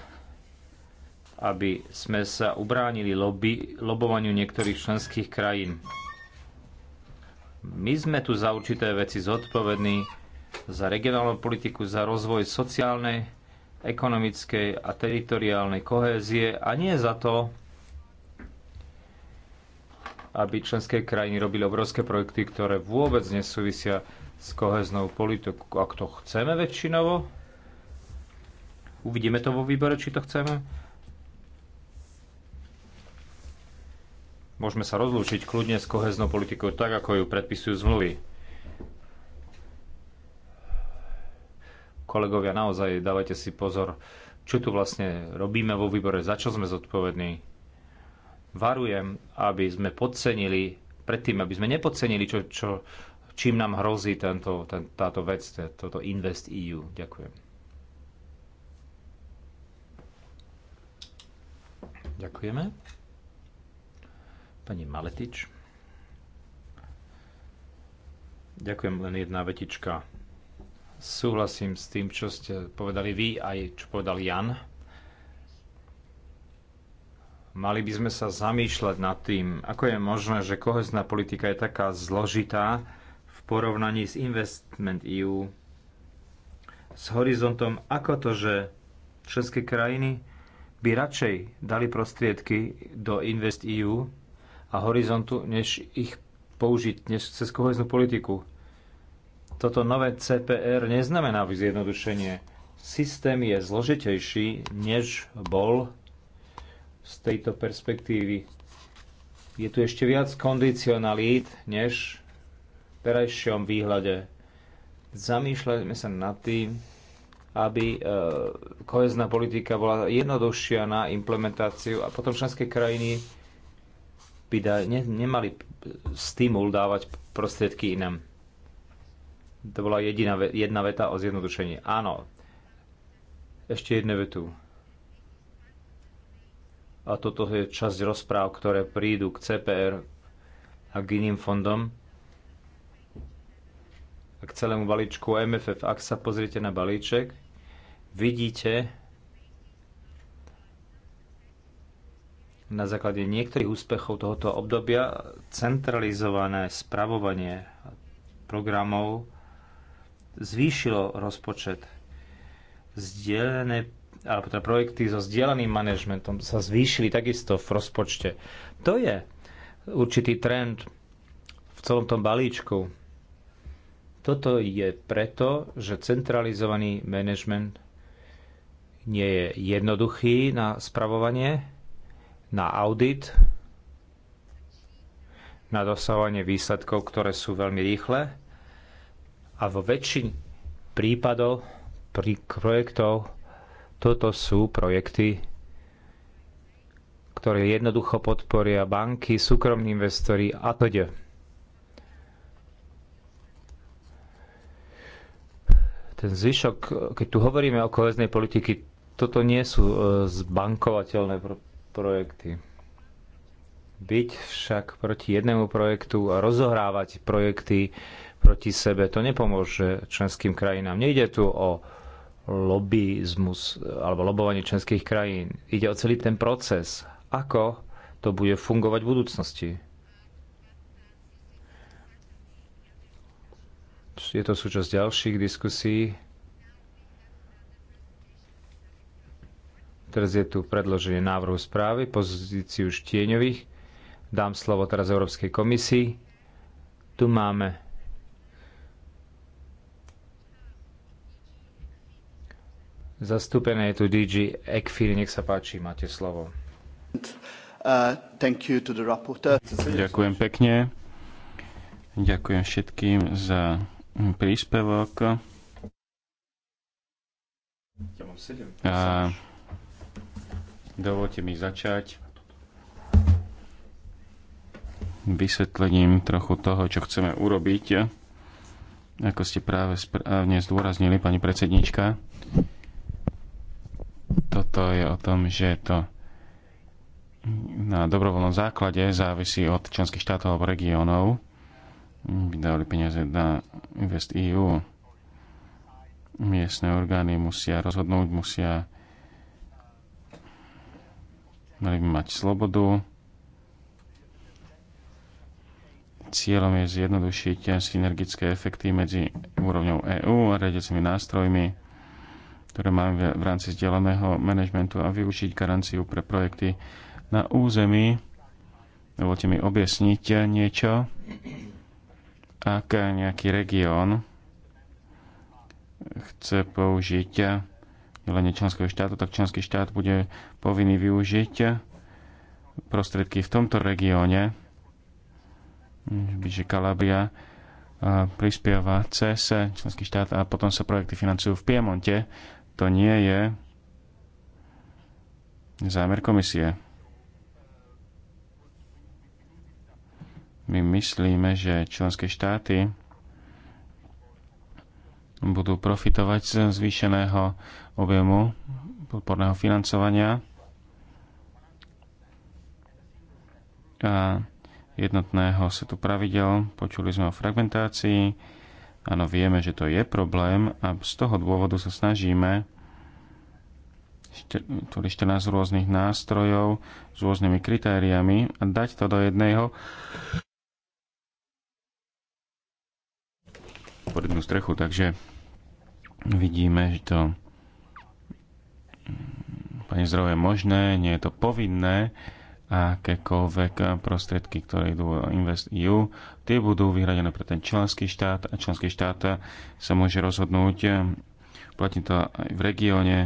aby sme sa ubránili lobby, lobovaniu niektorých členských krajín. My sme tu za určité veci zodpovední, za regionálnu politiku, za rozvoj sociálnej, ekonomickej a teritoriálnej kohézie a nie za to, aby členské krajiny robili obrovské projekty, ktoré vôbec nesúvisia s koheznou politikou. Ak to chceme väčšinovo, uvidíme to vo výbore, či to chceme. Môžeme sa rozlúčiť kľudne s koheznou politikou tak, ako ju predpisujú zmluvy. Kolegovia, naozaj dávajte si pozor, čo tu vlastne robíme vo výbore, za čo sme zodpovední varujem, aby sme podcenili, predtým, aby sme nepodcenili, čo, čo, čím nám hrozí tento, ten, táto vec, toto Invest EU. Ďakujem. Ďakujeme. Pani Maletič. Ďakujem, len jedna vetička. Súhlasím s tým, čo ste povedali vy, aj čo povedal Jan Mali by sme sa zamýšľať nad tým, ako je možné, že kohezná politika je taká zložitá v porovnaní s Investment EU, s horizontom, ako to, že členské krajiny by radšej dali prostriedky do Invest EU a horizontu, než ich použiť než cez koheznú politiku. Toto nové CPR neznamená zjednodušenie. Systém je zložitejší, než bol z tejto perspektívy. Je tu ešte viac kondicionalít, než v terajšom výhľade. Zamýšľajme sa nad tým, aby e, kohezná politika bola jednoduchšia na implementáciu a potom členské krajiny by da, ne, nemali stimul dávať prostriedky inám. To bola jediná, jedna veta o zjednodušení. Áno. Ešte jednu vetu a toto je časť rozpráv, ktoré prídu k CPR a k iným fondom a k celému balíčku MFF. Ak sa pozriete na balíček, vidíte na základe niektorých úspechov tohoto obdobia centralizované spravovanie programov zvýšilo rozpočet. Zdieľané alebo teda projekty so zdieľaným manažmentom sa zvýšili takisto v rozpočte. To je určitý trend v celom tom balíčku. Toto je preto, že centralizovaný manažment nie je jednoduchý na spravovanie, na audit, na dosahovanie výsledkov, ktoré sú veľmi rýchle a vo väčšine prípadov pri projektoch. Toto sú projekty, ktoré jednoducho podporia banky, súkromní investori a to ide. Ten zvyšok, keď tu hovoríme o koheznej politiky, toto nie sú e, zbankovateľné pro- projekty. Byť však proti jednému projektu a rozohrávať projekty proti sebe, to nepomôže členským krajinám. Nejde tu o lobbyizmus alebo lobovanie členských krajín. Ide o celý ten proces. Ako to bude fungovať v budúcnosti? Je to súčasť ďalších diskusí. Teraz je tu predloženie návrhu správy, pozíciu štieňových. Dám slovo teraz Európskej komisii. Tu máme Zastúpené je tu DG Ekfir, nech sa páči, máte slovo. Uh, Ďakujem pekne. Ďakujem všetkým za
príspevok. A dovolte mi začať vysvetlením trochu toho, čo chceme urobiť. Ako ste práve správne zdôraznili, pani predsednička, toto je o tom, že to na dobrovoľnom základe závisí od členských štátov alebo regiónov. Vydali peniaze na Invest EU. Miestne orgány musia rozhodnúť, musia mali by mať slobodu. Cieľom je zjednodušiť synergické efekty medzi úrovňou EÚ a riadiacimi nástrojmi ktoré máme v rámci zdieľaného manažmentu a využiť garanciu pre projekty na území. Dovolte mi objasniť niečo. Ak nejaký región chce použiť delenie členského štátu, tak členský štát bude povinný využiť prostriedky v tomto regióne, že Kalabria prispieva cez členský štát a potom sa projekty financujú v Piemonte to nie je zámer komisie. My myslíme, že členské štáty budú profitovať z zvýšeného objemu podporného financovania a jednotného setu pravidel. Počuli sme o fragmentácii, Áno, vieme, že to je problém a z toho dôvodu sa snažíme tu 14 rôznych nástrojov s rôznymi kritériami a dať to do jedného pod jednu strechu, takže vidíme, že to mm, pani zdravie je možné, nie je to povinné, a akékoľvek prostriedky, ktoré idú Invest EU, tie budú vyhradené pre ten členský štát a členský štát sa môže rozhodnúť eh, platí to aj v regióne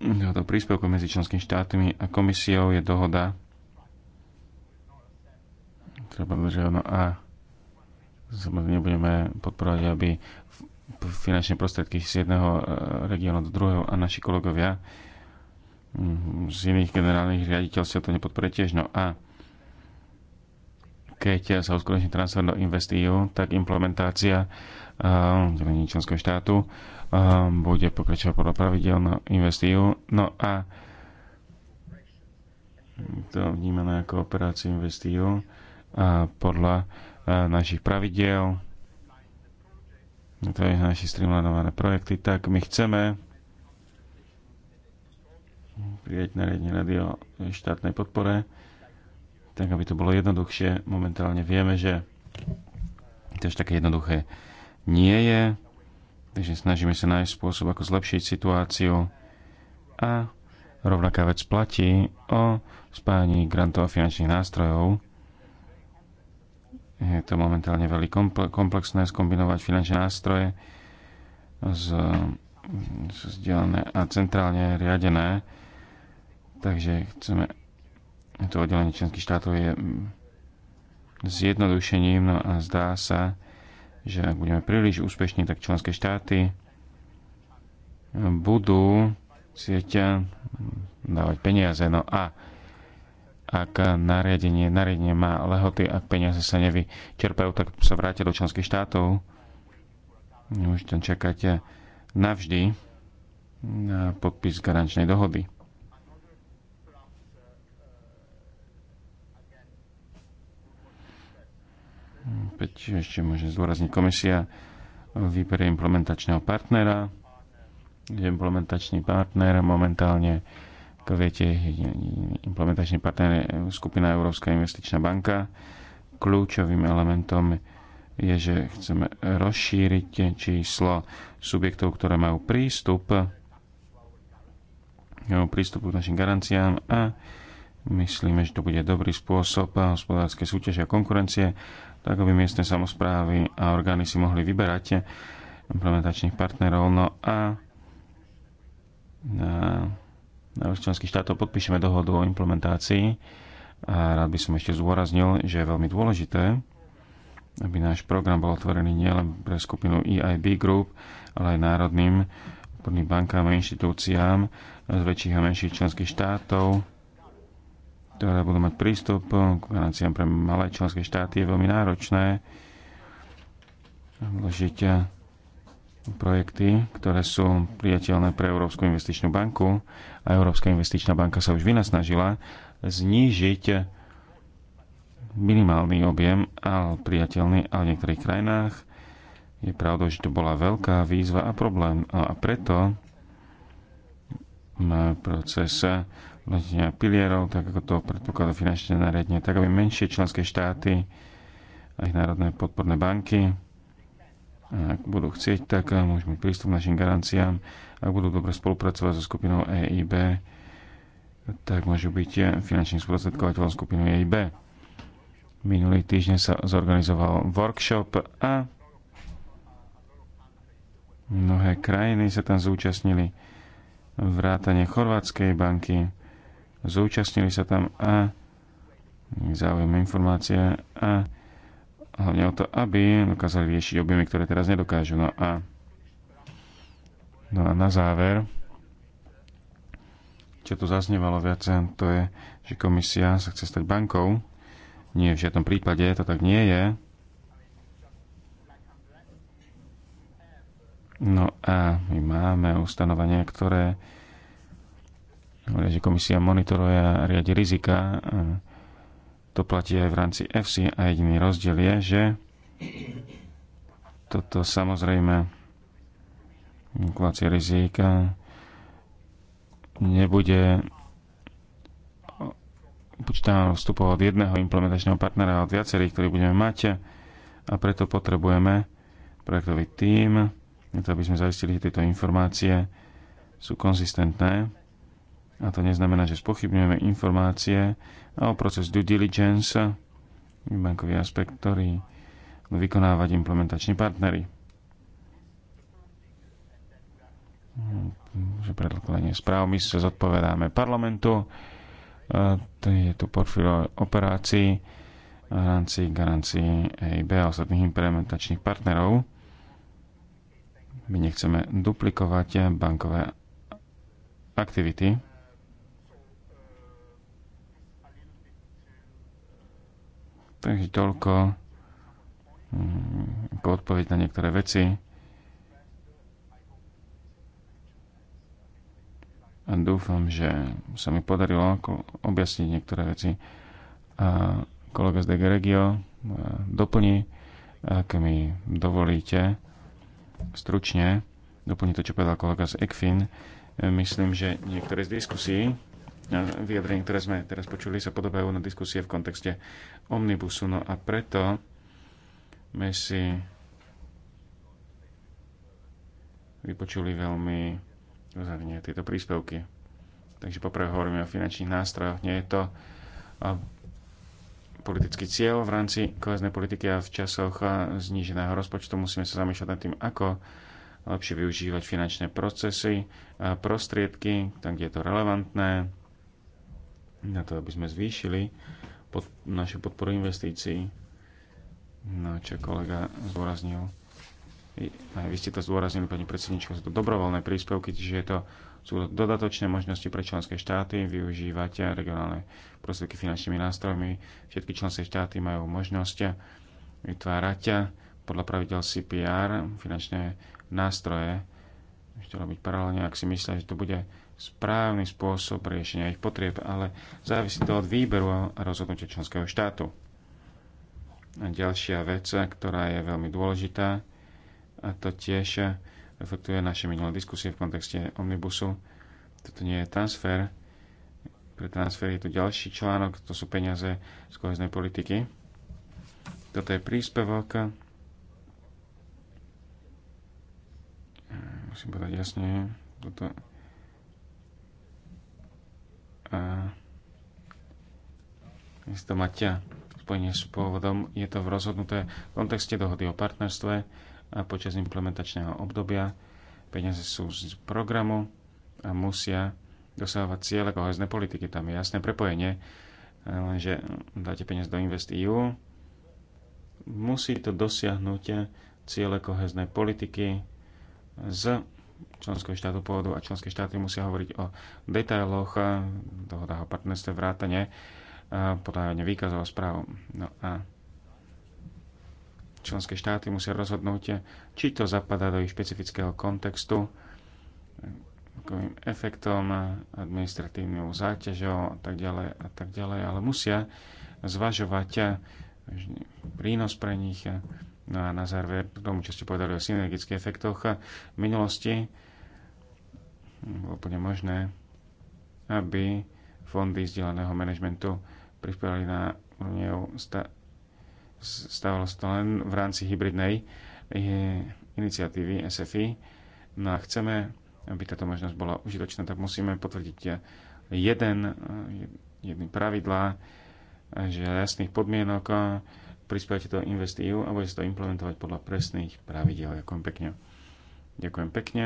Toto príspevku medzi členskými štátmi a komisiou je dohoda treba že no a samozrejme nebudeme podporovať, aby finančné prostriedky z jedného eh, regiónu do druhého a naši kolegovia Mhm, z iných generálnych riaditeľstiev to nepodporuje tiež. No a keď sa uskutoční transfer do InvestEU, tak implementácia ehm, delení uh, členského štátu uh, bude pokračovať podľa pravidel na InvestEU. No a to vnímané ako operáciu InvestEU a podľa uh, našich pravidel, to je naši streamlinované projekty, tak my chceme prijať nariadenie rady o štátnej podpore, tak aby to bolo jednoduchšie. Momentálne vieme, že to až také jednoduché nie je, takže snažíme sa nájsť spôsob, ako zlepšiť situáciu a rovnaká vec platí o spájaní grantov a finančných nástrojov. Je to momentálne veľmi komplexné skombinovať finančné nástroje z z a centrálne riadené Takže chceme, to oddelenie členských štátov je mm, zjednodušením, no a zdá sa, že ak budeme príliš úspešní, tak členské štáty budú sieťa mm, dávať peniaze. No a ak nariadenie, nariadenie má lehoty, ak peniaze sa nevyčerpajú, tak sa vráte do členských štátov. Už tam čakáte navždy na podpis garančnej dohody. Opäť ešte môžem zdôrazniť, komisia vyberie implementačného partnera. Implementačný partner momentálne, ako viete, implementačný partner je skupina Európska investičná banka. Kľúčovým elementom je, že chceme rozšíriť číslo subjektov, ktoré majú prístup prístupu k našim garanciám a myslíme, že to bude dobrý spôsob hospodárskej súťaže a konkurencie tak aby miestne samozprávy a orgány si mohli vyberať implementačných partnerov. No a na na členských štátov podpíšeme dohodu o implementácii a rád by som ešte zdôraznil, že je veľmi dôležité, aby náš program bol otvorený nielen pre skupinu EIB Group, ale aj národným obchodným bankám a inštitúciám z väčších a menších členských štátov ktoré budú mať prístup k financiám pre malé členské štáty, je veľmi náročné vložiť eh, projekty, ktoré sú priateľné pre Európsku investičnú banku a Európska investičná banka sa už vynasnažila znížiť minimálny objem, ale priateľný, ale v niektorých krajinách je pravda, že to bola veľká výzva a problém. No a preto na proces pilierov, tak ako to predpokladá finančné nariadenie, tak aby menšie členské štáty a ich národné podporné banky, ak budú chcieť, tak eh, môžu mať prístup k našim garanciám. Ak budú dobre spolupracovať so skupinou EIB, tak môžu byť eh, finančným sprostredkovateľom skupinu EIB. Minulý týždeň sa zorganizoval workshop a mnohé krajiny sa tam zúčastnili vrátane Chorvátskej banky, zúčastnili sa tam a záujem informácie a hlavne o to, aby dokázali riešiť objemy, ktoré teraz nedokážu. No a, no a na záver, čo tu zaznievalo viac, to je, že komisia sa chce stať bankou. Nie, v žiadnom prípade to tak nie je. No a my máme ustanovenia, ktoré že komisia monitoruje a riadi rizika. To platí aj v rámci FC a jediný rozdiel je, že toto samozrejme kalkulácia rizika nebude počítaného vstupov od jedného implementačného partnera, od viacerých, ktorí budeme mať a preto potrebujeme projektový tím, to aby sme zaistili, že tieto informácie sú konzistentné a to neznamená, že spochybňujeme informácie o proces due diligence, bankový aspekt, ktorý vykonávať implementační partnery. Že predkladanie správ my sa zodpovedáme parlamentu, to je tu portfólio operácií, rámci garancii EIB a ostatných implementačných partnerov. My nechceme duplikovať bankové aktivity, Takže toľko mm, ako odpoveď na niektoré veci. A dúfam, že sa mi podarilo objasniť niektoré veci. A kolega z DG Regio doplní, ak mi dovolíte, stručne doplní to, čo povedal kolega z ECFIN. Myslím, že niektoré z diskusí E, vyjadrení, ktoré sme teraz počuli, sa podobajú na diskusie v kontexte omnibusu. No a preto sme si vypočuli veľmi rozhodne tieto príspevky. Takže poprvé hovoríme o finančných nástrojoch. Nie je to e, politický cieľ v rámci koheznej politiky a v časoch e, zníženého rozpočtu musíme sa zamýšľať nad tým, ako lepšie využívať finančné procesy, prostriedky, tam, kde je to relevantné, na to, aby sme zvýšili pod, našu podporu investícií. No, čo kolega zdôraznil. Aj vy ste to zdôraznili, pani predsednička, sú to dobrovoľné príspevky, čiže je to, sú to dodatočné možnosti pre členské štáty využívať regionálne prostriedky finančnými nástrojmi. Všetky členské štáty majú možnosť vytvárať podľa pravidel CPR finančné nástroje. Ešte robiť paralelne, ak si myslia, že to bude správny spôsob riešenia ich potrieb, ale závisí to od výberu a rozhodnutia členského štátu. A ďalšia vec, ktorá je veľmi dôležitá, a to tiež reflektuje naše minulé diskusie v kontexte omnibusu. Toto nie je transfer. Pre transfer je tu ďalší článok, to sú peniaze z koheznej politiky. Toto je príspevok. Musím povedať jasne, toto to Maťa spojenie s pôvodom, je to v rozhodnuté v kontexte dohody o partnerstve a počas implementačného obdobia peniaze sú z programu a musia dosahovať ciele kohezné politiky. Tam je jasné prepojenie, lenže dáte peniaze do InvestEU, musí to dosiahnuť ciele koheznej politiky s členského štátu pôvodu a členské štáty musia hovoriť o detailoch, eh, dohoda o partnerstve, vrátane, eh, podávanie výkazov a správ. No a členské štáty musia rozhodnúť, eh, či to zapadá do ich špecifického kontextu, efektom, administratívnou záťažou a tak ďalej a tak ďalej, ale musia zvažovať prínos pre nich No a na záver, k tomu, čo ste povedali o synergických efektoch v minulosti, bolo úplne možné, aby fondy vzdielaného manažmentu prispievali na úrovni stávalo to len v rámci hybridnej eh, iniciatívy SFI. No a chceme, aby táto možnosť bola užitočná, tak musíme potvrdiť jeden, eh, pravidlá, že jasných podmienok eh, prispievate do InvestEU a budete to implementovať podľa presných pravidel. Ďakujem pekne. Ďakujem pekne.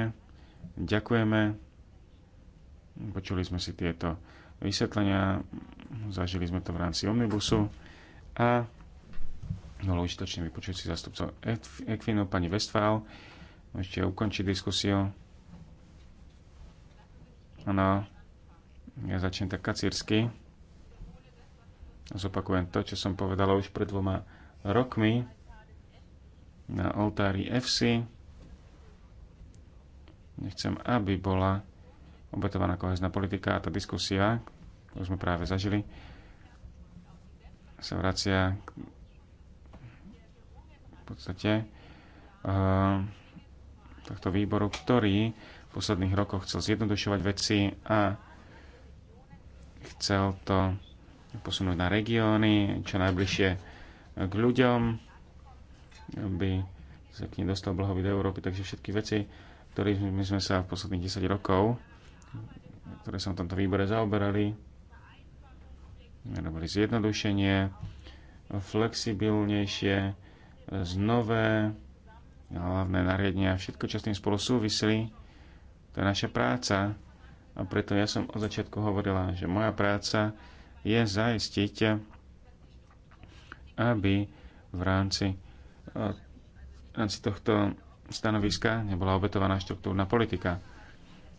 Ďakujeme. Počuli sme si tieto vysvetlenia, zažili sme to v rámci omnibusu a bolo užitočne vypočuť si zastupcov Equinu, pani Westphal. Môžete ukončiť diskusiu. Áno, ja začnem tak kacírsky. Zopakujem to, čo som povedal už pred dvoma rokmi na oltári FC. Nechcem, aby bola obetovaná kohezná politika a tá diskusia, ktorú sme práve zažili, sa vracia k, v podstate uh, tohto výboru, ktorý v posledných rokoch chcel zjednodušovať veci a chcel to posunúť na regióny, čo najbližšie e, k ľuďom, aby sa k nej dostal do Európy. Takže všetky veci, ktorými sme sa v posledných 10 rokov, ktoré som v tomto výbore zaoberali, robili zjednodušenie, flexibilnejšie, znové, hlavné nariadenia, všetko, čo s tým spolu súvisí, to je naša práca. A preto ja som od začiatku hovorila, že moja práca je zajistiť aby v rámci, eh, v rámci tohto stanoviska nebola obetovaná štruktúrna politika,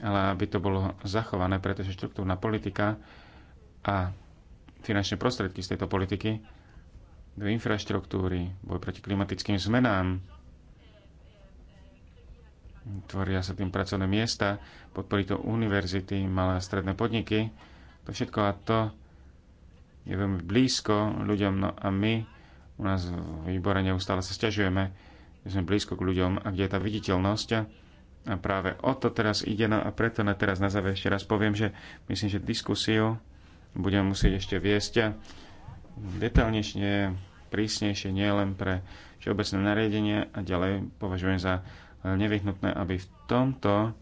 ale aby to bolo zachované, pretože štruktúrna politika a finančné prostriedky z tejto politiky do infraštruktúry, boj proti klimatickým zmenám, tvoria sa tým pracovné miesta, podporí to univerzity, malé a stredné podniky, to všetko a to je veľmi blízko ľuďom, no a my u nás v výbore neustále sa stiažujeme, že sme blízko k ľuďom a kde je tá viditeľnosť. A práve o to teraz ide, no a preto na teraz na záver ešte raz poviem, že myslím, že diskusiu budeme musieť ešte viesť detaľnejšie, prísnejšie, nie len pre všeobecné nariadenie a ďalej považujem za nevyhnutné, aby v tomto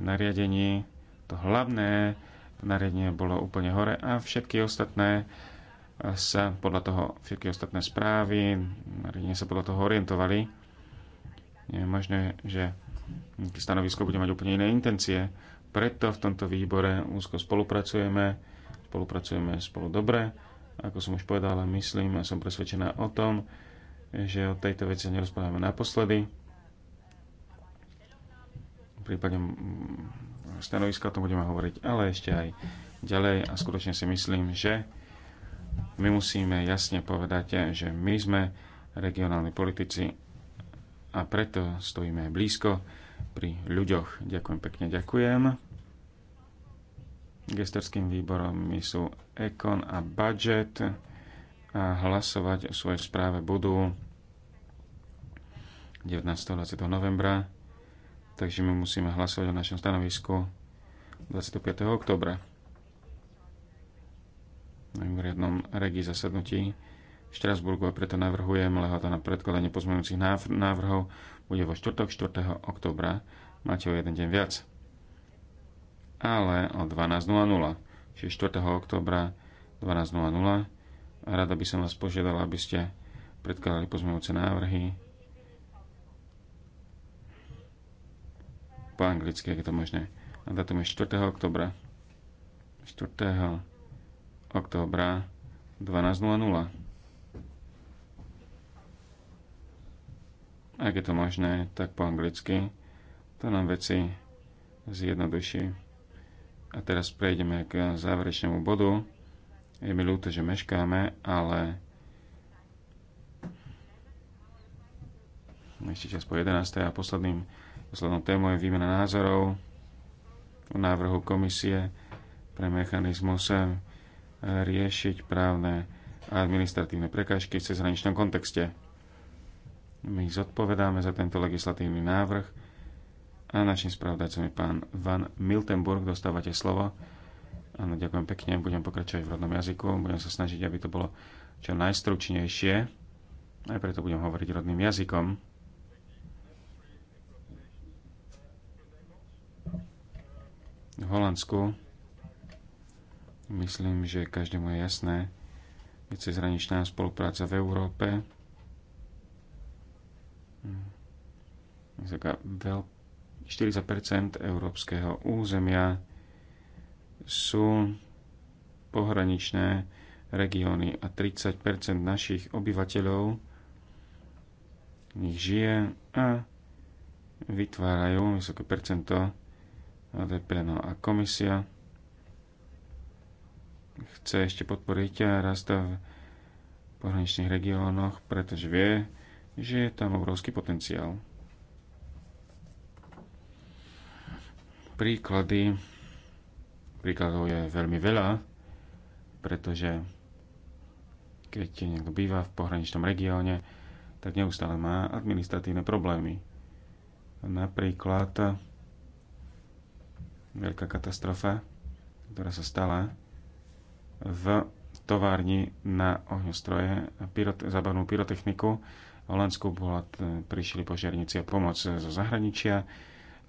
nariadení to hlavné nariadenie bolo úplne hore a všetky ostatné sa podľa toho, všetky ostatné správy, nariadenie sa podľa toho orientovali. Je možné, že stanovisko bude mať úplne iné intencie. Preto v tomto výbore úzko spolupracujeme, spolupracujeme spolu dobre. Ako som už ale myslím a som presvedčená o tom, že o tejto veci nerozprávame naposledy prípade mm, stanoviska o tom budeme hovoriť, ale ešte aj ďalej a skutočne si myslím, že my musíme jasne povedať, že my sme regionálni politici a preto stojíme blízko pri ľuďoch. Ďakujem pekne, ďakujem. Gesterským výborom my sú Econ a Budget a hlasovať o svojej správe budú 19. 20. novembra Takže my musíme hlasovať o našom stanovisku 25. oktobra na mimoriadnom regi zasadnutí v Štrasburgu a preto navrhujem lehota na predkladanie pozmeňujúcich návrhov bude vo štvrtok 4. oktobra. Máte o jeden deň viac. Ale o 12.00. Čiže 4. oktobra 12.00. Rada by som vás požiadala, aby ste predkladali pozmeňujúce návrhy po anglicky, ak je to možné. A datum je 4. oktobra. 4. oktobra 12.00. Ak je to možné, tak po anglicky. To nám veci zjednoduší. A teraz prejdeme k záverečnému bodu. Je mi ľúto, že meškáme, ale ešte čas po 11. a posledným Poslednou témou je výmena názorov o návrhu komisie pre mechanizmus eh, riešiť právne a administratívne prekážky v cezhraničnom kontexte. My zodpovedáme za tento legislatívny návrh a našim spravodajcom je pán Van Miltenburg. Dostávate slovo. Áno, ďakujem pekne, budem pokračovať v rodnom jazyku, budem sa snažiť, aby to bolo čo najstručnejšie, aj preto budem hovoriť rodným jazykom. v Holandsku. Myslím, že každému je jasné, je cezhraničná spolupráca v Európe. Taká 40 európskeho územia sú pohraničné regióny a 30 našich obyvateľov nich žije a vytvárajú vysoké percento VPN a komisia chce ešte podporiť rast v pohraničných regiónoch, pretože vie, že je tam obrovský potenciál. Príklady, príkladov je veľmi veľa, pretože keď niekto býva v pohraničnom regióne, tak neustále má administratívne problémy. Napríklad veľká katastrofa, ktorá sa stala v továrni na ohňostroje a pyrot- zábavnú pyrotechniku. V Holandsku bola, prišli požiarníci a pomoc zo zahraničia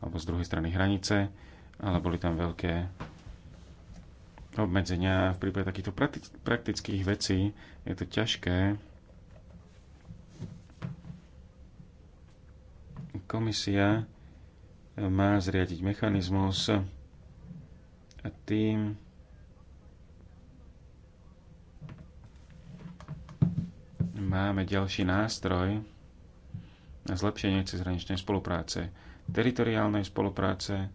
alebo z druhej strany hranice, ale boli tam veľké obmedzenia. V prípade takýchto praktických vecí je to ťažké. Komisia má zriadiť mechanizmus, tým máme ďalší nástroj na zlepšenie cezhraničnej spolupráce, teritoriálnej spolupráce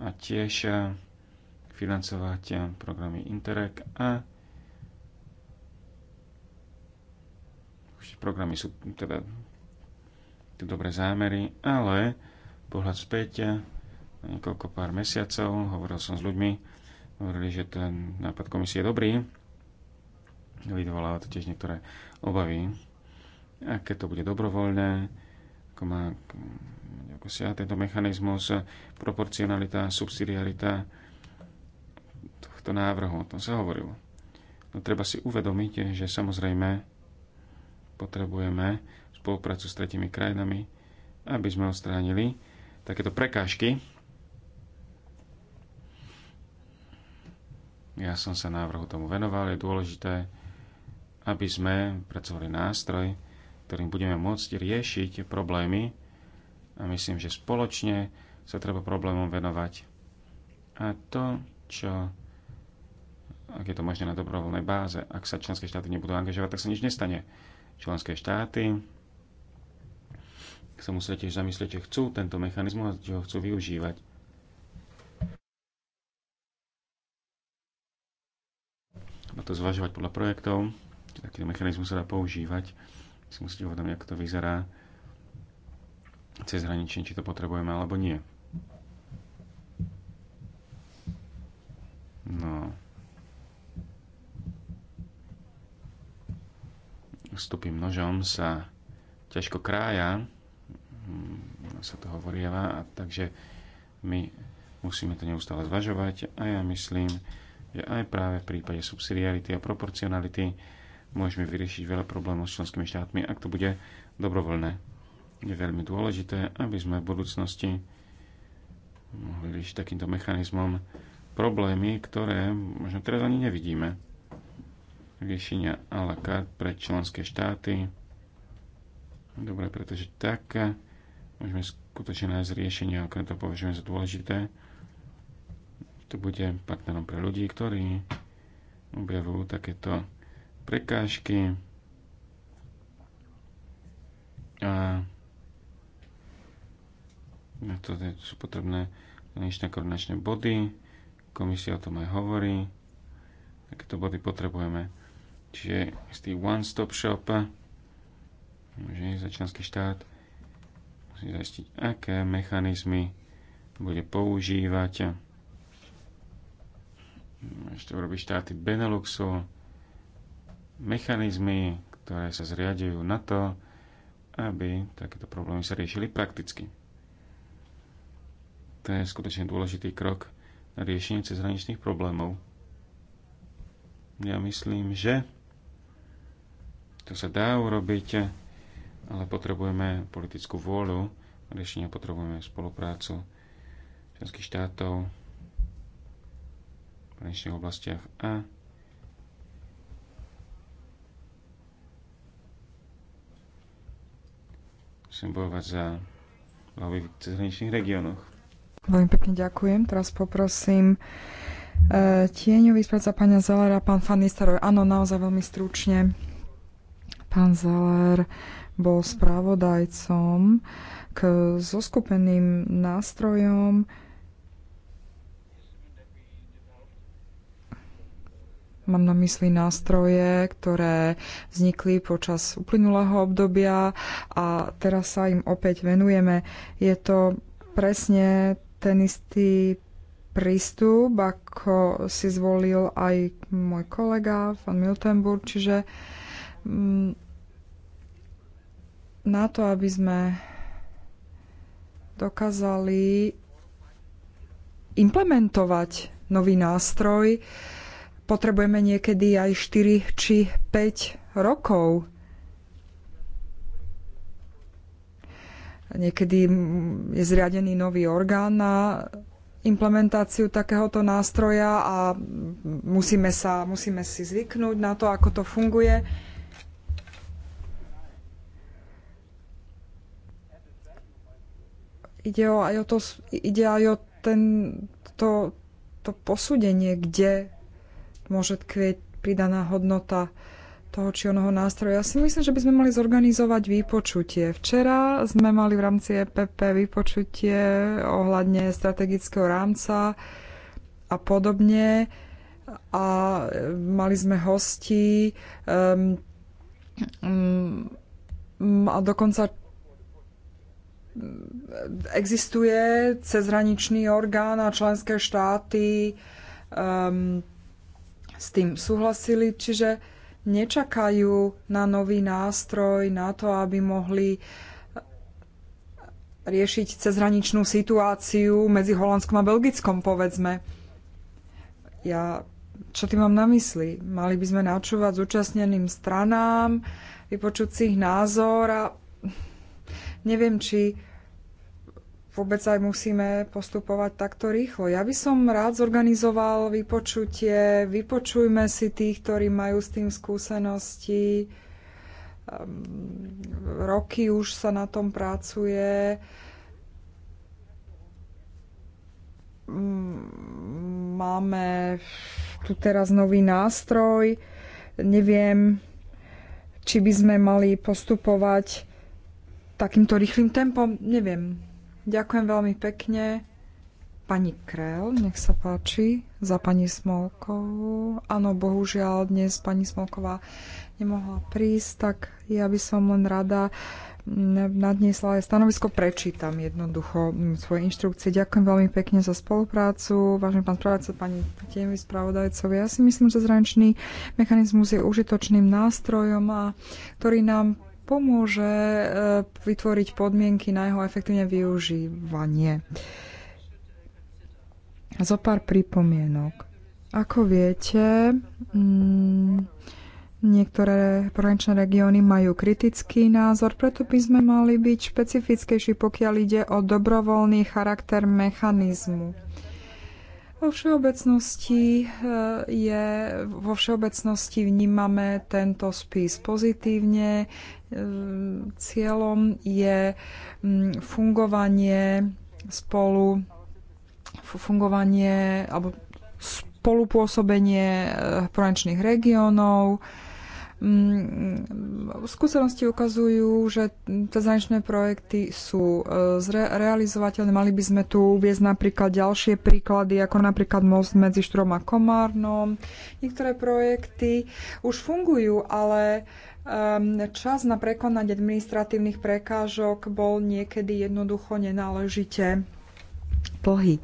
a tiež eh, financovať eh, programy Interreg a programy sú teda tu dobré zámery, ale pohľad späť eh, niekoľko pár mesiacov, hovoril som s ľuďmi, hovorili, že ten nápad komisie je dobrý, vyvoláva to tiež niektoré obavy. A keď to bude dobrovoľné, ako má ako si tento mechanizmus, proporcionalita, subsidiarita tohto návrhu, o tom sa hovorilo. No treba si uvedomiť, že samozrejme potrebujeme spoluprácu s tretimi krajinami, aby sme odstránili takéto prekážky, Ja som sa návrhu tomu venoval. Je dôležité, aby sme pracovali nástroj, ktorým budeme môcť riešiť problémy a myslím, že spoločne sa treba problémom venovať. A to, čo ak je to možné na dobrovoľnej báze, ak sa členské štáty nebudú angažovať, tak sa nič nestane. Členské štáty sa musia tiež zamyslieť, že chcú tento mechanizmus a že ho chcú využívať. Treba to zvažovať podľa projektov, takýto mechanizmus sa dá používať. Si musíte uvedomiť, ako to vyzerá cezhranične, či to potrebujeme alebo nie. No. Vstupím nožom sa ťažko krája, mm, sa to hovorieva, a takže my musíme to neustále zvažovať a ja myslím, že aj práve v prípade subsidiarity a proporcionality môžeme vyriešiť veľa problémov s členskými štátmi, ak to bude dobrovoľné. Je veľmi dôležité, aby sme v budúcnosti mohli riešiť takýmto mechanizmom problémy, ktoré možno teraz ani nevidíme. Riešenia a la carte pre členské štáty. Dobre, pretože tak môžeme skutočne nájsť riešenia, okrem toho považujeme za dôležité to bude partnerom pre ľudí, ktorí objavujú takéto prekážky a na to teda sú potrebné konečné koordinačné body, komisia o tom aj hovorí, takéto body potrebujeme. Čiže z tých one-stop shop že za členský štát musí zaistiť, aké mechanizmy bude používať ešte urobí štáty Beneluxu, mechanizmy, ktoré sa zriadujú na to, aby takéto problémy sa riešili prakticky. To je skutočne dôležitý krok na riešenie cezhraničných problémov. Ja myslím, že to sa dá urobiť, ale potrebujeme politickú vôľu, riešenia potrebujeme spoluprácu členských štátov, konečných oblastiach a musím bojovať za hlavy v cezhraničných regiónoch.
Veľmi pekne ďakujem. Teraz poprosím e, tieňový spravodca pána Zelera, pán Fanisterov. Áno, naozaj veľmi stručne. Pán Zeler bol spravodajcom k zoskupeným nástrojom, Mám na mysli nástroje, ktoré vznikli počas uplynulého obdobia a teraz sa im opäť venujeme. Je to presne ten istý prístup, ako si zvolil aj môj kolega, pán Miltenburg, čiže mm, na to, aby sme dokázali implementovať nový nástroj, potrebujeme niekedy aj 4 či 5 rokov. Niekedy je zriadený nový orgán na implementáciu takéhoto nástroja a musíme, sa, musíme si zvyknúť na to, ako to funguje. Ide, o, aj o to, ide aj o ten, to, to posúdenie, kde môže tkvieť pridaná hodnota toho či onoho nástroja. Ja si myslím, že by sme mali zorganizovať výpočutie. Včera sme mali v rámci EPP vypočutie ohľadne strategického rámca a podobne a mali sme hosti. um, um, a dokonca existuje cezhraničný orgán a členské štáty um, s tým súhlasili, čiže nečakajú na nový nástroj, na to, aby mohli eh, riešiť cezhraničnú situáciu medzi Holandskom a Belgickom, povedzme. Ja, čo tým mám na mysli? Mali by sme načúvať zúčastneným stranám, vypočuť si ich názor a neviem, či vôbec aj musíme postupovať takto rýchlo. Ja by som rád zorganizoval vypočutie, vypočujme si tých, ktorí majú s tým skúsenosti. Ehm, roky už sa na tom pracuje. Mm, máme tu teraz nový nástroj. Neviem, či by sme mali postupovať takýmto rýchlým tempom, neviem. Ďakujem veľmi pekne. Pani krel, nech sa páči, za pani Smolkovú. Áno, bohužiaľ dnes pani Smolková nemohla prísť, tak ja by som len rada mm, nadniesla aj stanovisko, prečítam jednoducho mm, svoje inštrukcie. Ďakujem veľmi pekne za spoluprácu, vážený pán spravodajca, pani Tiemi spravodajcovi. Ja si myslím, že zrančný mechanizmus je užitočným nástrojom, a ktorý nám pomôže e, vytvoriť podmienky na jeho efektívne využívanie. Zo pár pripomienok. Ako viete, mm, niektoré provinčné regióny majú kritický názor, preto by sme mali byť špecifickejší, pokiaľ ide o dobrovoľný charakter mechanizmu. Vo všeobecnosti e, je, vo všeobecnosti vnímame tento spis pozitívne. Ehm, cieľom je mm, fungovanie spolu fungovanie alebo spolupôsobenie eh, hraničných regiónov. Mm, skúsenosti ukazujú, že tie cezhraničné projekty sú eh, zrealizovateľné. Mali by sme tu uviezť napríklad ďalšie príklady, ako napríklad most medzi Štrom a Komárnom. Niektoré projekty už fungujú, ale Ehm, čas na prekonanie administratívnych prekážok bol niekedy jednoducho nenáležite dlhý.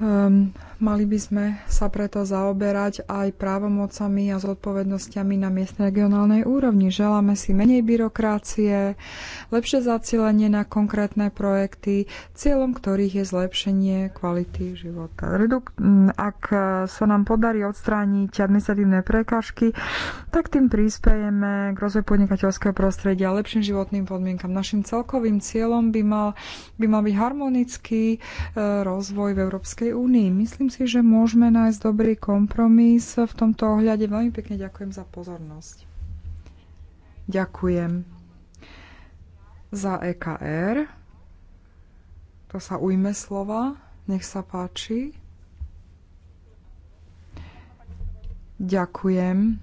Ehm, Mali by sme sa preto zaoberať aj právomocami a zodpovednosťami na miestnej regionálnej úrovni. Želáme si menej byrokracie, lepšie zacielenie na konkrétne projekty, cieľom ktorých je zlepšenie kvality života. Ak sa nám podarí odstrániť administratívne prekážky, tak tým prispejeme k rozvoju podnikateľského prostredia a lepším životným podmienkam. Našim celkovým cieľom by mal, by mal byť harmonický e, rozvoj v Európskej únii. Myslím si, že môžeme nájsť dobrý kompromis v tomto ohľade. Veľmi pekne ďakujem za pozornosť. Ďakujem za EKR. To sa ujme slova. Nech sa páči. Ďakujem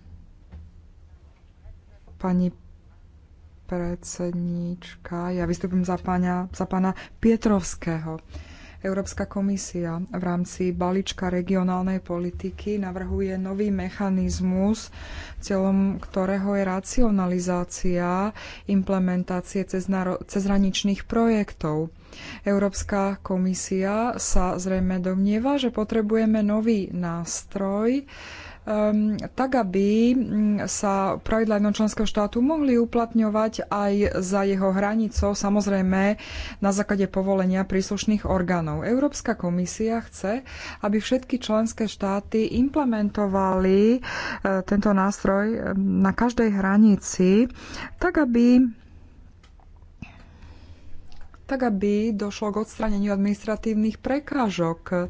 pani predsedníčka. Ja vystupím za pána, za pána Pietrovského. Európska komisia v rámci balíčka regionálnej politiky navrhuje nový mechanizmus, cieľom ktorého je racionalizácia implementácie cezhraničných projektov. Európska komisia sa zrejme domnieva, že potrebujeme nový nástroj, um, tak aby mm, sa pravidla jedného členského štátu mohli uplatňovať aj za jeho hranicou, samozrejme na základe povolenia príslušných orgánov. Európska komisia chce, aby všetky členské štáty implementovali e, tento nástroj ehm, na každej hranici, tak aby tak aby došlo k odstraneniu administratívnych prekážok.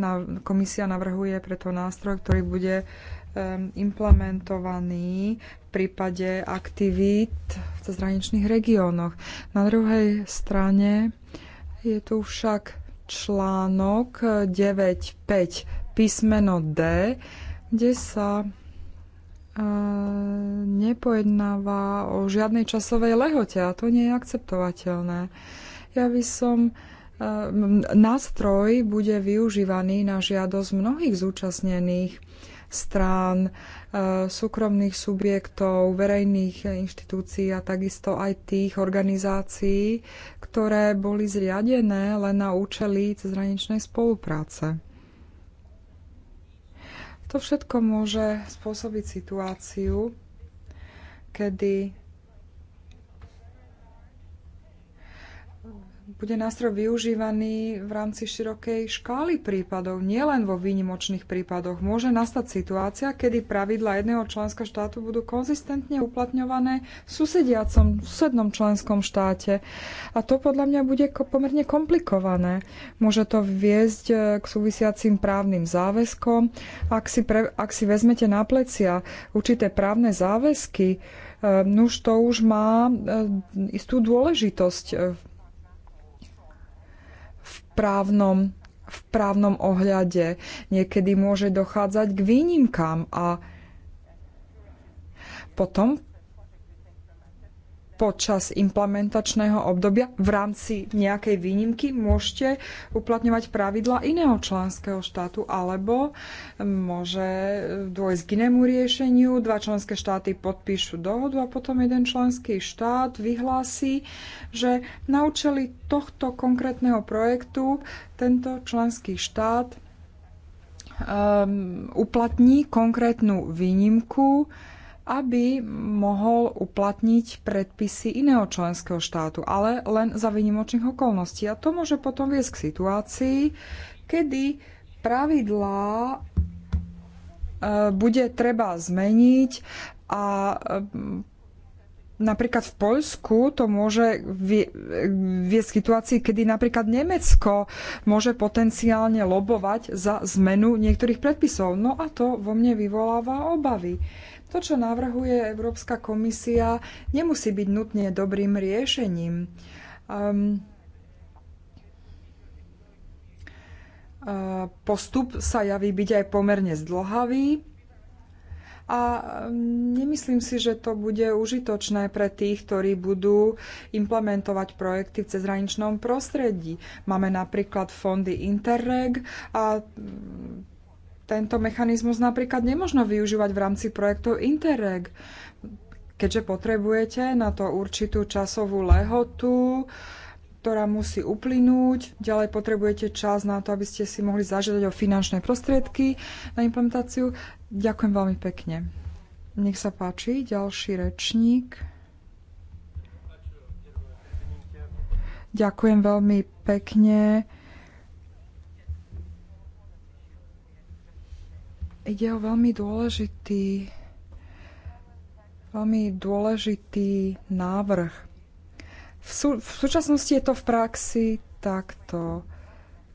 Na, komisia navrhuje preto nástroj, ktorý bude implementovaný v prípade aktivít v zahraničných regiónoch. Na druhej strane je tu však článok 9.5 písmeno D, kde sa e, nepojednáva o žiadnej časovej lehote a to nie je akceptovateľné. Ja by som eh, nástroj bude využívaný na žiadosť mnohých zúčastnených strán, eh, súkromných subjektov, verejných inštitúcií a takisto aj tých organizácií, ktoré boli zriadené len na účely cezhraničnej spolupráce. To všetko môže spôsobiť situáciu, kedy bude nástroj využívaný v rámci širokej škály prípadov, nielen vo výnimočných prípadoch. Môže nastať situácia, kedy pravidla jedného členského štátu budú konzistentne uplatňované v susediacom, v susednom členskom štáte. A to podľa mňa bude pomerne komplikované. Môže to viesť e, k súvisiacim právnym záväzkom. Ak si, pre, ak si vezmete na plecia určité právne záväzky, e, už to už má e, istú dôležitosť právnom, v právnom ohľade. Niekedy môže dochádzať k výnimkám a potom počas implementačného obdobia v rámci nejakej výnimky môžete uplatňovať pravidla iného členského štátu alebo môže dôjsť k inému riešeniu. Dva členské štáty podpíšu dohodu a potom jeden členský štát vyhlási, že na účely tohto konkrétneho projektu tento členský štát um, uplatní konkrétnu výnimku aby mohol uplatniť predpisy iného členského štátu, ale len za vynimočných okolností. A to môže potom viesť k situácii, kedy pravidlá e, bude treba zmeniť a e, napríklad v Poľsku to môže viesť k situácii, kedy napríklad Nemecko môže potenciálne lobovať za zmenu niektorých predpisov. No a to vo mne vyvoláva obavy. To, čo navrhuje Európska komisia, nemusí byť nutne dobrým riešením. Um, postup sa javí byť aj pomerne zdlhavý a ehm, nemyslím si, že to bude užitočné pre tých, ktorí budú implementovať projekty v cezhraničnom prostredí. Máme napríklad fondy Interreg a tento mechanizmus napríklad nemožno využívať v rámci projektu Interreg, keďže potrebujete na to určitú časovú lehotu, ktorá musí uplynúť. Ďalej potrebujete čas na to, aby ste si mohli zažiadať o finančné prostriedky na implementáciu. Ďakujem veľmi pekne. Nech sa páči, ďalší rečník. Ďakujem veľmi pekne. Ide o veľmi dôležitý, veľmi dôležitý návrh. V, sú, v súčasnosti je to v praxi takto.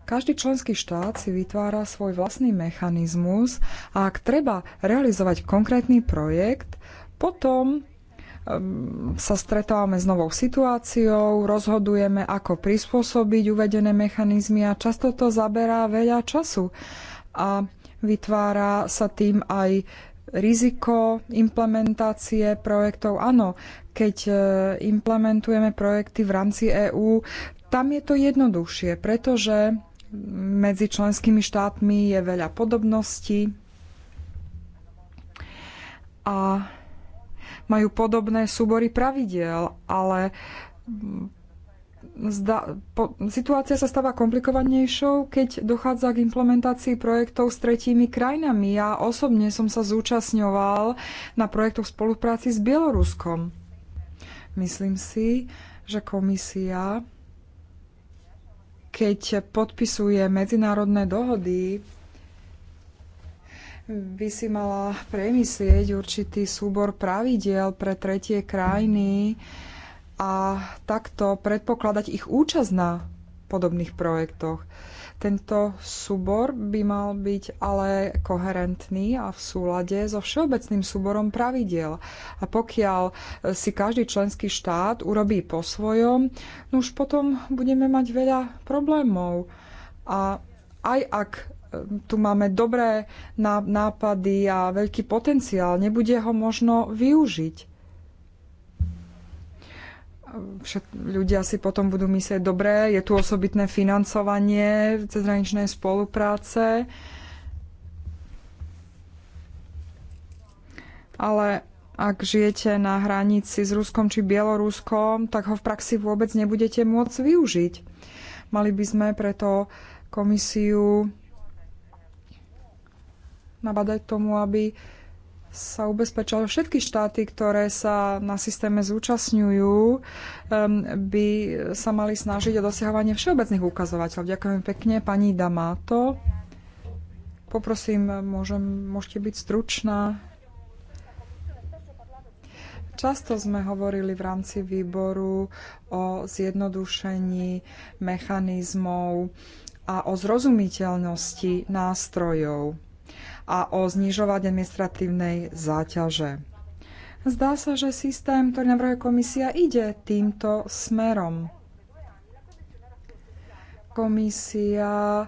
Každý členský štát si vytvára svoj vlastný mechanizmus a ak treba realizovať konkrétny projekt, potom ehm, sa stretávame s novou situáciou, rozhodujeme, ako prispôsobiť uvedené mechanizmy a často to zaberá veľa času. A vytvára sa tým aj riziko implementácie projektov. Áno, keď e, implementujeme projekty v rámci EÚ, tam je to jednoduchšie, pretože medzi členskými štátmi je veľa podobností a majú podobné súbory pravidiel, ale zda, po, situácia sa stáva komplikovanejšou, keď dochádza k implementácii projektov s tretími krajinami. Ja osobne som sa zúčastňoval na projektoch spolupráci s Bieloruskom. Myslím si, že komisia, keď podpisuje medzinárodné dohody, by si mala premyslieť určitý súbor pravidiel pre tretie krajiny, mm a takto predpokladať ich účasť na podobných projektoch. Tento súbor by mal byť ale koherentný a v súlade so všeobecným súborom pravidiel. A pokiaľ si každý členský štát urobí po svojom, no už potom budeme mať veľa problémov. A aj ak e, tu máme dobré nápady a veľký potenciál, nebude ho možno využiť všet, ľudia si potom budú myslieť, dobre, je tu osobitné financovanie cezhraničnej spolupráce, ale ak žijete na hranici s Ruskom či Bieloruskom, tak ho v praxi vôbec nebudete môcť využiť. Mali by sme preto komisiu nabadať tomu, aby sa ubezpečovalo, všetky štáty, ktoré sa na systéme zúčastňujú, um, by sa mali snažiť o dosahovanie všeobecných ukazovateľov. Ďakujem pekne, pani Damato. Poprosím, môžem, môžete byť stručná. Často sme hovorili v rámci výboru o zjednodušení mechanizmov a o zrozumiteľnosti nástrojov a o znižovať administratívnej záťaže. Zdá sa, že systém, ktorý navrhuje komisia, ide týmto smerom. Komisia e,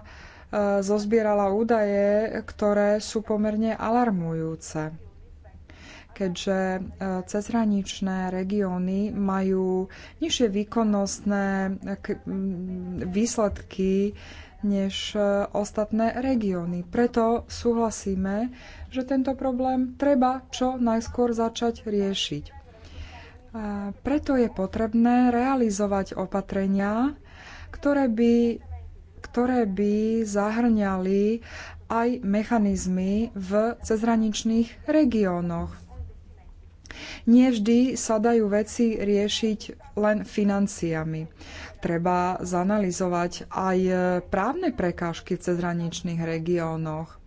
zozbierala údaje, ktoré sú pomerne alarmujúce, keďže e, cezhraničné regióny majú nižšie výkonnostné výsledky než e, ostatné regióny. Preto súhlasíme, že tento problém treba čo najskôr začať riešiť. preto je potrebné realizovať opatrenia, ktoré by, ktoré by zahrňali aj mechanizmy v cezhraničných regiónoch. Nie vždy sa dajú veci riešiť len financiami. Treba zanalizovať aj e, právne prekážky v cezhraničných regiónoch.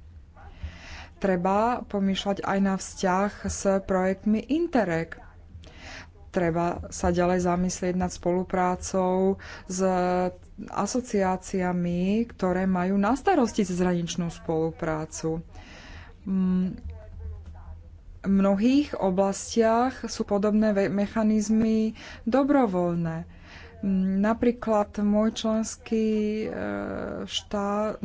Treba pomýšľať aj na vzťah s projektmi Interreg. Treba sa ďalej zamyslieť nad spoluprácou s asociáciami, ktoré majú na starosti cezhraničnú spoluprácu mm, mnohých oblastiach sú podobné mechanizmy dobrovoľné. Napríklad môj členský e, štát,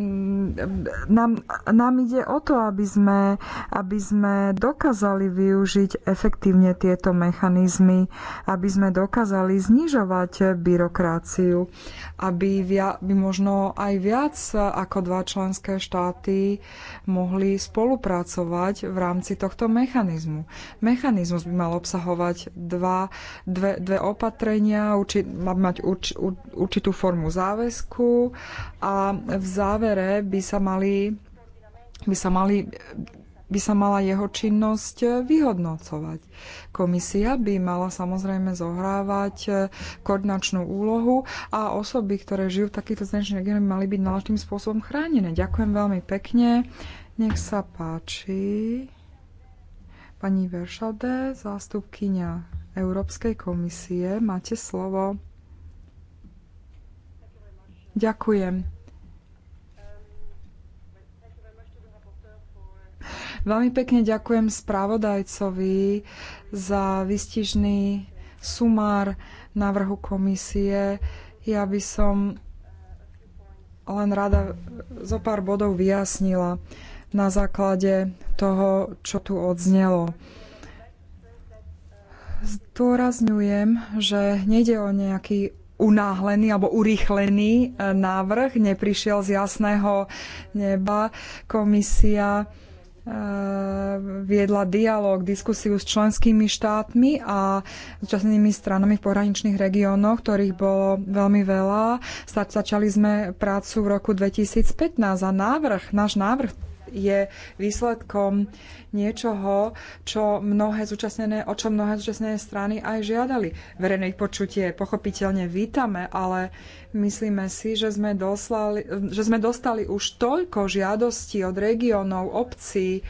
nám, nám ide o to, aby sme, aby sme dokázali využiť efektívne tieto mechanizmy, aby sme dokázali znižovať byrokraciu, aby, via, aby možno aj viac ako dva členské štáty mohli spolupracovať v rámci tohto mechanizmu. Mechanizmus by mal obsahovať dva, dve, dve opatrenia, určite mať urč, ur, určitú formu záväzku a v závere by sa mali by sa, mali, by sa mala jeho činnosť vyhodnocovať. Komisia by mala samozrejme zohrávať koordinačnú úlohu a osoby, ktoré žijú v takýchto zrenčných regiónoch, mali byť náležitým spôsobom chránené. Ďakujem veľmi pekne. Nech sa páči. Pani Veršade, zástupkynia Európskej komisie, máte slovo. Ďakujem. Veľmi pekne ďakujem správodajcovi za vystižný sumár návrhu komisie. Ja by som len rada zo pár bodov vyjasnila na základe toho, čo tu odznelo. Zdôrazňujem, že nejde o nejaký unáhlený alebo urýchlený e, návrh, neprišiel z jasného neba. Komisia e, viedla dialog, diskusiu s členskými štátmi a zúčastnenými stranami v pohraničných regiónoch, ktorých bolo veľmi veľa. Začali sme prácu v roku 2015 a návrh, náš návrh je výsledkom niečoho, čo mnohé zúčastnené, o čo mnohé zúčastnené strany aj žiadali. Verejné počutie pochopiteľne vítame, ale myslíme si, že sme, doslali, že sme dostali už toľko žiadostí od regiónov, obcí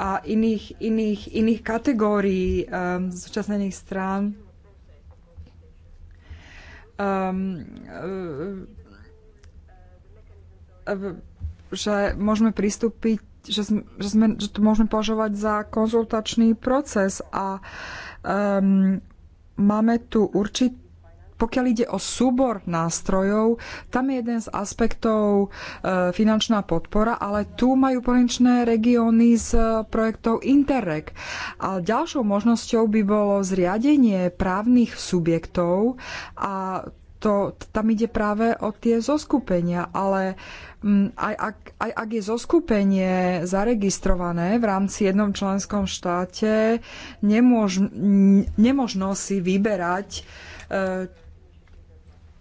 a iných, iných, iných kategórií um, zúčastnených strán. Um, uh, uh, že môžeme pristúpiť, že, že, sme, že to môžeme považovať za konzultačný proces a um, máme tu určitý pokiaľ ide o súbor nástrojov, tam je jeden z aspektov e, finančná podpora, ale tu majú provinčné regióny z e, projektov Interreg. A ďalšou možnosťou by bolo zriadenie právnych subjektov a to, tam ide práve o tie zoskupenia, ale mm, aj ak, aj ak je zoskupenie zaregistrované v rámci jednom členskom štáte, nemôž, nemožno si vyberať, e,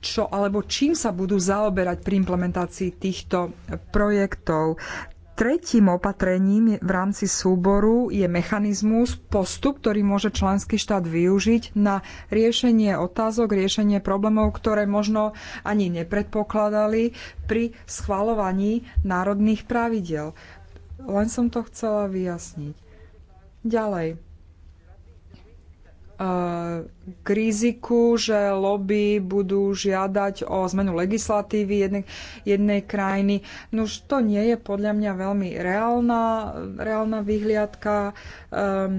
čo alebo čím sa budú zaoberať pri implementácii týchto projektov. Tretím opatrením v rámci súboru je mechanizmus, postup, ktorý môže členský štát využiť na riešenie otázok, riešenie problémov, ktoré možno ani nepredpokladali pri schvalovaní národných pravidel. Len som to chcela vyjasniť. Ďalej, k riziku, že lobby budú žiadať o zmenu legislatívy jednej, jednej krajiny. No už to nie je podľa mňa veľmi reálna, reálna výhliadka. Um, ehm,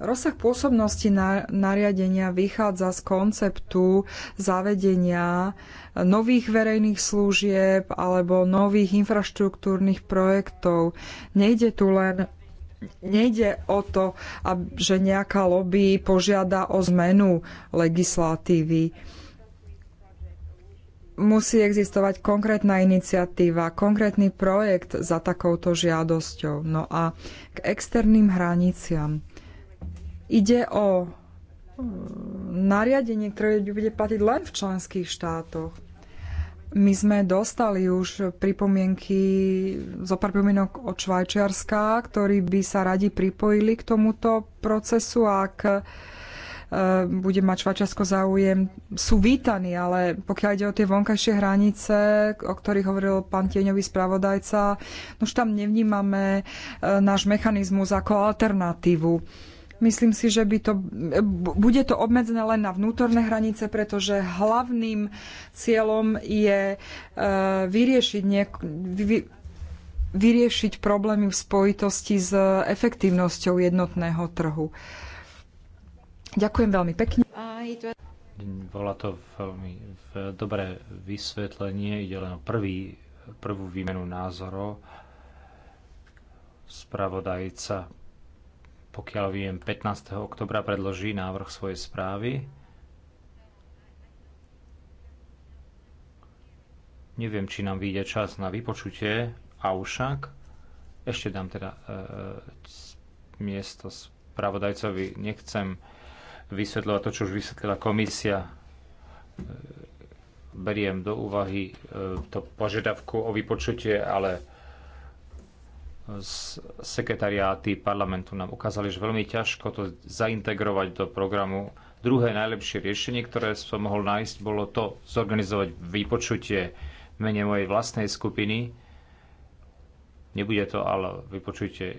rozsah pôsobnosti na, nariadenia vychádza z konceptu zavedenia nových verejných služieb alebo nových infraštruktúrnych projektov. Nejde tu len nejde o to, že nejaká lobby požiada o zmenu legislatívy. Musí existovať konkrétna iniciatíva, konkrétny projekt za takouto žiadosťou. No a k externým hraniciam. Ide o mm, nariadenie, ktoré bude platiť len v členských štátoch my sme dostali už pripomienky zo pár pripomienok od Švajčiarska, ktorí by sa radi pripojili k tomuto procesu ak e, bude mať Švajčiarsko záujem, sú vítaní, ale pokiaľ ide o tie vonkajšie hranice, o ktorých hovoril pán Tieňový spravodajca, no už tam nevnímame e, náš mechanizmus ako alternatívu Myslím si, že by to, bude to obmedzené len na vnútorné hranice, pretože hlavným cieľom je e, vyriešiť, niek- vy- vyriešiť problémy v spojitosti s efektívnosťou jednotného trhu. Ďakujem veľmi pekne.
Bola to veľmi dobré vysvetlenie, ide len o prvý, prvú výmenu názorov. Spravodajca pokiaľ viem, 15. oktobra predloží návrh svojej správy. Neviem, či nám vyjde čas na vypočutie, avšak ešte dám teda e, e, miesto spravodajcovi. Nechcem vysvetľovať to, čo už vysvetlila komisia. E, beriem do úvahy e, to požiadavku o vypočutie, ale sekretariáty parlamentu nám ukázali, že veľmi ťažko to zaintegrovať do programu. Druhé najlepšie riešenie, ktoré som mohol nájsť, bolo to zorganizovať vypočutie mene mojej vlastnej skupiny. Nebude to ale vypočutie, e,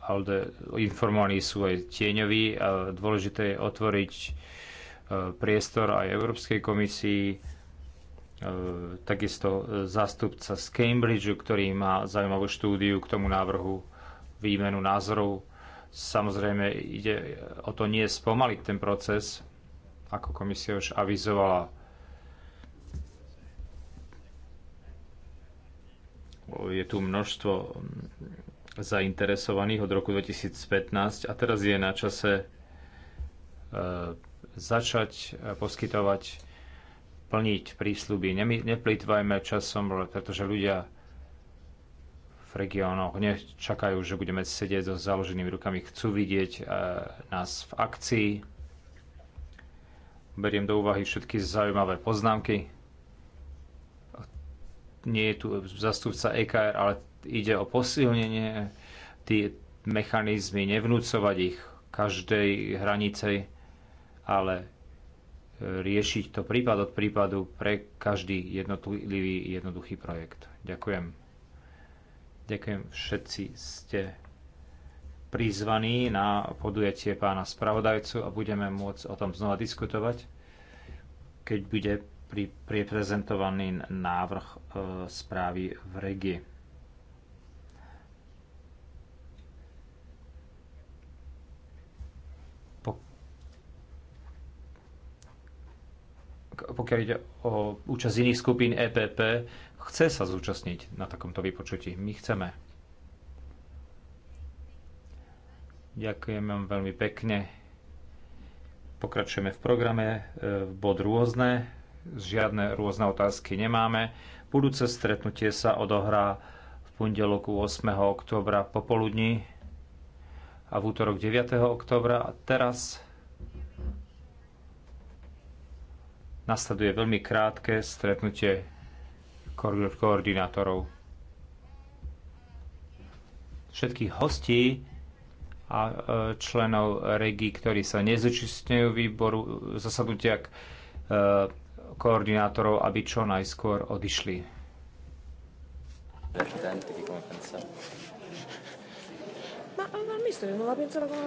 ale informovaní sú aj tieňoví. Dôležité je otvoriť e, priestor aj Európskej komisii, E, takisto e, zástupca z Cambridge, ktorý má zaujímavú štúdiu k tomu návrhu výmenu názorov. Samozrejme, ide o to nie spomaliť ten proces, ako komisia už avizovala. Je tu množstvo zainteresovaných od roku 2015 a teraz je na čase e, začať poskytovať plniť prísľuby. Neplýtvajme časom, pretože ľudia v regiónoch nečakajú, že budeme sedieť so založenými rukami. Chcú vidieť e, nás v akcii. Beriem do úvahy všetky zaujímavé poznámky. Nie je tu zastupca EKR, ale ide o posilnenie tie mechanizmy, nevnúcovať ich každej hranice, ale riešiť to prípad od prípadu pre každý jednotlivý jednoduchý projekt. Ďakujem. Ďakujem, všetci ste prizvaní na podujatie pána spravodajcu a budeme môcť o tom znova diskutovať, keď bude pri, prezentovaný návrh e, správy v regii. pokiaľ ide o účasť iných skupín EPP, chce sa zúčastniť na takomto vypočutí. My chceme. Ďakujem vám veľmi pekne. Pokračujeme v programe. E, bod rôzne. Žiadne rôzne otázky nemáme. Budúce stretnutie sa odohrá v pondelok 8. oktobra popoludní a v útorok 9. oktobra. A teraz Nasleduje veľmi krátke stretnutie koordinátorov. Všetkých hostí a e, členov regii, ktorí sa nezúčastňujú výboru zasadnutia e, koordinátorov, aby čo najskôr odišli. Ma, ma mister non l'ha pensato